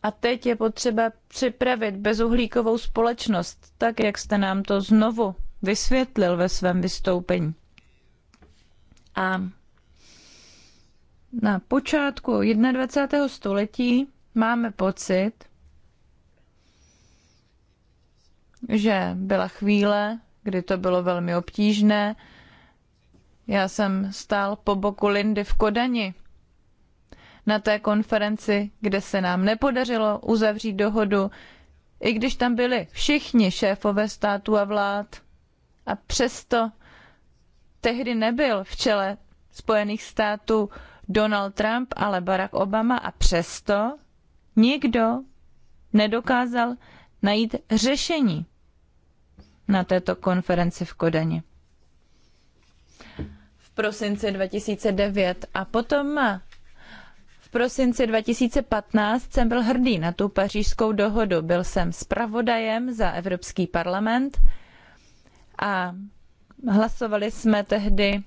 A teď je potřeba připravit bezuhlíkovou společnost, tak jak jste nám to znovu vysvětlil ve svém vystoupení. A na počátku 21. století máme pocit, že byla chvíle, kdy to bylo velmi obtížné. Já jsem stál po boku Lindy v Kodani na té konferenci, kde se nám nepodařilo uzavřít dohodu, i když tam byli všichni šéfové států a vlád. A přesto tehdy nebyl v čele Spojených států Donald Trump, ale Barack Obama a přesto nikdo nedokázal najít řešení na této konferenci v Kodani v prosinci 2009 a potom eh, v prosinci 2015 jsem byl hrdý na tu pařížskou dohodu. Byl jsem zpravodajem za Evropský parlament a hlasovali jsme tehdy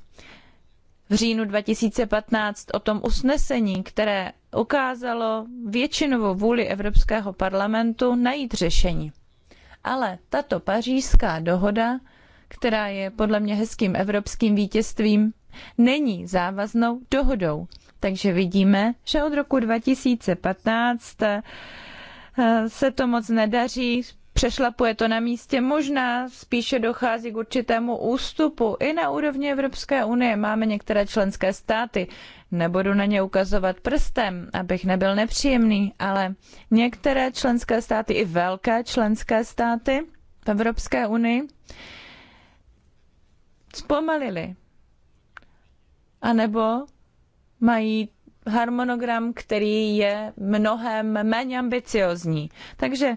v říjnu 2015 o tom usnesení, které ukázalo většinovou vůli Evropského parlamentu najít řešení. Ale tato pařížská dohoda, která je podle mě hezkým evropským vítězstvím, není závaznou dohodou. Takže vidíme, že od roku 2015 eh, se to moc nedaří, přešlapuje to na místě. Možná spíše dochází k určitému ústupu. I na úrovni Evropské unie máme některé členské státy. Nebudu na ně ukazovat prstem, abych nebyl nepříjemný, ale některé členské státy, i velké členské státy v Evropské unii, zpomalili. A nebo mají harmonogram, který je mnohem méně ambiciozní. Takže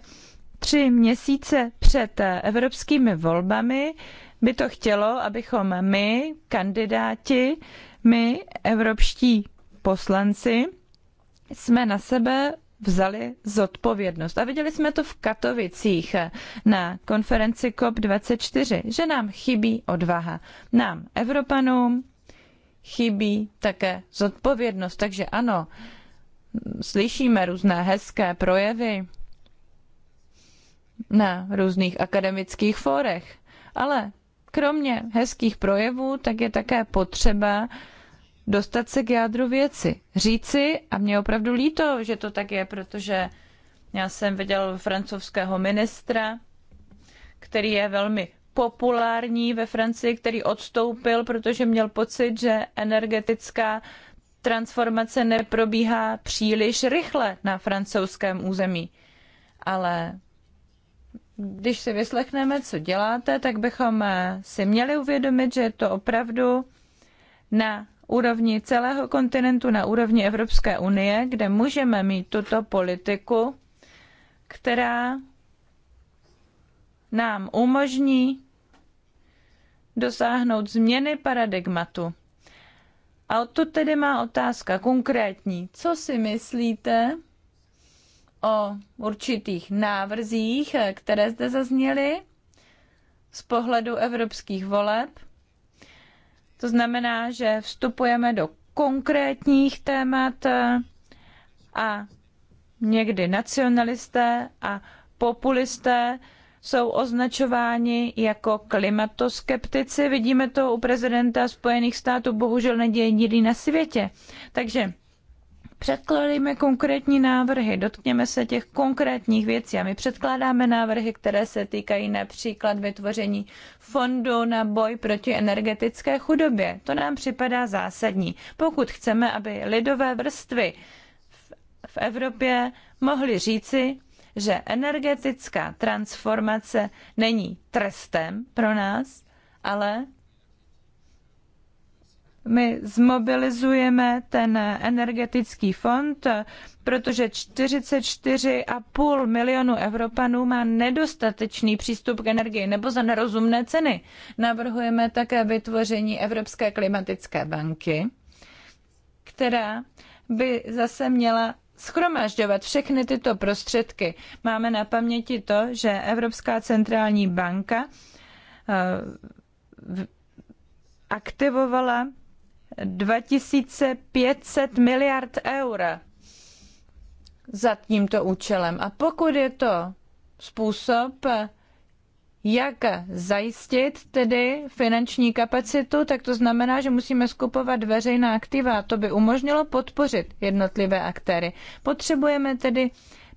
tři měsíce před eh, evropskými volbami by to chtělo, abychom my, kandidáti, my, evropští poslanci, jsme na sebe vzali zodpovědnost. A viděli jsme to v Katovicích eh, na konferenci COP24, že nám chybí odvaha. Nám, Evropanům, chybí také zodpovědnost. Takže ano, slyšíme různé hezké projevy, na různých akademických fórech. Ale kromě hezkých projevů, tak je také potřeba dostat se k jádru věci. Říci, a mě opravdu líto, že to tak je, protože já jsem viděl francouzského ministra, který je velmi populární ve Francii, který odstoupil, protože měl pocit, že energetická transformace neprobíhá příliš rychle na francouzském území. Ale když si vyslechneme, co děláte, tak bychom eh, si měli uvědomit, že je to opravdu na úrovni celého kontinentu, na úrovni Evropské unie, kde můžeme mít tuto politiku, která nám umožní dosáhnout změny paradigmatu. A odtud tedy má otázka konkrétní. Co si myslíte, o určitých návrzích, eh, které zde zazněly z pohledu evropských voleb. To znamená, že vstupujeme do konkrétních témat eh, a někdy nacionalisté a populisté jsou označováni jako klimatoskeptici. Vidíme to u prezidenta Spojených států, bohužel neděje nikdy na světě. Takže Předkládejme konkrétní návrhy, dotkněme se těch konkrétních věcí a my předkládáme návrhy, které se týkají například vytvoření fondu na boj proti energetické chudobě. To nám připadá zásadní. Pokud chceme, aby lidové vrstvy v Evropě mohly říci, že energetická transformace není trestem pro nás, ale my zmobilizujeme ten energetický fond, protože 44,5 milionu Evropanů má nedostatečný přístup k energii nebo za nerozumné ceny. Navrhujeme také vytvoření Evropské klimatické banky, která by zase měla schromažďovat všechny tyto prostředky. Máme na paměti to, že Evropská centrální banka eh, aktivovala 2500 miliard eur za tímto účelem. A pokud je to způsob, jak zajistit tedy finanční kapacitu, tak to znamená, že musíme skupovat veřejná aktiva. To by umožnilo podpořit jednotlivé aktéry. Potřebujeme tedy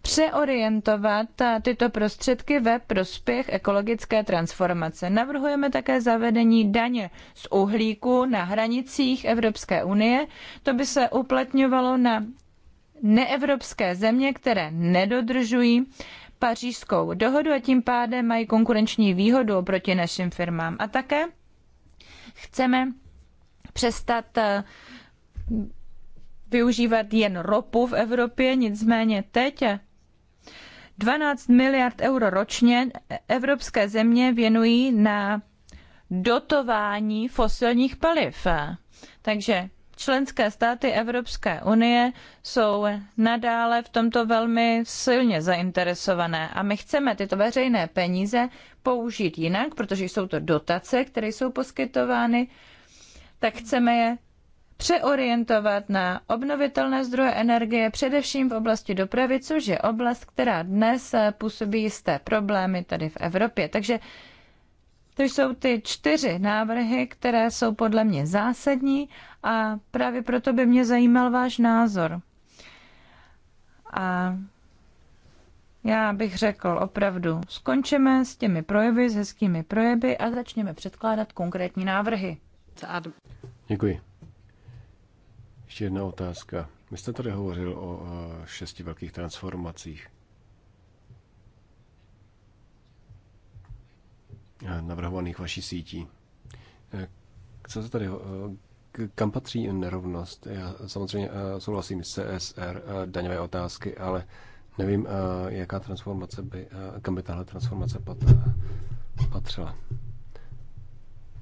přeorientovat eh, tyto prostředky ve prospěch ekologické transformace. Navrhujeme také zavedení daně z uhlíku na hranicích Evropské unie. To by se uplatňovalo na neevropské země, které nedodržují pařížskou dohodu a tím pádem mají konkurenční výhodu oproti našim firmám. A také chceme přestat eh, využívat jen ropu v Evropě, nicméně teď 12 miliard euro ročně evropské země věnují na dotování fosilních paliv. Takže členské státy Evropské unie jsou nadále v tomto velmi silně zainteresované a my chceme tyto veřejné peníze použít jinak, protože jsou to dotace, které jsou poskytovány, tak chceme je přeorientovat na obnovitelné zdroje energie, především v oblasti dopravy, což je oblast, která dnes eh, působí jisté problémy tady v Evropě. Takže to jsou ty čtyři návrhy, které jsou podle mě zásadní a právě proto by mě zajímal váš názor. A já bych řekl opravdu, skončeme s těmi projevy, s hezkými projevy a začněme předkládat konkrétní návrhy. Děkuji. Ještě jedna otázka. My jste tady hovořil o šesti velkých transformacích. navrhovaných vaší sítí. Eh, co se tady, eh, kam patří nerovnost? Já samozřejmě eh, souhlasím s CSR, daňové otázky, ale nevím, jaká transformace by, kam by tahle transformace patřila.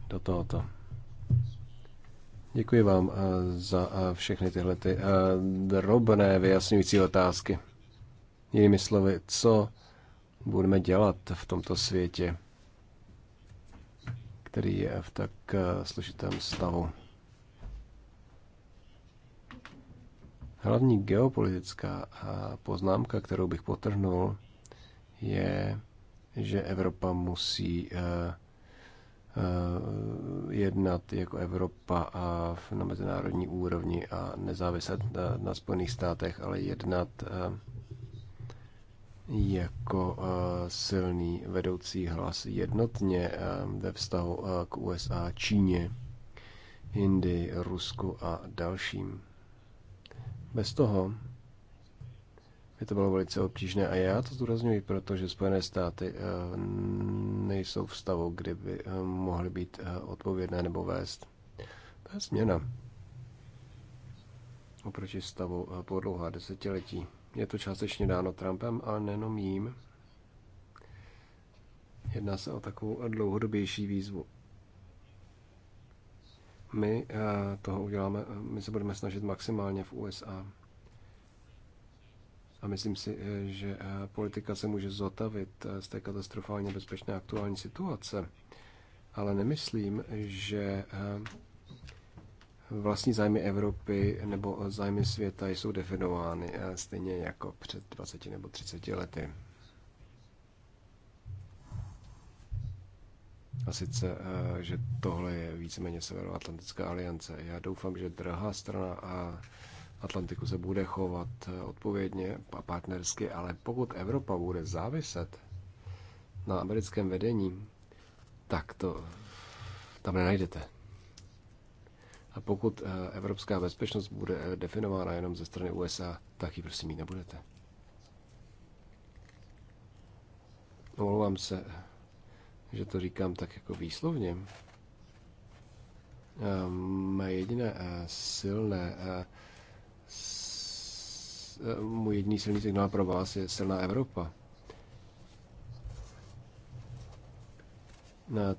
Do tohoto. Děkuji vám eh, za eh, všechny tyhle ty eh, drobné vyjasňující otázky. Jinými slovy, co budeme dělat v tomto světě, který je v tak složitém stavu. Hlavní geopolitická poznámka, kterou bych potrhnul, je, že Evropa musí Eh, jednat jako Evropa a na mezinárodní úrovni a nezáviset na Spojených státech, ale jednat eh, jako eh, silný vedoucí hlas jednotně ve vztahu k USA, Číně, Indii, Rusku a dalším. Bez toho by to bylo velice obtížné. A já to zdůraznuju, protože Spojené státy eh, nejsou v stavu, kdy by eh, mohly být eh, odpovědné nebo vést. To je změna oproti stavu po dlouhá desetiletí. Je to částečně dáno Trumpem, ale nejenom jím. Jedná se o takovou dlouhodobější výzvu. My toho uděláme, my se budeme snažit maximálně v USA. A myslím si, eh, že eh, politika se může zotavit eh, z té katastrofálně bezpečné aktuální situace. Ale nemyslím, že vlastní zájmy Evropy nebo zájmy světa jsou definovány stejně jako před 20 nebo 30 lety. A sice, že tohle je víceméně Severoatlantická aliance. Já doufám, že drahá strana a Atlantiku se bude chovat eh, odpovědně a partnersky, ale pokud Evropa bude záviset na americkém vedení, tak to tam nenajdete. A pokud eh, evropská bezpečnost bude eh, definována jenom ze strany USA, tak ji prostě mít nebudete. Omlouvám se, že to říkám tak jako výslovně. Mé jediné silné můj jediný silný signál pro vás je silná Evropa.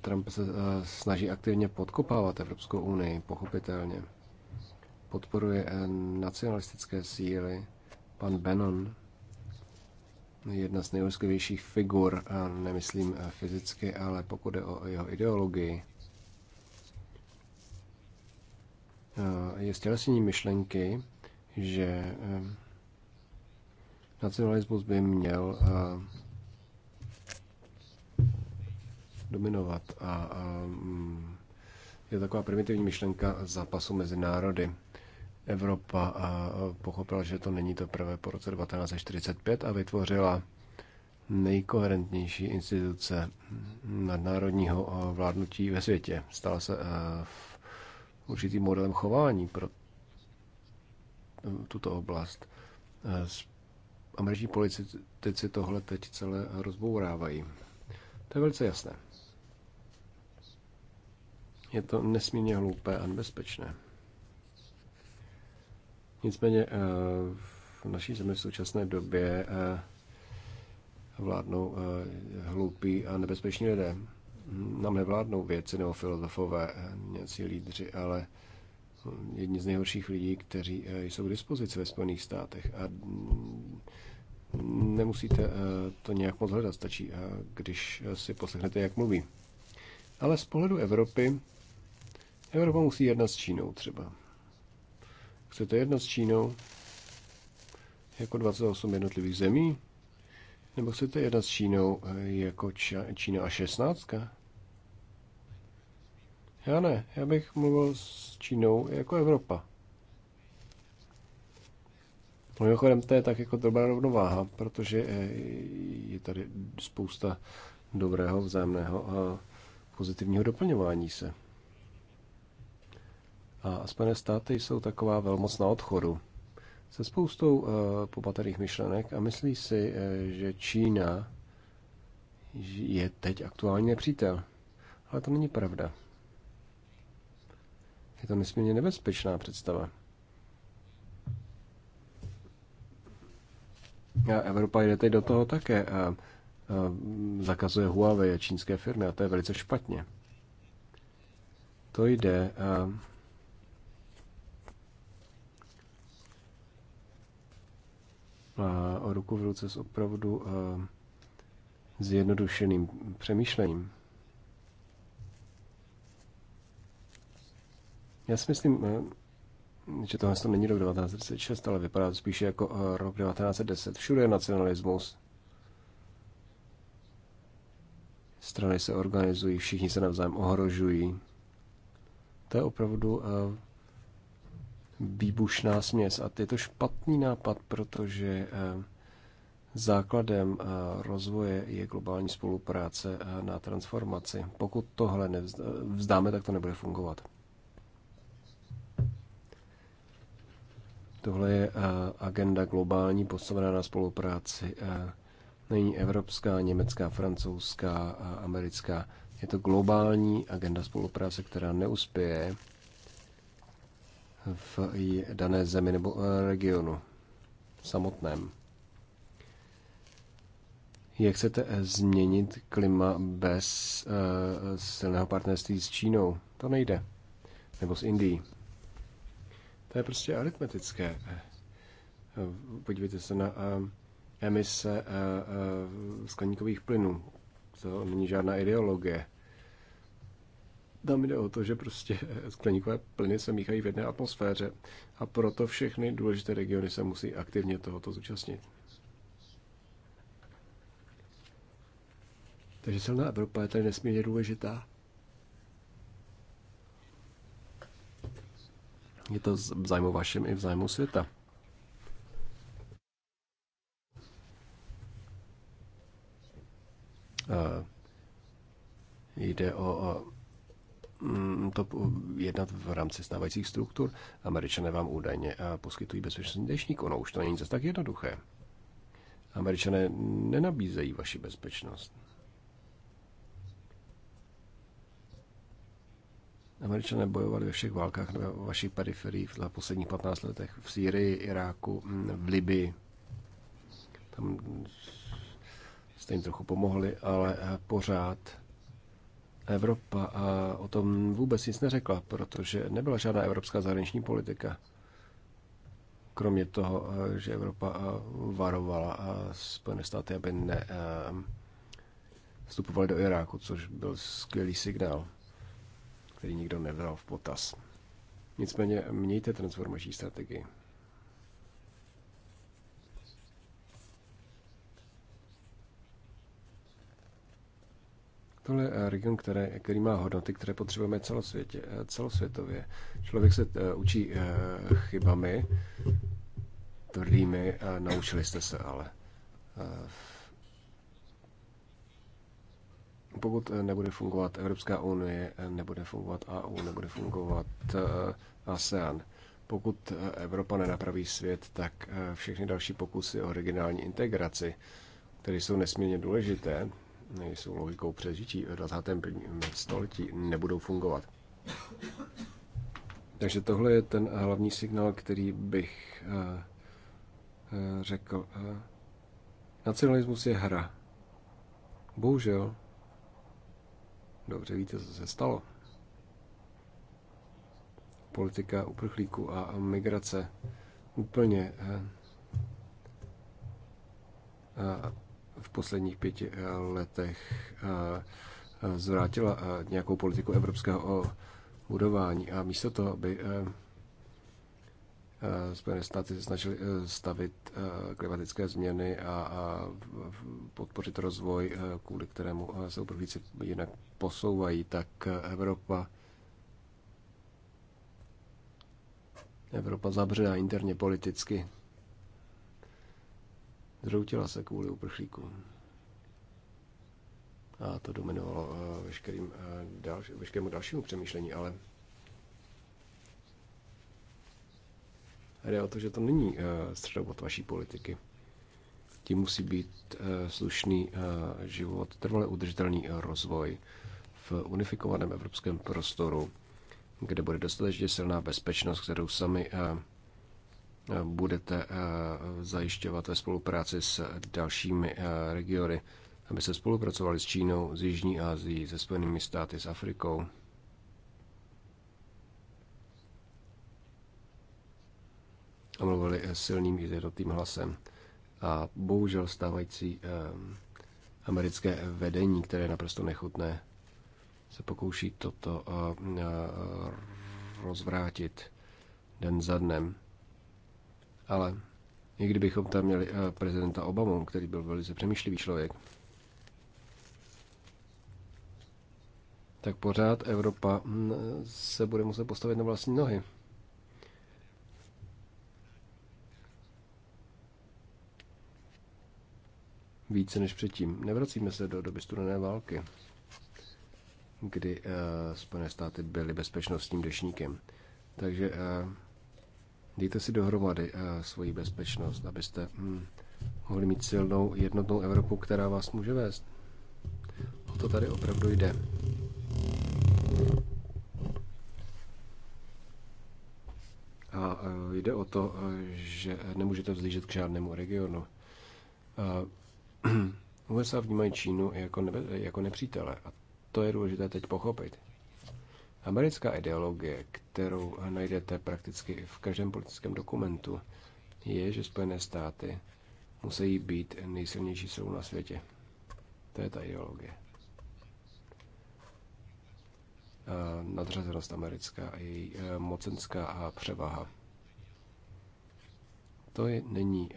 Trump se eh, snaží aktivně podkopávat Evropskou unii, pochopitelně. Podporuje eh, nacionalistické síly. Pan Bannon, jedna z nejúsklivějších figur, nemyslím eh, fyzicky, ale pokud jde o jeho ideologii, je stělesnění myšlenky, že ehm, nacionalismus by měl ehm, dominovat a ehm, je taková primitivní myšlenka zápasu mezi národy. Evropa a pochopila, že to není to prvé po roce 1945 a vytvořila nejkoherentnější instituce nadnárodního eh, vládnutí ve světě. Stala se eh, určitým modelem chování pro tuto oblast. Eh, Američní politici tohle teď celé rozbourávají. To je velice jasné. Je to nesmírně hloupé a nebezpečné. Nicméně eh, v naší zemi v současné době eh, vládnou hloupí a nebezpeční lidé. Hm, nám nevládnou věci nebo filozofové, nějací lídři, ale jedni z nejhorších lidí, kteří eh, jsou k dispozici ve Spojených státech. A mm, nemusíte eh, to nějak moc hledat, stačí, eh, když si poslechnete, jak mluví. Ale z pohledu Evropy, Evropa musí jednat s Čínou třeba. Chcete jednat s Čínou jako 28 jednotlivých zemí? Nebo chcete jednat s Čínou jako Čína a 16? Já ne, já bych mluvil s Čínou jako Evropa. Mimochodem, to je tak jako dobrá rovnováha, protože eh, je tady spousta dobrého, vzájemného a pozitivního doplňování se. A Spojené státy jsou taková velmoc na odchodu se spoustou eh, popatrných myšlenek a myslí si, eh, že Čína je teď aktuální přítel, Ale to není pravda. Je to nesmírně nebezpečná představa. A Evropa jde teď do toho také a, a zakazuje Huawei a čínské firmy a to je velice špatně. To jde a, a o ruku v ruce s opravdu a, zjednodušeným přemýšlením. Já si myslím, eh, že tohle to není rok 1936, ale vypadá to spíše jako eh, rok 1910. Všude je nacionalismus. Strany se organizují, všichni se navzájem ohrožují. To je opravdu eh, výbušná směs a je to špatný nápad, protože základem rozvoje je globální spolupráce na transformaci. Pokud tohle vzdáme, tak to nebude fungovat. Tohle je eh, agenda globální, postavená na spolupráci. Eh, není evropská, německá, francouzská, americká. Je to globální agenda spolupráce, která neuspěje v dané zemi nebo eh, regionu samotném. Jak chcete změnit klima bez silného partnerství s Čínou? To nejde. Nebo s Indií. To je prostě aritmetické. Podívejte se na eh, emise eh, eh, skleníkových plynů. To není žádná ideologie. Tam jde o to, že prostě [laughs] skleníkové plyny se míchají v jedné atmosféře a proto všechny důležité regiony se musí aktivně tohoto zúčastnit. Takže silná Evropa je tady nesmírně důležitá. Je to v zájmu vašem i v zájmu světa. Jde o mm, to jednat v rámci stávajících struktur. Američané vám údajně poskytují bezpečnostní dešník. Ono už to není zase tak jednoduché. Američané nenabízejí vaši bezpečnost. Američané bojovali ve všech válkách na vaší periferii v posledních 15 letech v Sýrii, Iráku, mm, v Libii. Tam jste jim trochu pomohli, ale eh, pořád Evropa a eh, o tom vůbec nic neřekla, protože nebyla žádná evropská zahraniční politika. Kromě toho, eh, že Evropa varovala a Spojené státy, aby ne vstupovali do Iráku, což byl skvělý signál který nikdo nevzal v potaz. Nicméně mějte transformační strategii. Tohle je region, které, který má hodnoty, které potřebujeme celosvětě, celosvětově. Člověk se eh, učí eh, chybami, tvrdými, naučili jste se ale eh, pokud eh, nebude fungovat Evropská unie, eh, nebude fungovat AU, nebude fungovat eh, ASEAN. Pokud Evropa nenapraví svět, tak všechny další pokusy o regionální integraci, které jsou nesmírně důležité, nejsou logikou přežití v 21. století, nebudou fungovat. Takže tohle je ten hlavní signál, který bych řekl. Nacionalismus je hra. Bohužel. Dobře víte, co se stalo. Politika uprchlíků a migrace úplně eh, eh, v posledních pěti eh, letech zvrátila nějakou politiku evropského budování a místo toho, aby Eh, Spojené státy se snažily eh, stavit eh, klimatické změny a podpořit rozvoj, kvůli kterému se uprchlíci jinak posouvají, tak Evropa Evropa zabředá interně politicky. Zroutila se kvůli uprchlíkům. A to dominovalo veškerým, dalš, veškerému dalšímu přemýšlení, ale Jde o to, že to není eh, středobod vaší politiky. Tím musí být eh, slušný eh, život, trvale udržitelný rozvoj v unifikovaném evropském prostoru, kde bude dostatečně silná bezpečnost, kterou sami budete zajišťovat ve spolupráci s dalšími regiony, aby se spolupracovali s Čínou, s Jižní Asií, se Spojenými státy, s Afrikou a mluvili eh, silným i jednotným hlasem. A bohužel stávající eh, americké vedení, které je naprosto nechutné, se pokouší toto eh, rozvrátit den za dnem. Ale i kdybychom tam měli prezidenta Obamu, který byl velice přemýšlivý člověk, tak pořád Evropa hm, se bude muset postavit na vlastní nohy. více než předtím. Nevracíme se do doby studené války, kdy uh, Spojené státy byly bezpečnostním dešníkem. Takže uh, dejte si dohromady uh, svoji bezpečnost, abyste hm, mohli mít silnou jednotnou Evropu, která vás může vést. O to tady opravdu jde. A jde o to, že nemůžete vzlížet k žádnému regionu. [clears throat] USA vnímají Čínu jako, nebe, jako nepřítele a to je důležité teď pochopit. Americká ideologie, kterou najdete prakticky v každém politickém dokumentu, je, že Spojené státy musí být nejsilnější silou na světě. To je ta ideologie. Nadřazenost americká e, a její mocenská převaha. To je, není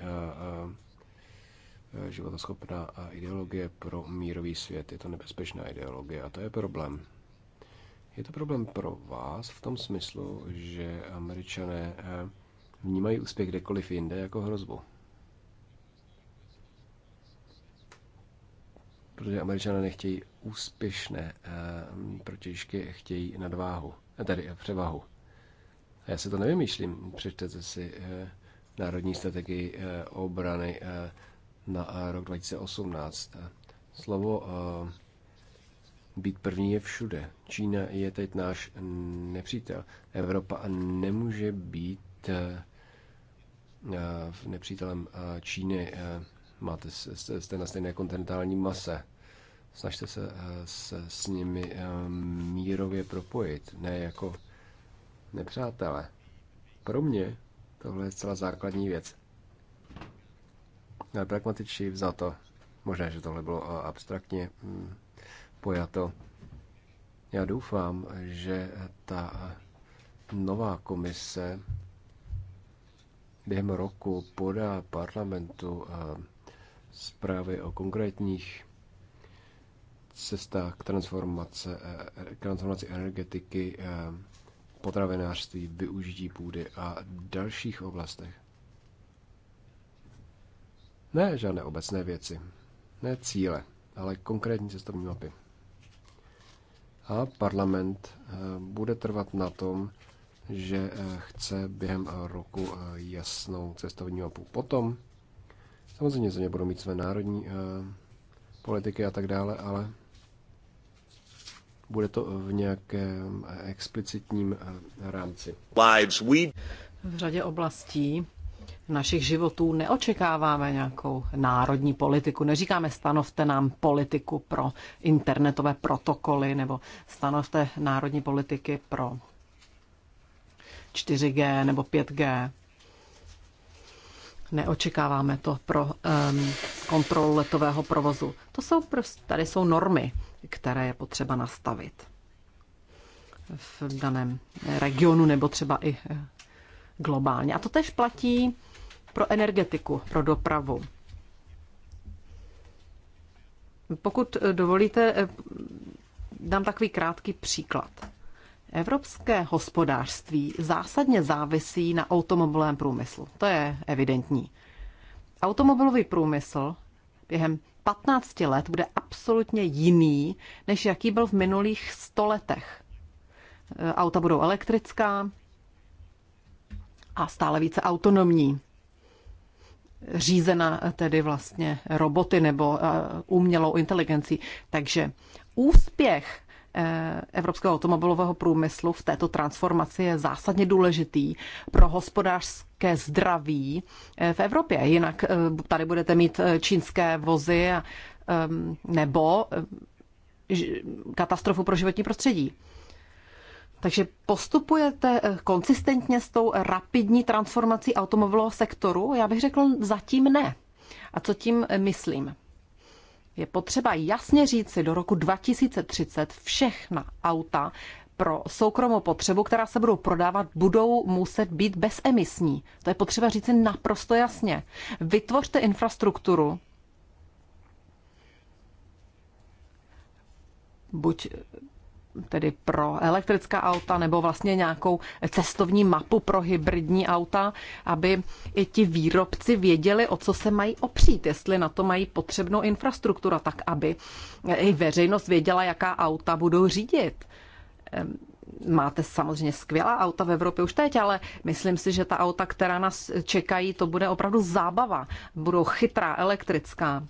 Eh, životoschopná ideologie pro mírový svět. Je to nebezpečná ideologie a to je problém. Je to problém pro vás v tom smyslu, že američané eh, vnímají úspěch kdekoliv jinde jako hrozbu. Protože američané nechtějí úspěšné eh, protižky, chtějí nadváhu, tedy převahu. A já si to nevymýšlím, přečtete si národní strategii obrany na eh, rok 2018. Slovo eh, být první je všude. Čína je teď náš nepřítel. Evropa nemůže být eh, nepřítelem Číny. Máte, jste na stejné kontinentální mase. Snažte se s, s nimi mírově propojit, ne jako nepřátelé. Pro mě tohle je celá základní věc pragmatičtí vzato. Možná, že tohle bylo abstraktně mm, pojato. Já doufám, že ta nová komise během roku podá parlamentu eh, zprávy o konkrétních cestách k transformace, eh, k transformaci energetiky, eh, potravinářství, využití půdy a dalších oblastech. Ne žádné obecné věci, ne cíle, ale konkrétní cestovní mapy. A parlament eh, bude trvat na tom, že eh, chce během eh, roku jasnou cestovní mapu. Potom samozřejmě země budou mít své národní politiky a tak dále, ale bude to v nějakém explicitním rámci. V řadě oblastí našich životů neočekáváme nějakou národní politiku. Neříkáme stanovte nám politiku pro internetové protokoly nebo stanovte národní politiky pro 4G nebo 5G. Neočekáváme to pro um, kontrolu letového provozu. To jsou prostě, tady jsou normy, které je potřeba nastavit v daném regionu nebo třeba i eh, globálně. A to tež platí pro energetiku, pro dopravu. Pokud eh, dovolíte, eh, dám takový krátký příklad. Evropské hospodářství zásadně závisí na automobilovém průmyslu. To je evidentní. Automobilový průmysl během 15 let bude absolutně jiný, než jaký byl v minulých 100 letech. Eh, auta budou elektrická a stále více autonomní řízena tedy vlastně roboty nebo eh, umělou inteligencí. Takže úspěch eh, evropského automobilového průmyslu v této transformaci je zásadně důležitý pro hospodářské zdraví eh, v Evropě. Jinak tady budete mít čínské vozy ehm, nebo katastrofu pro životní prostředí. Takže postupujete eh, konsistentně s tou rapidní transformací automobilového sektoru? Já bych řekl zatím ne. A co tím eh, myslím? Je potřeba jasně říci do roku 2030 všechna auta pro soukromou potřebu, která se budou prodávat, budou muset být bezemisní. To je potřeba říci naprosto jasně. Vytvořte infrastrukturu, buď tedy pro elektrická auta nebo vlastně nějakou cestovní mapu pro hybridní auta, aby i ti výrobci věděli, o co se mají opřít, jestli na to mají potřebnou infrastrukturu, tak aby i veřejnost věděla, jaká auta budou řídit. Máte samozřejmě skvělá auta v Evropě už teď, ale myslím si, že ta auta, která nás čekají, to bude opravdu zábava. Budou chytrá, elektrická.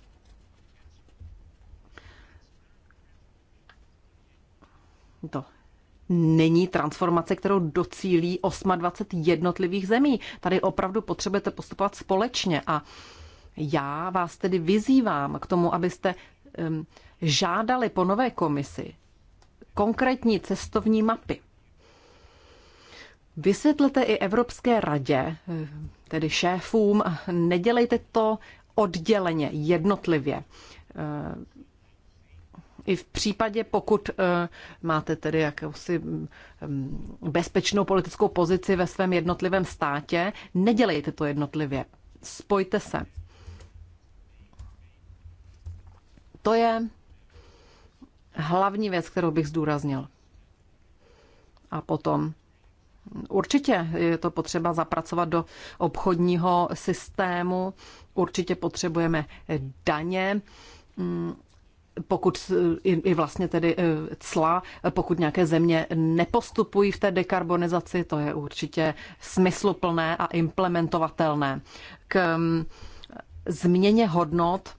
to není transformace, kterou docílí 28 jednotlivých zemí. Tady opravdu potřebujete postupovat společně a já vás tedy vyzývám k tomu, abyste um, žádali po nové komisi konkrétní cestovní mapy. Vysvětlete i Evropské radě, eh, tedy šéfům, nedělejte to odděleně, jednotlivě. Eh, i v případě, pokud eh, máte tedy jakousi mm, mm, bezpečnou politickou pozici ve svém jednotlivém státě, nedělejte to jednotlivě. Spojte se. To je hlavní věc, kterou bych zdůraznil. A potom určitě je to potřeba zapracovat do obchodního systému, určitě potřebujeme daně mm, pokud i vlastně tedy e, cla, pokud nějaké země nepostupují v té dekarbonizaci, to je určitě smysluplné a implementovatelné. K změně hodnot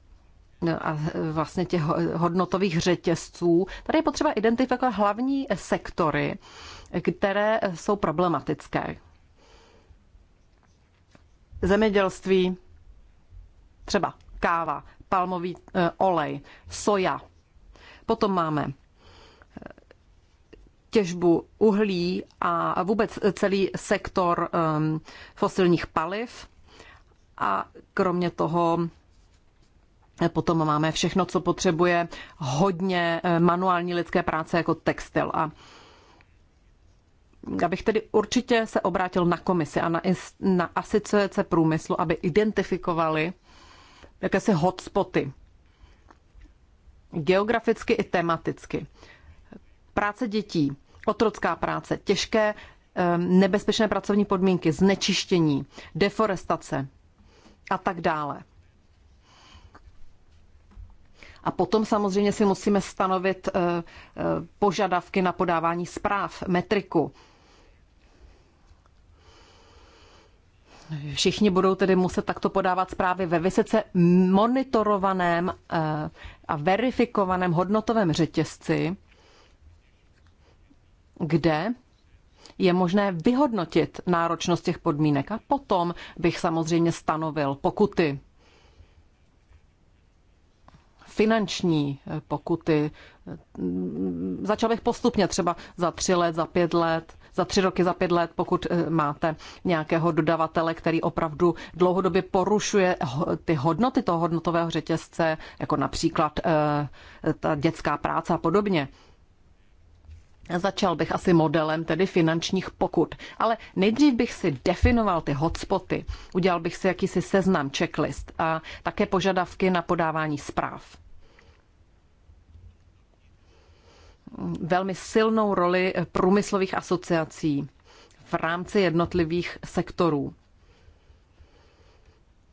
e, a e, vlastně těch hodnotových řetězců. Tady je potřeba identifikovat hlavní sektory, které jsou problematické. Zemědělství, třeba káva palmový eh, olej, soja. Potom máme eh, těžbu uhlí a vůbec celý sektor ehm, fosilních paliv. A kromě toho eh, potom máme všechno, co potřebuje hodně manuální lidské práce jako textil. A abych tedy určitě se obrátil na komisi a na, na asociace průmyslu, aby identifikovali jakési hotspoty. Geograficky i tematicky. Práce dětí, otrocká práce, těžké nebezpečné pracovní podmínky, znečištění, deforestace a tak dále. A potom samozřejmě si musíme stanovit eh, eh, požadavky na podávání zpráv, metriku, Všichni budou tedy muset takto podávat zprávy ve vysoce monitorovaném eh, a verifikovaném hodnotovém řetězci, kde je možné vyhodnotit náročnost těch podmínek a potom bych samozřejmě stanovil pokuty. Finanční eh, pokuty. Začal bych postupně třeba za tři let, za pět let za tři roky, za pět let, pokud eh, máte nějakého dodavatele, který opravdu dlouhodobě porušuje ty hodnoty toho hodnotového řetězce, jako například eh, ta dětská práce a podobně. Začal bych asi modelem tedy finančních pokut, ale nejdřív bych si definoval ty hotspoty, udělal bych si jakýsi seznam checklist a také požadavky na podávání zpráv. velmi silnou roli průmyslových asociací v rámci jednotlivých sektorů.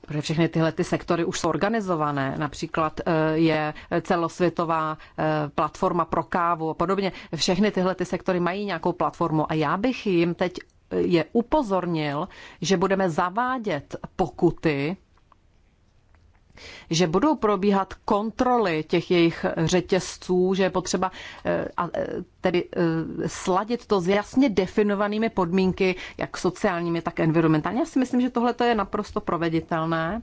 Protože všechny tyhle ty sektory už jsou organizované. Například eh, je celosvětová eh, platforma pro kávu a podobně. Všechny tyhle ty sektory mají nějakou platformu a já bych jim teď eh, je upozornil, že budeme zavádět pokuty že budou probíhat kontroly těch jejich řetězců, že je potřeba eh, eh, tedy eh, sladit to s jasně definovanými podmínky, jak sociálními, tak environmentálně. Já si myslím, že tohle je naprosto proveditelné.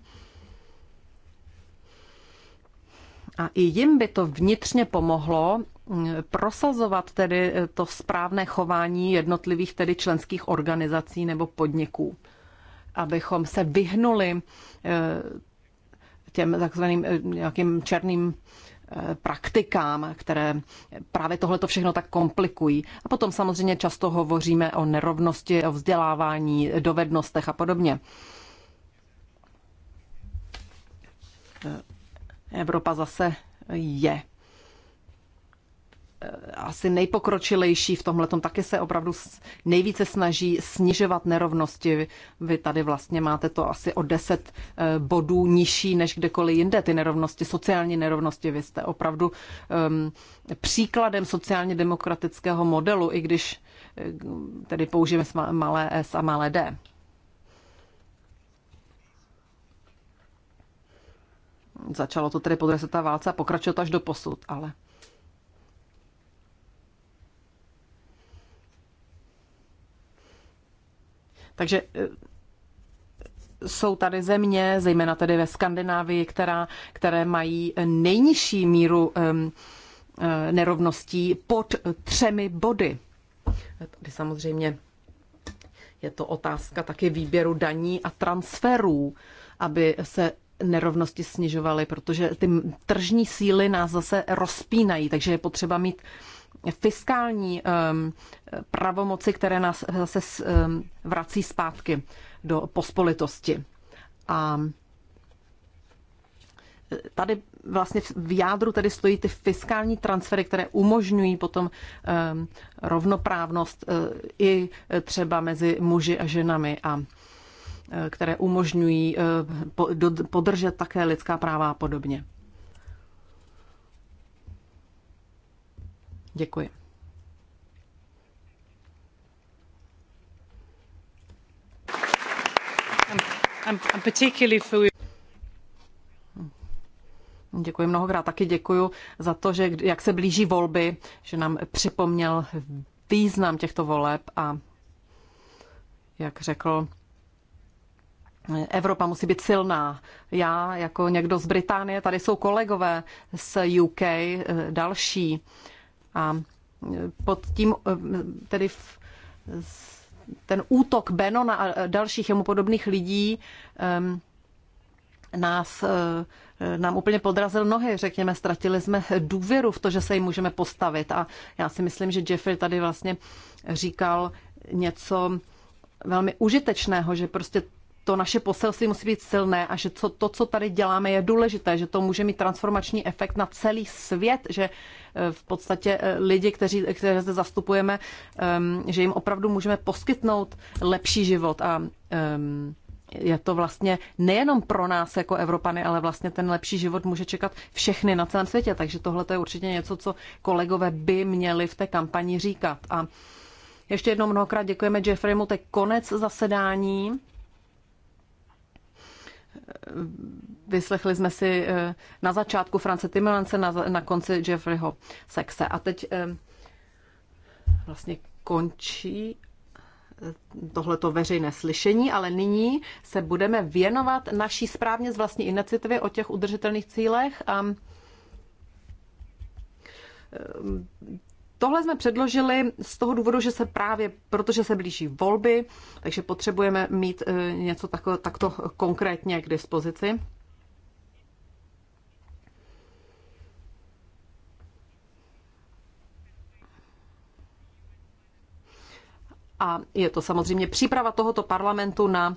A i jim by to vnitřně pomohlo hm, prosazovat tedy to správné chování jednotlivých tedy členských organizací nebo podniků, abychom se vyhnuli těm takzvaným eh, nějakým černým eh, praktikám, které právě tohle to všechno tak komplikují. A potom samozřejmě často hovoříme o nerovnosti, o vzdělávání, dovednostech a podobně. Eh, Evropa zase je Eh, asi nejpokročilejší v tomhle, taky se opravdu nejvíce snaží snižovat nerovnosti. Vy tady vlastně máte to asi o 10 eh, bodů nižší než kdekoliv jinde, ty nerovnosti, sociální nerovnosti. Vy jste opravdu um, příkladem sociálně demokratického modelu, i když eh, tedy použijeme malé S a malé D. Začalo to tedy podle se světové válce a pokračovat až do posud, ale Takže eh, jsou tady země, zejména tedy ve Skandinávii, která, které mají nejnižší míru um, nerovností pod třemi body. Tady samozřejmě je to otázka taky výběru daní a transferů, aby se nerovnosti snižovaly, protože ty tržní síly nás zase rozpínají, takže je potřeba mít fiskální ehm, pravomoci, které nás zase ehm, vrací zpátky do pospolitosti. A e, tady vlastně v jádru tedy stojí ty fiskální transfery, které umožňují potom ehm, rovnoprávnost e, i e, třeba mezi muži a ženami a které umožňují podržet také lidská práva a podobně. Děkuji. Děkuji mnohokrát. Taky děkuji za to, že jak se blíží volby, že nám připomněl význam těchto voleb a jak řekl, Evropa musí být silná. Já jako někdo z Británie, tady jsou kolegové z UK, eh, další. A e, pod tím, e, tedy v, ten útok Benona a e, dalších jemu podobných lidí nás, nám úplně podrazil nohy, řekněme, ztratili jsme důvěru v to, že se jim můžeme postavit. A já si myslím, že Jeffrey tady vlastně říkal něco velmi užitečného, že prostě to naše poselství musí být silné a že co, to, co tady děláme, je důležité, že to může mít transformační efekt na celý svět, že eh, v podstatě eh, lidi, kteří, které zde zastupujeme, ehm, že jim opravdu můžeme poskytnout lepší život a ehm, je to vlastně nejenom pro nás jako Evropany, ale vlastně ten lepší život může čekat všechny na celém světě. Takže tohle je určitě něco, co kolegové by měli v té kampani říkat. A ještě jednou mnohokrát děkujeme Jeffreymu, to je konec zasedání. Vyslechli jsme si eh, na začátku France Timmermanse, na, na konci Jeffreyho Sexe. A teď eh, vlastně končí eh, tohleto veřejné slyšení, ale nyní se budeme věnovat naší správně z vlastní iniciativy o těch udržitelných cílech. A Tohle jsme předložili z toho důvodu, že se právě, protože se blíží volby, takže potřebujeme mít e, něco tako, takto konkrétně k dispozici. A je to samozřejmě příprava tohoto parlamentu na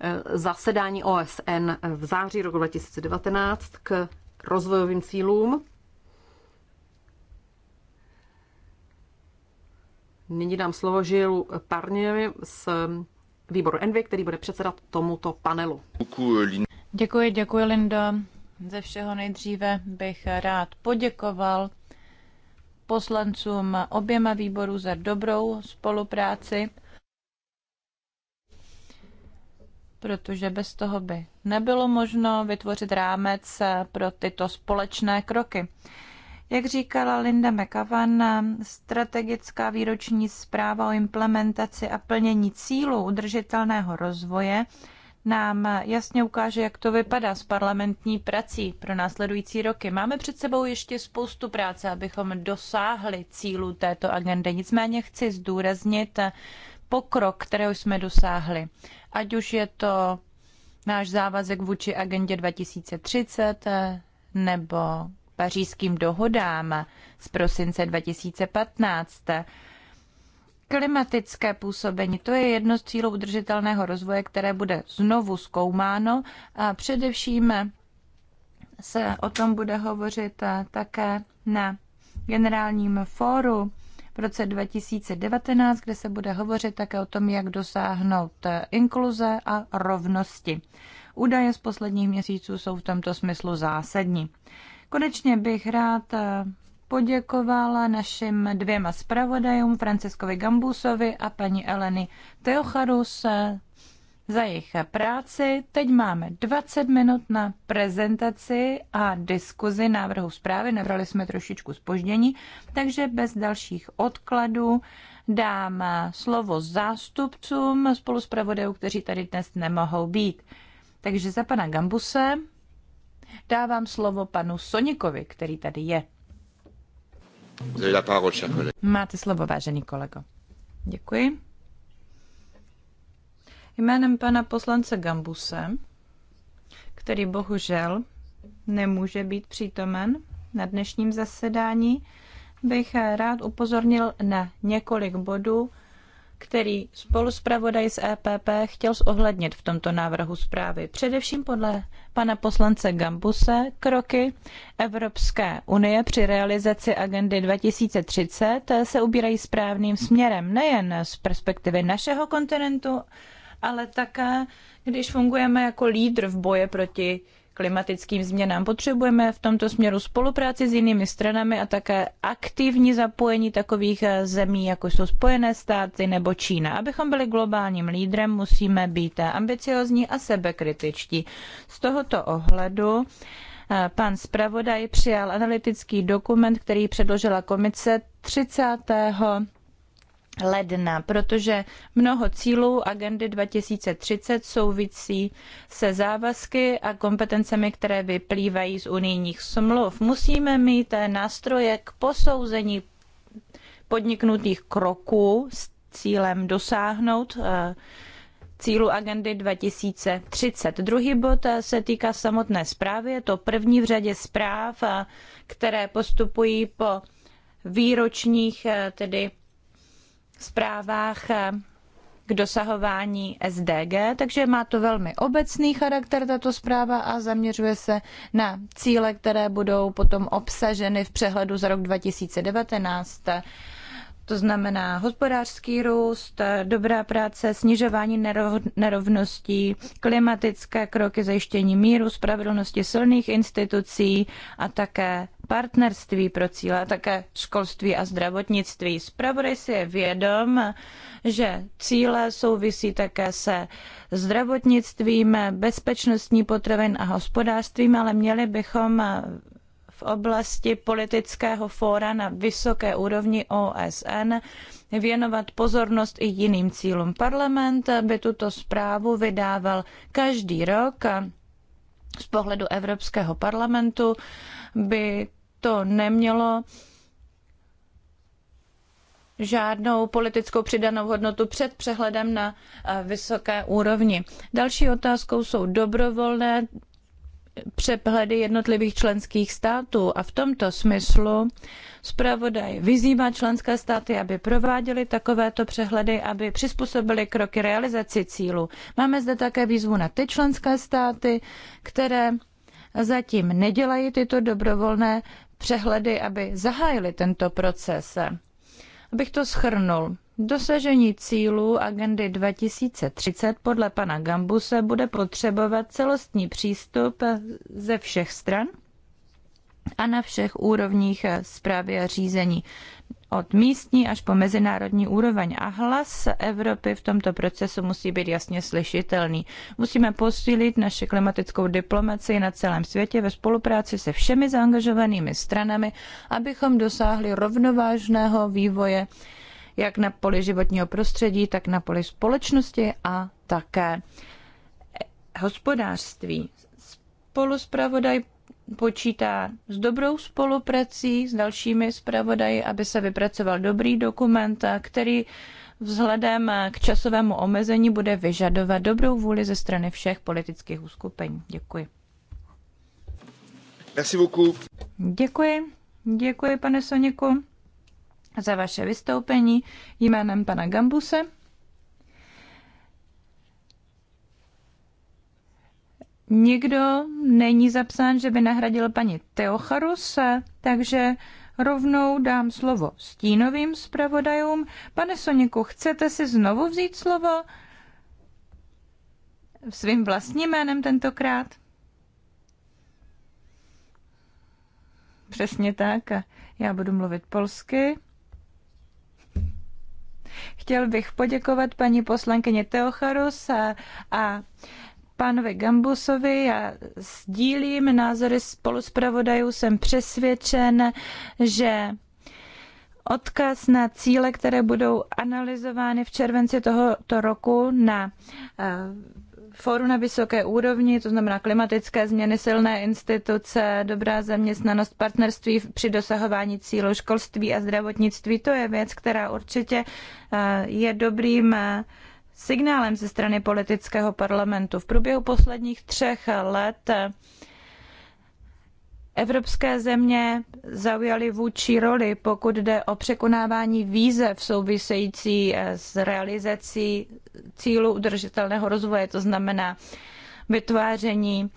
e, zasedání OSN v září roku 2019 k rozvojovým cílům. Nyní dám slovo Žilu Parněvi z výboru Envy, který bude předsedat tomuto panelu. Děkuji, děkuji, Linda. Ze všeho nejdříve bych rád poděkoval poslancům oběma výborů za dobrou spolupráci, protože bez toho by nebylo možno vytvořit rámec pro tyto společné kroky. Jak říkala Linda McAvan, strategická výroční zpráva o implementaci a plnění cílů udržitelného rozvoje nám jasně ukáže, jak to vypadá s parlamentní prací pro následující roky. Máme před sebou ještě spoustu práce, abychom dosáhli cílu této agendy. Nicméně chci zdůraznit pokrok, kterého jsme dosáhli. Ať už je to náš závazek vůči agendě 2030 nebo pařížským dohodám z prosince 2015. Klimatické působení, to je jedno z cílů udržitelného rozvoje, které bude znovu zkoumáno a především se o tom bude hovořit také na generálním fóru v roce 2019, kde se bude hovořit také o tom, jak dosáhnout inkluze a rovnosti. Údaje z posledních měsíců jsou v tomto smyslu zásadní. Konečně bych rád eh, poděkovala našim dvěma zpravodajům, Franciskovi Gambusovi a paní Eleny Teocharus eh, za jejich práci. Teď máme 20 minut na prezentaci a diskuzi návrhu zprávy. Nabrali jsme trošičku spoždění, takže bez dalších odkladů dám eh, slovo zástupcům spolu s kteří tady dnes nemohou být. Takže za pana Gambuse Dávám slovo panu Sonikovi, který tady je. Máte slovo, vážený kolego. Děkuji. Jménem pana poslance Gambuse, který bohužel nemůže být přítomen na dnešním zasedání, bych rád upozornil na několik bodů, který spolu s z EPP chtěl zohlednit v tomto návrhu zprávy. Především podle pana poslance Gambuse kroky Evropské unie při realizaci agendy 2030 se ubírají správným směrem nejen z perspektivy našeho kontinentu, ale také, když fungujeme jako lídr v boji proti klimatickým změnám. Potřebujeme v tomto směru spolupráci s jinými stranami a také aktivní zapojení takových eh, zemí, jako jsou Spojené státy nebo Čína. Abychom byli globálním lídrem, musíme být eh, ambiciozní a sebekritičtí. Z tohoto ohledu eh, pan zpravodaj přijal analytický dokument, který předložila komise 30 ledna, protože mnoho cílů agendy 2030 souvisí se závazky a kompetencemi, které vyplývají z unijních smluv. Musíme mít nástroje k posouzení podniknutých kroků s cílem dosáhnout eh, cílu agendy 2030. Druhý bod eh, se týká samotné zprávy. Je to první v řadě zpráv, eh, které postupují po výročních tedy zprávách eh, k dosahování SDG, takže má to velmi obecný charakter tato zpráva a zaměřuje se na cíle, které budou potom obsaženy v přehledu za rok 2019. To znamená hospodářský růst, dobrá práce, snižování nerovností, klimatické kroky, zajištění míru, spravedlnosti silných institucí a také partnerství pro cíle a také školství a zdravotnictví. Spravodaj si je vědom, že cíle souvisí také se zdravotnictvím, bezpečnostní potravin a hospodářstvím, ale měli bychom v oblasti politického fóra na vysoké úrovni OSN věnovat pozornost i jiným cílům. Parlament by tuto zprávu vydával každý rok z pohledu Evropského parlamentu by to nemělo žádnou politickou přidanou hodnotu před přehledem na eh, vysoké úrovni. Další otázkou jsou dobrovolné přehledy jednotlivých členských států a v tomto smyslu zpravodaj vyzývá členské státy, aby prováděly takovéto přehledy, aby přizpůsobili kroky realizaci cílu. Máme zde také výzvu na ty členské státy, které zatím nedělají tyto dobrovolné přehledy, aby zahájili tento proces. Abych to schrnul, dosažení cílů agendy 2030 podle pana Gambuse bude potřebovat celostní přístup ze všech stran a na všech úrovních zprávy a řízení od místní až po mezinárodní úroveň a hlas Evropy v tomto procesu musí být jasně slyšitelný. Musíme posílit naši klimatickou diplomacii na celém světě ve spolupráci se všemi zaangažovanými stranami, abychom dosáhli rovnovážného vývoje jak na poli životního prostředí, tak na poli společnosti a také hospodářství. Spoluspravodaj počítá s dobrou spoluprací s dalšími zpravodaji, aby se vypracoval dobrý dokument, který vzhledem k časovému omezení bude vyžadovat dobrou vůli ze strany všech politických uskupení. Děkuji. Merci beaucoup. Děkuji. Děkuji, pane Soněku, za vaše vystoupení jménem pana Gambuse. nikdo není zapsán, že by nahradil paní Teocharus, takže rovnou dám slovo stínovým zpravodajům. Pane Soniku, chcete si znovu vzít slovo? Svým vlastním jménem tentokrát? Přesně tak. Já budu mluvit polsky. Chtěl bych poděkovat paní poslankyně Teocharus a, a Pánovi Gambusovi, já sdílím názory spoluspravodajů, jsem přesvědčen, že odkaz na cíle, které budou analyzovány v červenci tohoto roku na eh, fóru na vysoké úrovni, to znamená klimatické změny, silné instituce, dobrá zaměstnanost, partnerství při dosahování cílů školství a zdravotnictví, to je věc, která určitě eh, je dobrým eh, signálem ze strany politického parlamentu. V průběhu posledních třech let Evropské země zaujaly vůči roli, pokud jde o překonávání výzev související s realizací cílu udržitelného rozvoje, to znamená vytváření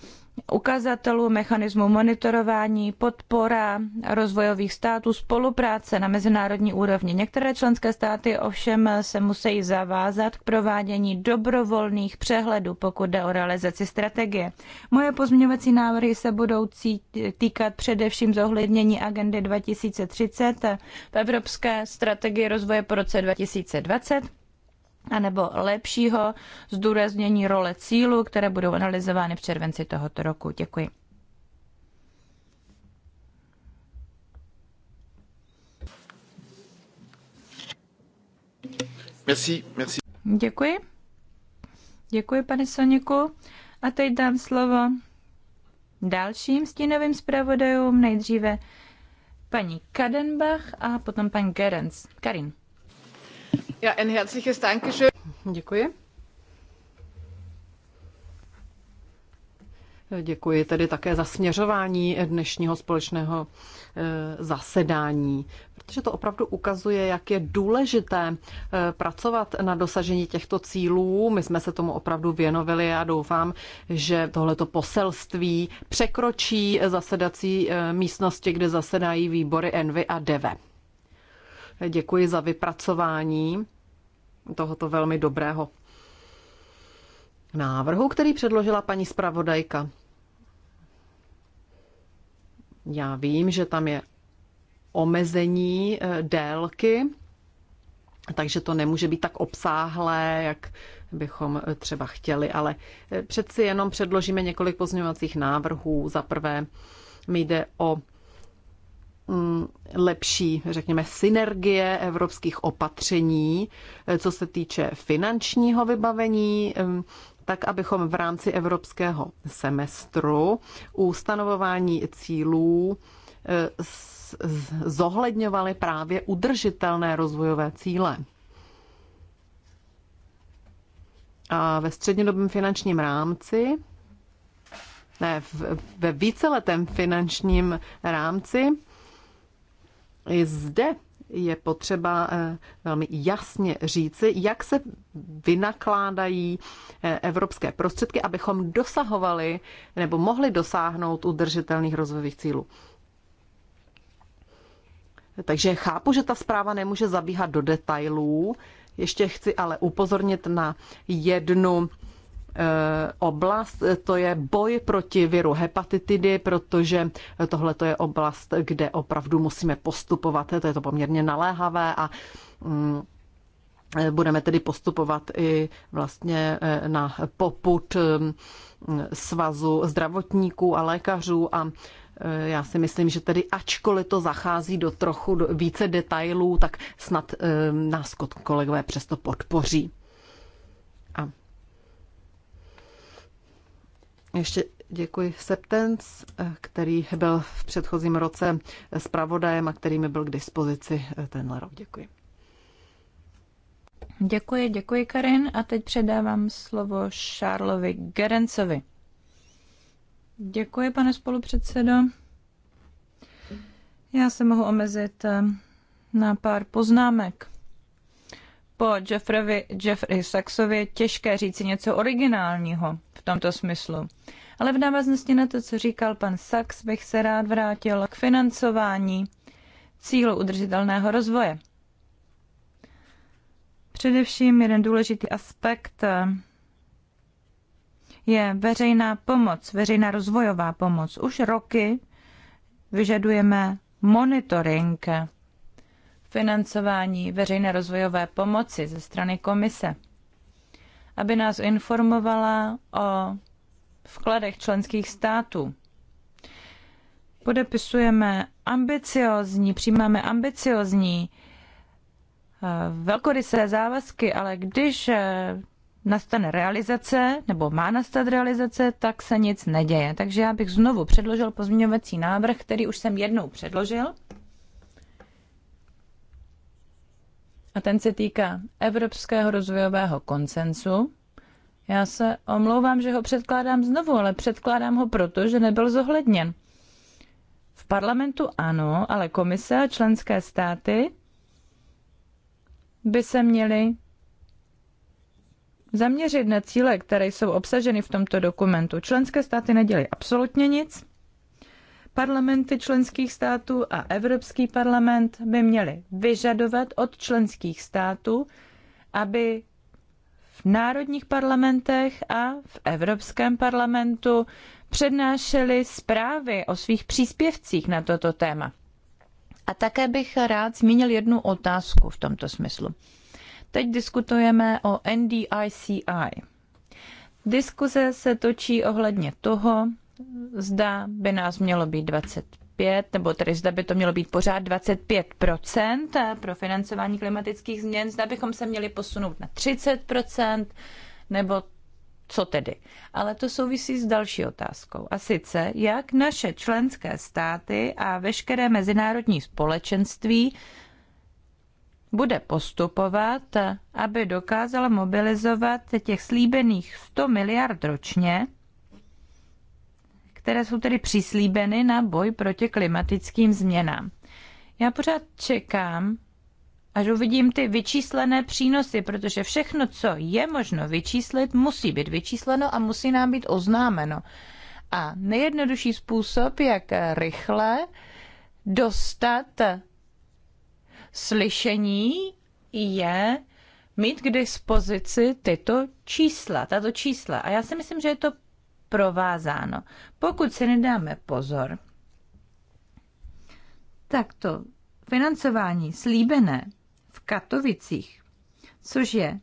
ukazatelů, mechanismu monitorování, podpora rozvojových států, spolupráce na mezinárodní úrovni. Některé členské státy ovšem se musí zavázat k provádění dobrovolných přehledů, pokud jde o realizaci strategie. Moje pozměňovací návrhy se budou týkat především zohlednění agendy 2030 v Evropské strategii rozvoje po roce 2020 anebo lepšího zdůraznění role cílů, které budou analyzovány v červenci tohoto roku. Děkuji. Merci, merci. Děkuji. Děkuji, pane Soniku. A teď dám slovo dalším stínovým zpravodajům, nejdříve paní Kadenbach a potom pan Gerens. Karin. Ja, ein herzliches Dankeschön. Děkuji. Děkuji tedy také za směřování dnešního společného eh, zasedání, protože to opravdu ukazuje, jak je důležité eh, pracovat na dosažení těchto cílů. My jsme se tomu opravdu věnovali a doufám, že tohleto poselství překročí zasedací eh, místnosti, kde zasedají výbory Envy a DEVE. Děkuji za vypracování tohoto velmi dobrého návrhu, který předložila paní zpravodajka. Já vím, že tam je omezení eh, délky, takže to nemůže být tak obsáhlé, jak bychom eh, třeba chtěli, ale eh, přeci jenom předložíme několik pozměňovacích návrhů. Za prvé mi jde o Mm, lepší, řekněme, synergie evropských opatření, eh, co se týče finančního vybavení, mm, tak abychom v rámci evropského semestru u stanovování cílů eh, zohledňovali právě udržitelné rozvojové cíle. A ve střednědobém finančním rámci, ne, ve víceletém finančním rámci, i zde je potřeba eh, velmi jasně říci, jak se vynakládají eh, evropské prostředky, abychom dosahovali nebo mohli dosáhnout udržitelných rozvojových cílů. Takže chápu, že ta zpráva nemůže zabíhat do detailů. Ještě chci ale upozornit na jednu Eh, oblast, eh, to je boj proti viru hepatitidy, protože eh, tohle je oblast, kde opravdu musíme postupovat, to je to poměrně naléhavé a mm, budeme tedy postupovat i vlastně na poput mm, svazu zdravotníků a lékařů a já si myslím, že tedy ačkoliv to zachází do trochu více detailů, tak snad nás kolegové přesto podpoří. Ještě děkuji Septens, který byl v předchozím roce zpravodajem a který mi byl k dispozici eh, tenhle rok. Děkuji. Děkuji, děkuji Karin a teď předávám slovo Šárlovi Gerencovi. Děkuji, pane spolupředsedo. Já se mohu omezit eh, na pár poznámek po Jeffrey, Jeffrey Saxovi těžké říci něco originálního v tomto smyslu. Ale v návaznosti na to, co říkal pan Sachs, bych se rád vrátil k financování cílu udržitelného rozvoje. Především jeden důležitý aspekt eh, je veřejná pomoc, veřejná rozvojová pomoc. Už roky vyžadujeme monitoring financování veřejné rozvojové pomoci ze strany komise, aby nás informovala o vkladech členských států. Podepisujeme ambiciozní, přijímáme ambiciozní eh, velkorysé závazky, ale když eh, nastane realizace, nebo má nastat realizace, tak se nic neděje. Takže já bych znovu předložil pozměňovací návrh, který už jsem jednou předložil a ten se týká Evropského rozvojového koncensu. Já se omlouvám, že ho předkládám znovu, ale předkládám ho proto, že nebyl zohledněn. V parlamentu ano, ale komise a členské státy by se měly zaměřit na cíle, které jsou obsaženy v tomto dokumentu. Členské státy nedělají absolutně nic Parlamenty členských států a Evropský parlament by měly vyžadovat od členských států, aby v národních parlamentech a v Evropském parlamentu přednášeli zprávy o svých příspěvcích na toto téma. A také bych rád zmínil jednu otázku v tomto smyslu. Teď diskutujeme o NDICI. Diskuze se točí ohledně toho, zda by nás mělo být 25, nebo tedy zda by to mělo být pořád 25 pro financování klimatických změn, zda bychom se měli posunout na 30 nebo co tedy? Ale to souvisí s další otázkou. A sice, jak naše členské státy a veškeré mezinárodní společenství bude postupovat, aby dokázala mobilizovat těch slíbených 100 miliard ročně které jsou tedy přislíbeny na boj proti klimatickým změnám. Já pořád čekám, až uvidím ty vyčíslené přínosy, protože všechno, co je možno vyčíslit, musí být vyčísleno a musí nám být oznámeno. A nejjednodušší způsob, jak rychle dostat slyšení, je mít k dispozici tyto čísla, tato čísla. A já si myslím, že je to provázáno. Pokud si nedáme pozor, tak to financování slíbené v Katovicích, což je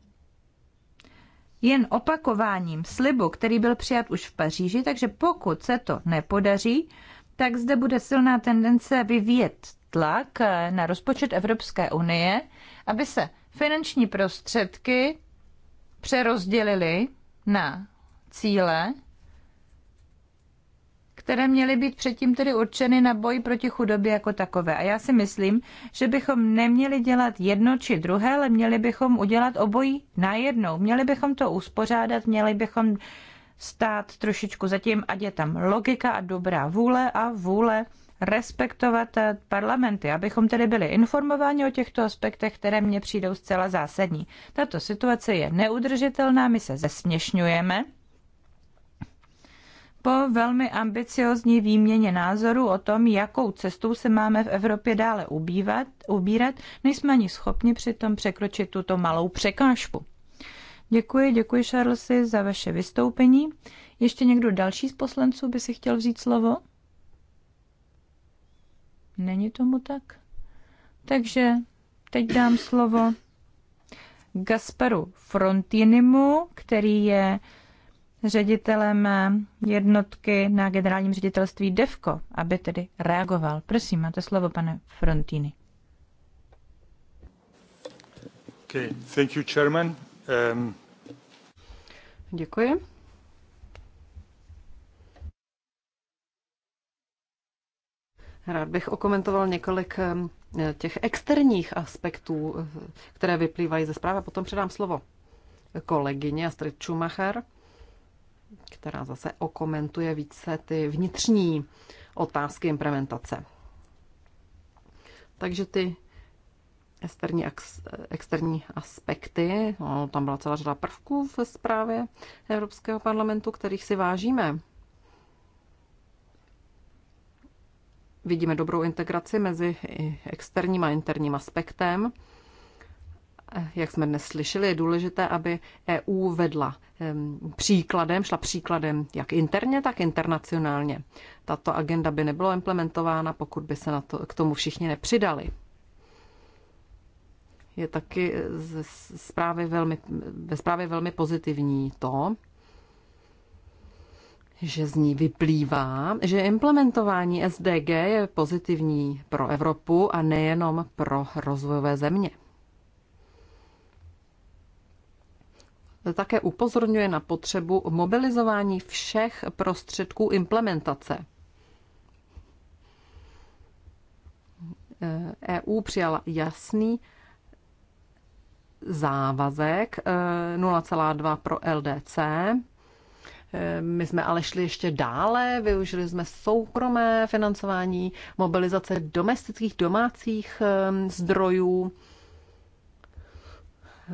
jen opakováním slibu, který byl přijat už v Paříži, takže pokud se to nepodaří, tak zde bude silná tendence vyvíjet tlak na rozpočet Evropské unie, aby se finanční prostředky přerozdělily na cíle, které měly být předtím tedy určeny na boj proti chudobě jako takové. A já si myslím, že bychom neměli dělat jedno či druhé, ale měli bychom udělat obojí najednou. Měli bychom to uspořádat, měli bychom stát trošičku zatím, ať je tam logika a dobrá vůle a vůle respektovat eh, parlamenty, abychom tedy byli informováni o těchto aspektech, které mně přijdou zcela zásadní. Tato situace je neudržitelná, my se zesměšňujeme, po velmi ambiciozní výměně názorů o tom, jakou cestou se máme v Evropě dále ubývat, ubírat, nejsme ani schopni přitom překročit tuto malou překážku. Děkuji, děkuji Charlesi za vaše vystoupení. Ještě někdo další z poslanců by si chtěl vzít slovo? Není tomu tak? Takže teď dám slovo Gasparu Frontinimu, který je ředitelem jednotky na generálním ředitelství DEVKO, aby tedy reagoval. Prosím, máte slovo, pane Frontini. Okay, thank you, chairman. Um... Děkuji. Rád bych okomentoval několik um, těch externích aspektů, uh, které vyplývají ze zprávy, potom předám slovo kolegyně Astrid Schumacher která zase okomentuje více ty vnitřní otázky implementace. Takže ty externí, externí aspekty, no, tam byla celá řada prvků v zprávě Evropského parlamentu, kterých si vážíme. Vidíme dobrou integraci mezi externím a interním aspektem jak jsme dnes slyšeli, je důležité, aby EU vedla příkladem, šla příkladem jak interně, tak internacionálně. Tato agenda by nebyla implementována, pokud by se na to, k tomu všichni nepřidali. Je taky eh, ze zprávy velmi, ve zprávě velmi pozitivní to, že z ní vyplývá, že implementování SDG je pozitivní pro Evropu a nejenom pro rozvojové země. také upozorňuje na potřebu mobilizování všech prostředků implementace. EU e přijala jasný závazek 0,2 e, pro LDC. E, my jsme ale šli ještě dále, využili jsme soukromé financování, mobilizace domestických domácích zdrojů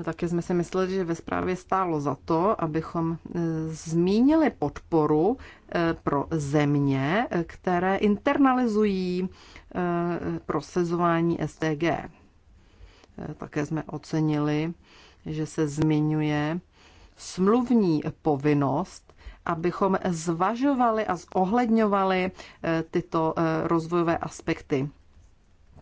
Taky jsme si mysleli, že ve zprávě stálo za to, abychom eh, zmínili podporu eh, pro země, eh, které internalizují prosazování SDG. Také jsme ocenili, že se zmiňuje smluvní povinnost, abychom zvažovali a zohledňovali tyto rozvojové aspekty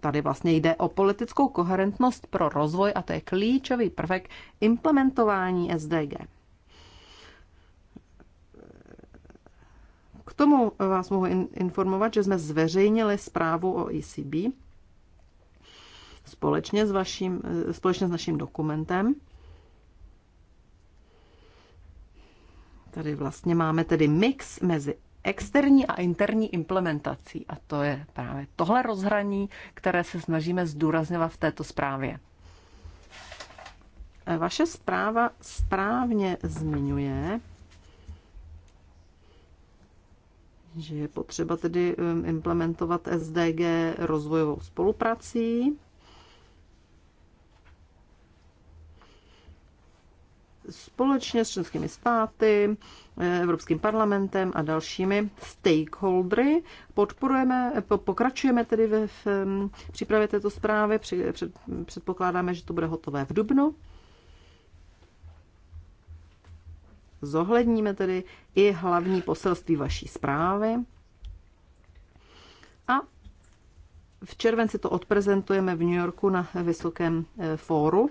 tady vlastně jde o politickou koherentnost pro rozvoj a to je klíčový prvek implementování SDG. K tomu vás mohu informovat, že jsme zveřejnili zprávu o ECB společně s, vaším, společně s naším dokumentem. Tady vlastně máme tedy mix mezi externí a interní implementací. A to je právě tohle rozhraní, které se snažíme zdůrazňovat v této zprávě. E, vaše zpráva správně zmiňuje, že je potřeba tedy implementovat SDG rozvojovou spoluprací. společně s členskými státy, Evropským parlamentem a dalšími stakeholdery. Podporujeme, pokračujeme tedy ve v přípravě této zprávy, předpokládáme, že to bude hotové v dubnu. Zohledníme tedy i hlavní poselství vaší zprávy. A v červenci to odprezentujeme v New Yorku na Vysokém eh, fóru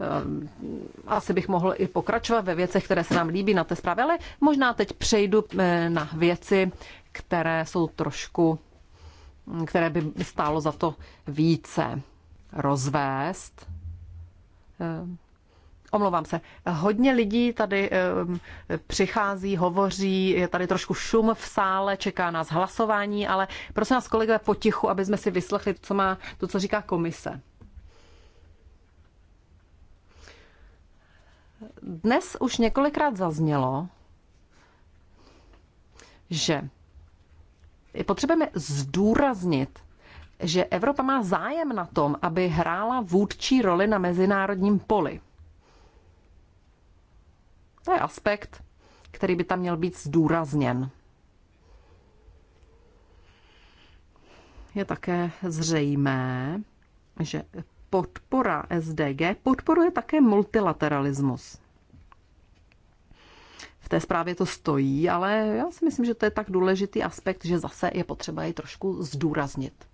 Ehm, asi bych mohl i pokračovat ve věcech, které se nám líbí na té zprávě, ale možná teď přejdu eh, na věci, které jsou trošku, hm, které by stálo za to více rozvést. Ehm, omlouvám se. Hodně lidí tady um, přichází, hovoří, je tady trošku šum v sále, čeká nás hlasování, ale prosím nás kolegové, potichu, aby jsme si vyslechli, to, co má, to, co říká komise. Dnes už několikrát zaznělo, že potřebujeme zdůraznit, že Evropa má zájem na tom, aby hrála vůdčí roli na mezinárodním poli. To je aspekt, který by tam měl být zdůrazněn. Je také zřejmé, že podpora SDG podporuje také multilateralismus. V té zprávě to stojí, ale já si myslím, že to je tak důležitý aspekt, že zase je potřeba ji trošku zdůraznit.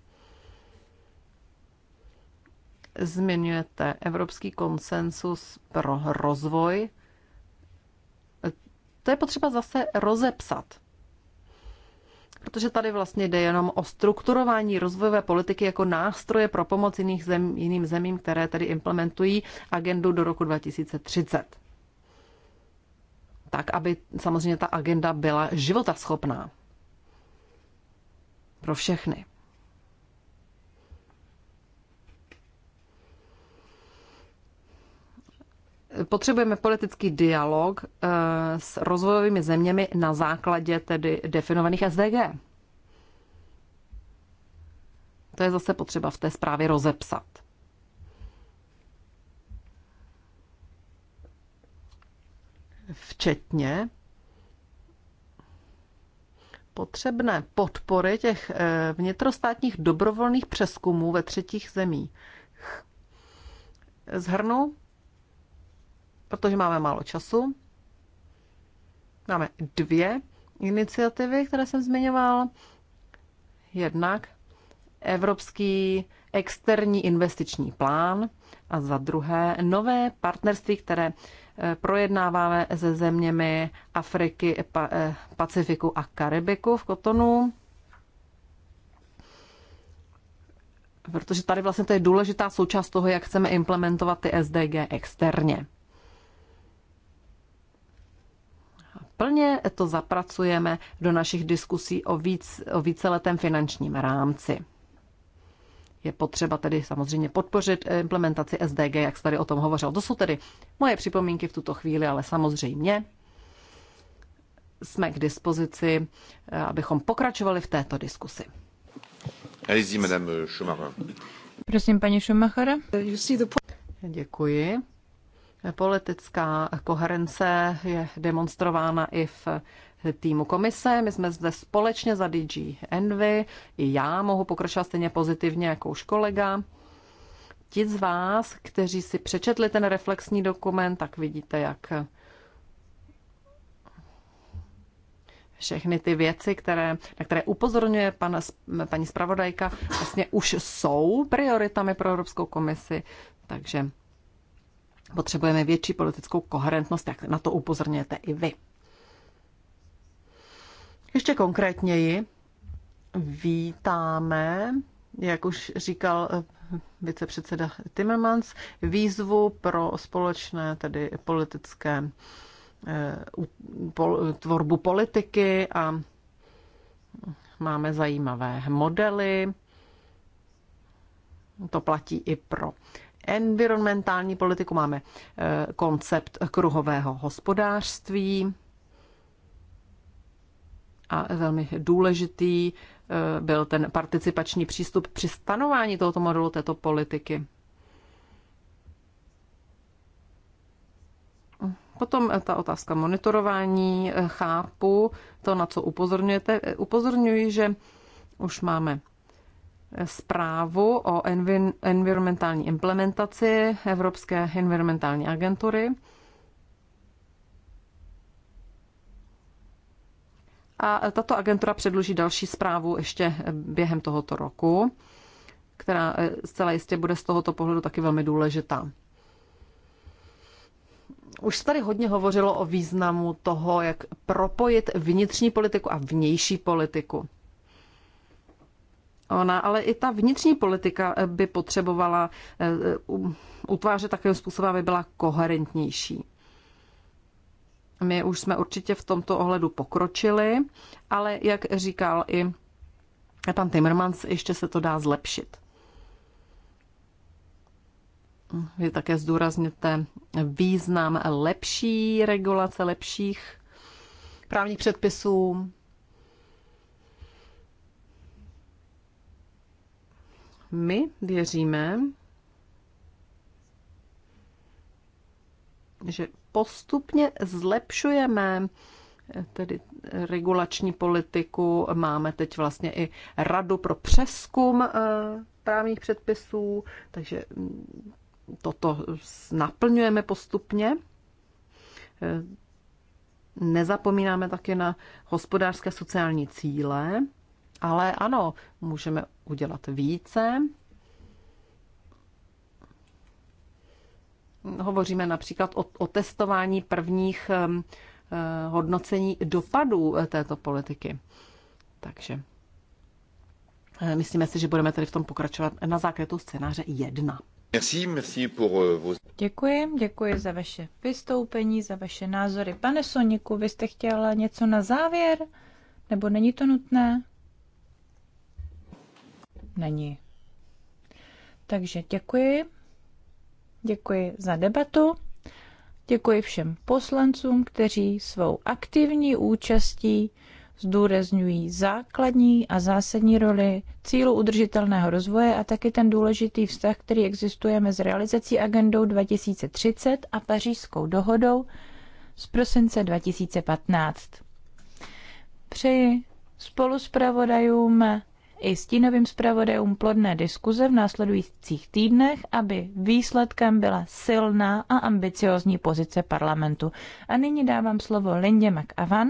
Zmiňujete Evropský konsensus pro rozvoj. To je potřeba zase rozepsat protože tady vlastně jde jenom o strukturování rozvojové politiky jako nástroje pro pomoc jiných zem, jiným zemím, které tedy implementují agendu do roku 2030. Tak, aby samozřejmě ta agenda byla životaschopná pro všechny. Potřebujeme politický dialog eh, s rozvojovými zeměmi na základě tedy definovaných SDG. To je zase potřeba v té zprávě rozepsat. Včetně potřebné podpory těch eh, vnitrostátních dobrovolných přeskumů ve třetích zemích. Zhrnu, protože máme málo času. Máme dvě iniciativy, které jsem zmiňoval. Jednak Evropský externí investiční plán a za druhé nové partnerství, které eh, projednáváme se zeměmi Afriky, eh, Pacifiku a Karibiku v Kotonu. Protože tady vlastně to je důležitá součást toho, jak chceme implementovat ty SDG externě. plně to zapracujeme do našich diskusí o, víc, o víceletém finančním rámci. Je potřeba tedy samozřejmě podpořit eh, implementaci SDG, jak tady o tom hovořil. To jsou tedy moje připomínky v tuto chvíli, ale samozřejmě jsme k dispozici, eh, abychom pokračovali v této diskusi. Prosím, paní Schumachera. Děkuji. Politická koherence je demonstrována i v týmu komise. My jsme zde společně za DG Envy. I já mohu pokračovat stejně pozitivně jako už kolega. Ti z vás, kteří si přečetli ten reflexní dokument, tak vidíte, jak všechny ty věci, které, na které upozorňuje pan, paní zpravodajka, vlastně už jsou prioritami pro Evropskou komisi. Takže Potřebujeme větší politickou koherentnost, jak na to upozorněte i vy. Ještě konkrétněji vítáme, jak už říkal eh, vicepředseda Timmermans, výzvu pro společné tedy politické eh, tvorbu politiky a máme zajímavé modely. To platí i pro environmentální politiku, máme eh, koncept kruhového hospodářství a velmi důležitý eh, byl ten participační přístup při stanování tohoto modelu této politiky. Potom ta otázka monitorování, eh, chápu to, na co upozorňujete. Upozorňuji, že už máme zprávu o environmentální implementaci Evropské environmentální agentury. A tato agentura předloží další zprávu ještě během tohoto roku, která eh, zcela jistě bude z tohoto pohledu taky velmi důležitá. Už se tady hodně hovořilo o významu toho, jak propojit vnitřní politiku a vnější politiku. Ona, ale i ta vnitřní politika eh, by potřebovala eh, utvářet takovým způsobem, aby byla koherentnější. My už jsme určitě v tomto ohledu pokročili, ale jak říkal i pan Timmermans, ještě se to dá zlepšit. Vy také zdůrazněte význam lepší regulace, lepších právních předpisů, My věříme, že postupně zlepšujeme tedy eh, regulační politiku. Máme teď vlastně i radu pro přeskum eh, právních předpisů, takže mm, toto naplňujeme postupně. Eh, nezapomínáme také na hospodářské sociální cíle. Ale ano, můžeme udělat více. Hovoříme například o, o testování prvních eh, hodnocení dopadů eh, této politiky. Takže eh, myslíme si, že budeme tedy v tom pokračovat na základě toho scénáře 1. Děkuji, děkuji za vaše vystoupení, za vaše názory. Pane Soniku, vy jste chtěla něco na závěr? Nebo není to nutné? není. Takže děkuji. Děkuji za debatu. Děkuji všem poslancům, kteří svou aktivní účastí zdůrazňují základní a zásadní roli cílu udržitelného rozvoje a taky ten důležitý vztah, který existuje mezi realizací agendou 2030 a pařížskou dohodou z prosince 2015. Přeji spolu s pravodajům i stínovým zpravodajům plodné diskuze v následujících týdnech, aby výsledkem byla silná a ambiciozní pozice parlamentu. A nyní dávám slovo Lindě McAvan,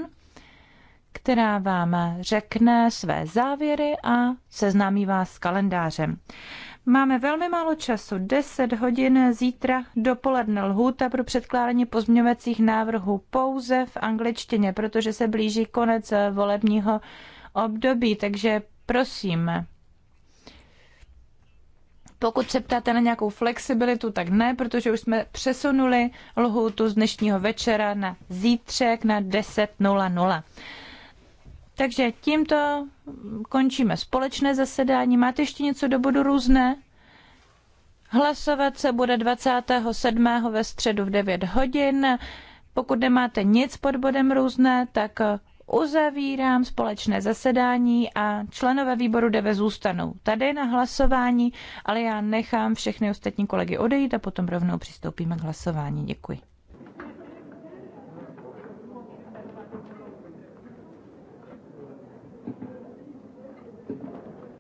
která vám řekne své závěry a seznámí vás s kalendářem. Máme velmi málo času, 10 hodin zítra dopoledne lhůta pro předkládání pozměňovacích návrhů pouze v angličtině, protože se blíží konec volebního období, takže Prosím, pokud se ptáte na nějakou flexibilitu, tak ne, protože už jsme přesunuli lhůtu z dnešního večera na zítřek na 10.00. Takže tímto končíme společné zasedání. Máte ještě něco do bodu různé? Hlasovat se bude 27. ve středu v 9 hodin. Pokud nemáte nic pod bodem různé, tak uzavírám společné zasedání a členové výboru DEVE zůstanou tady na hlasování, ale já nechám všechny ostatní kolegy odejít a potom rovnou přistoupíme k hlasování. Děkuji.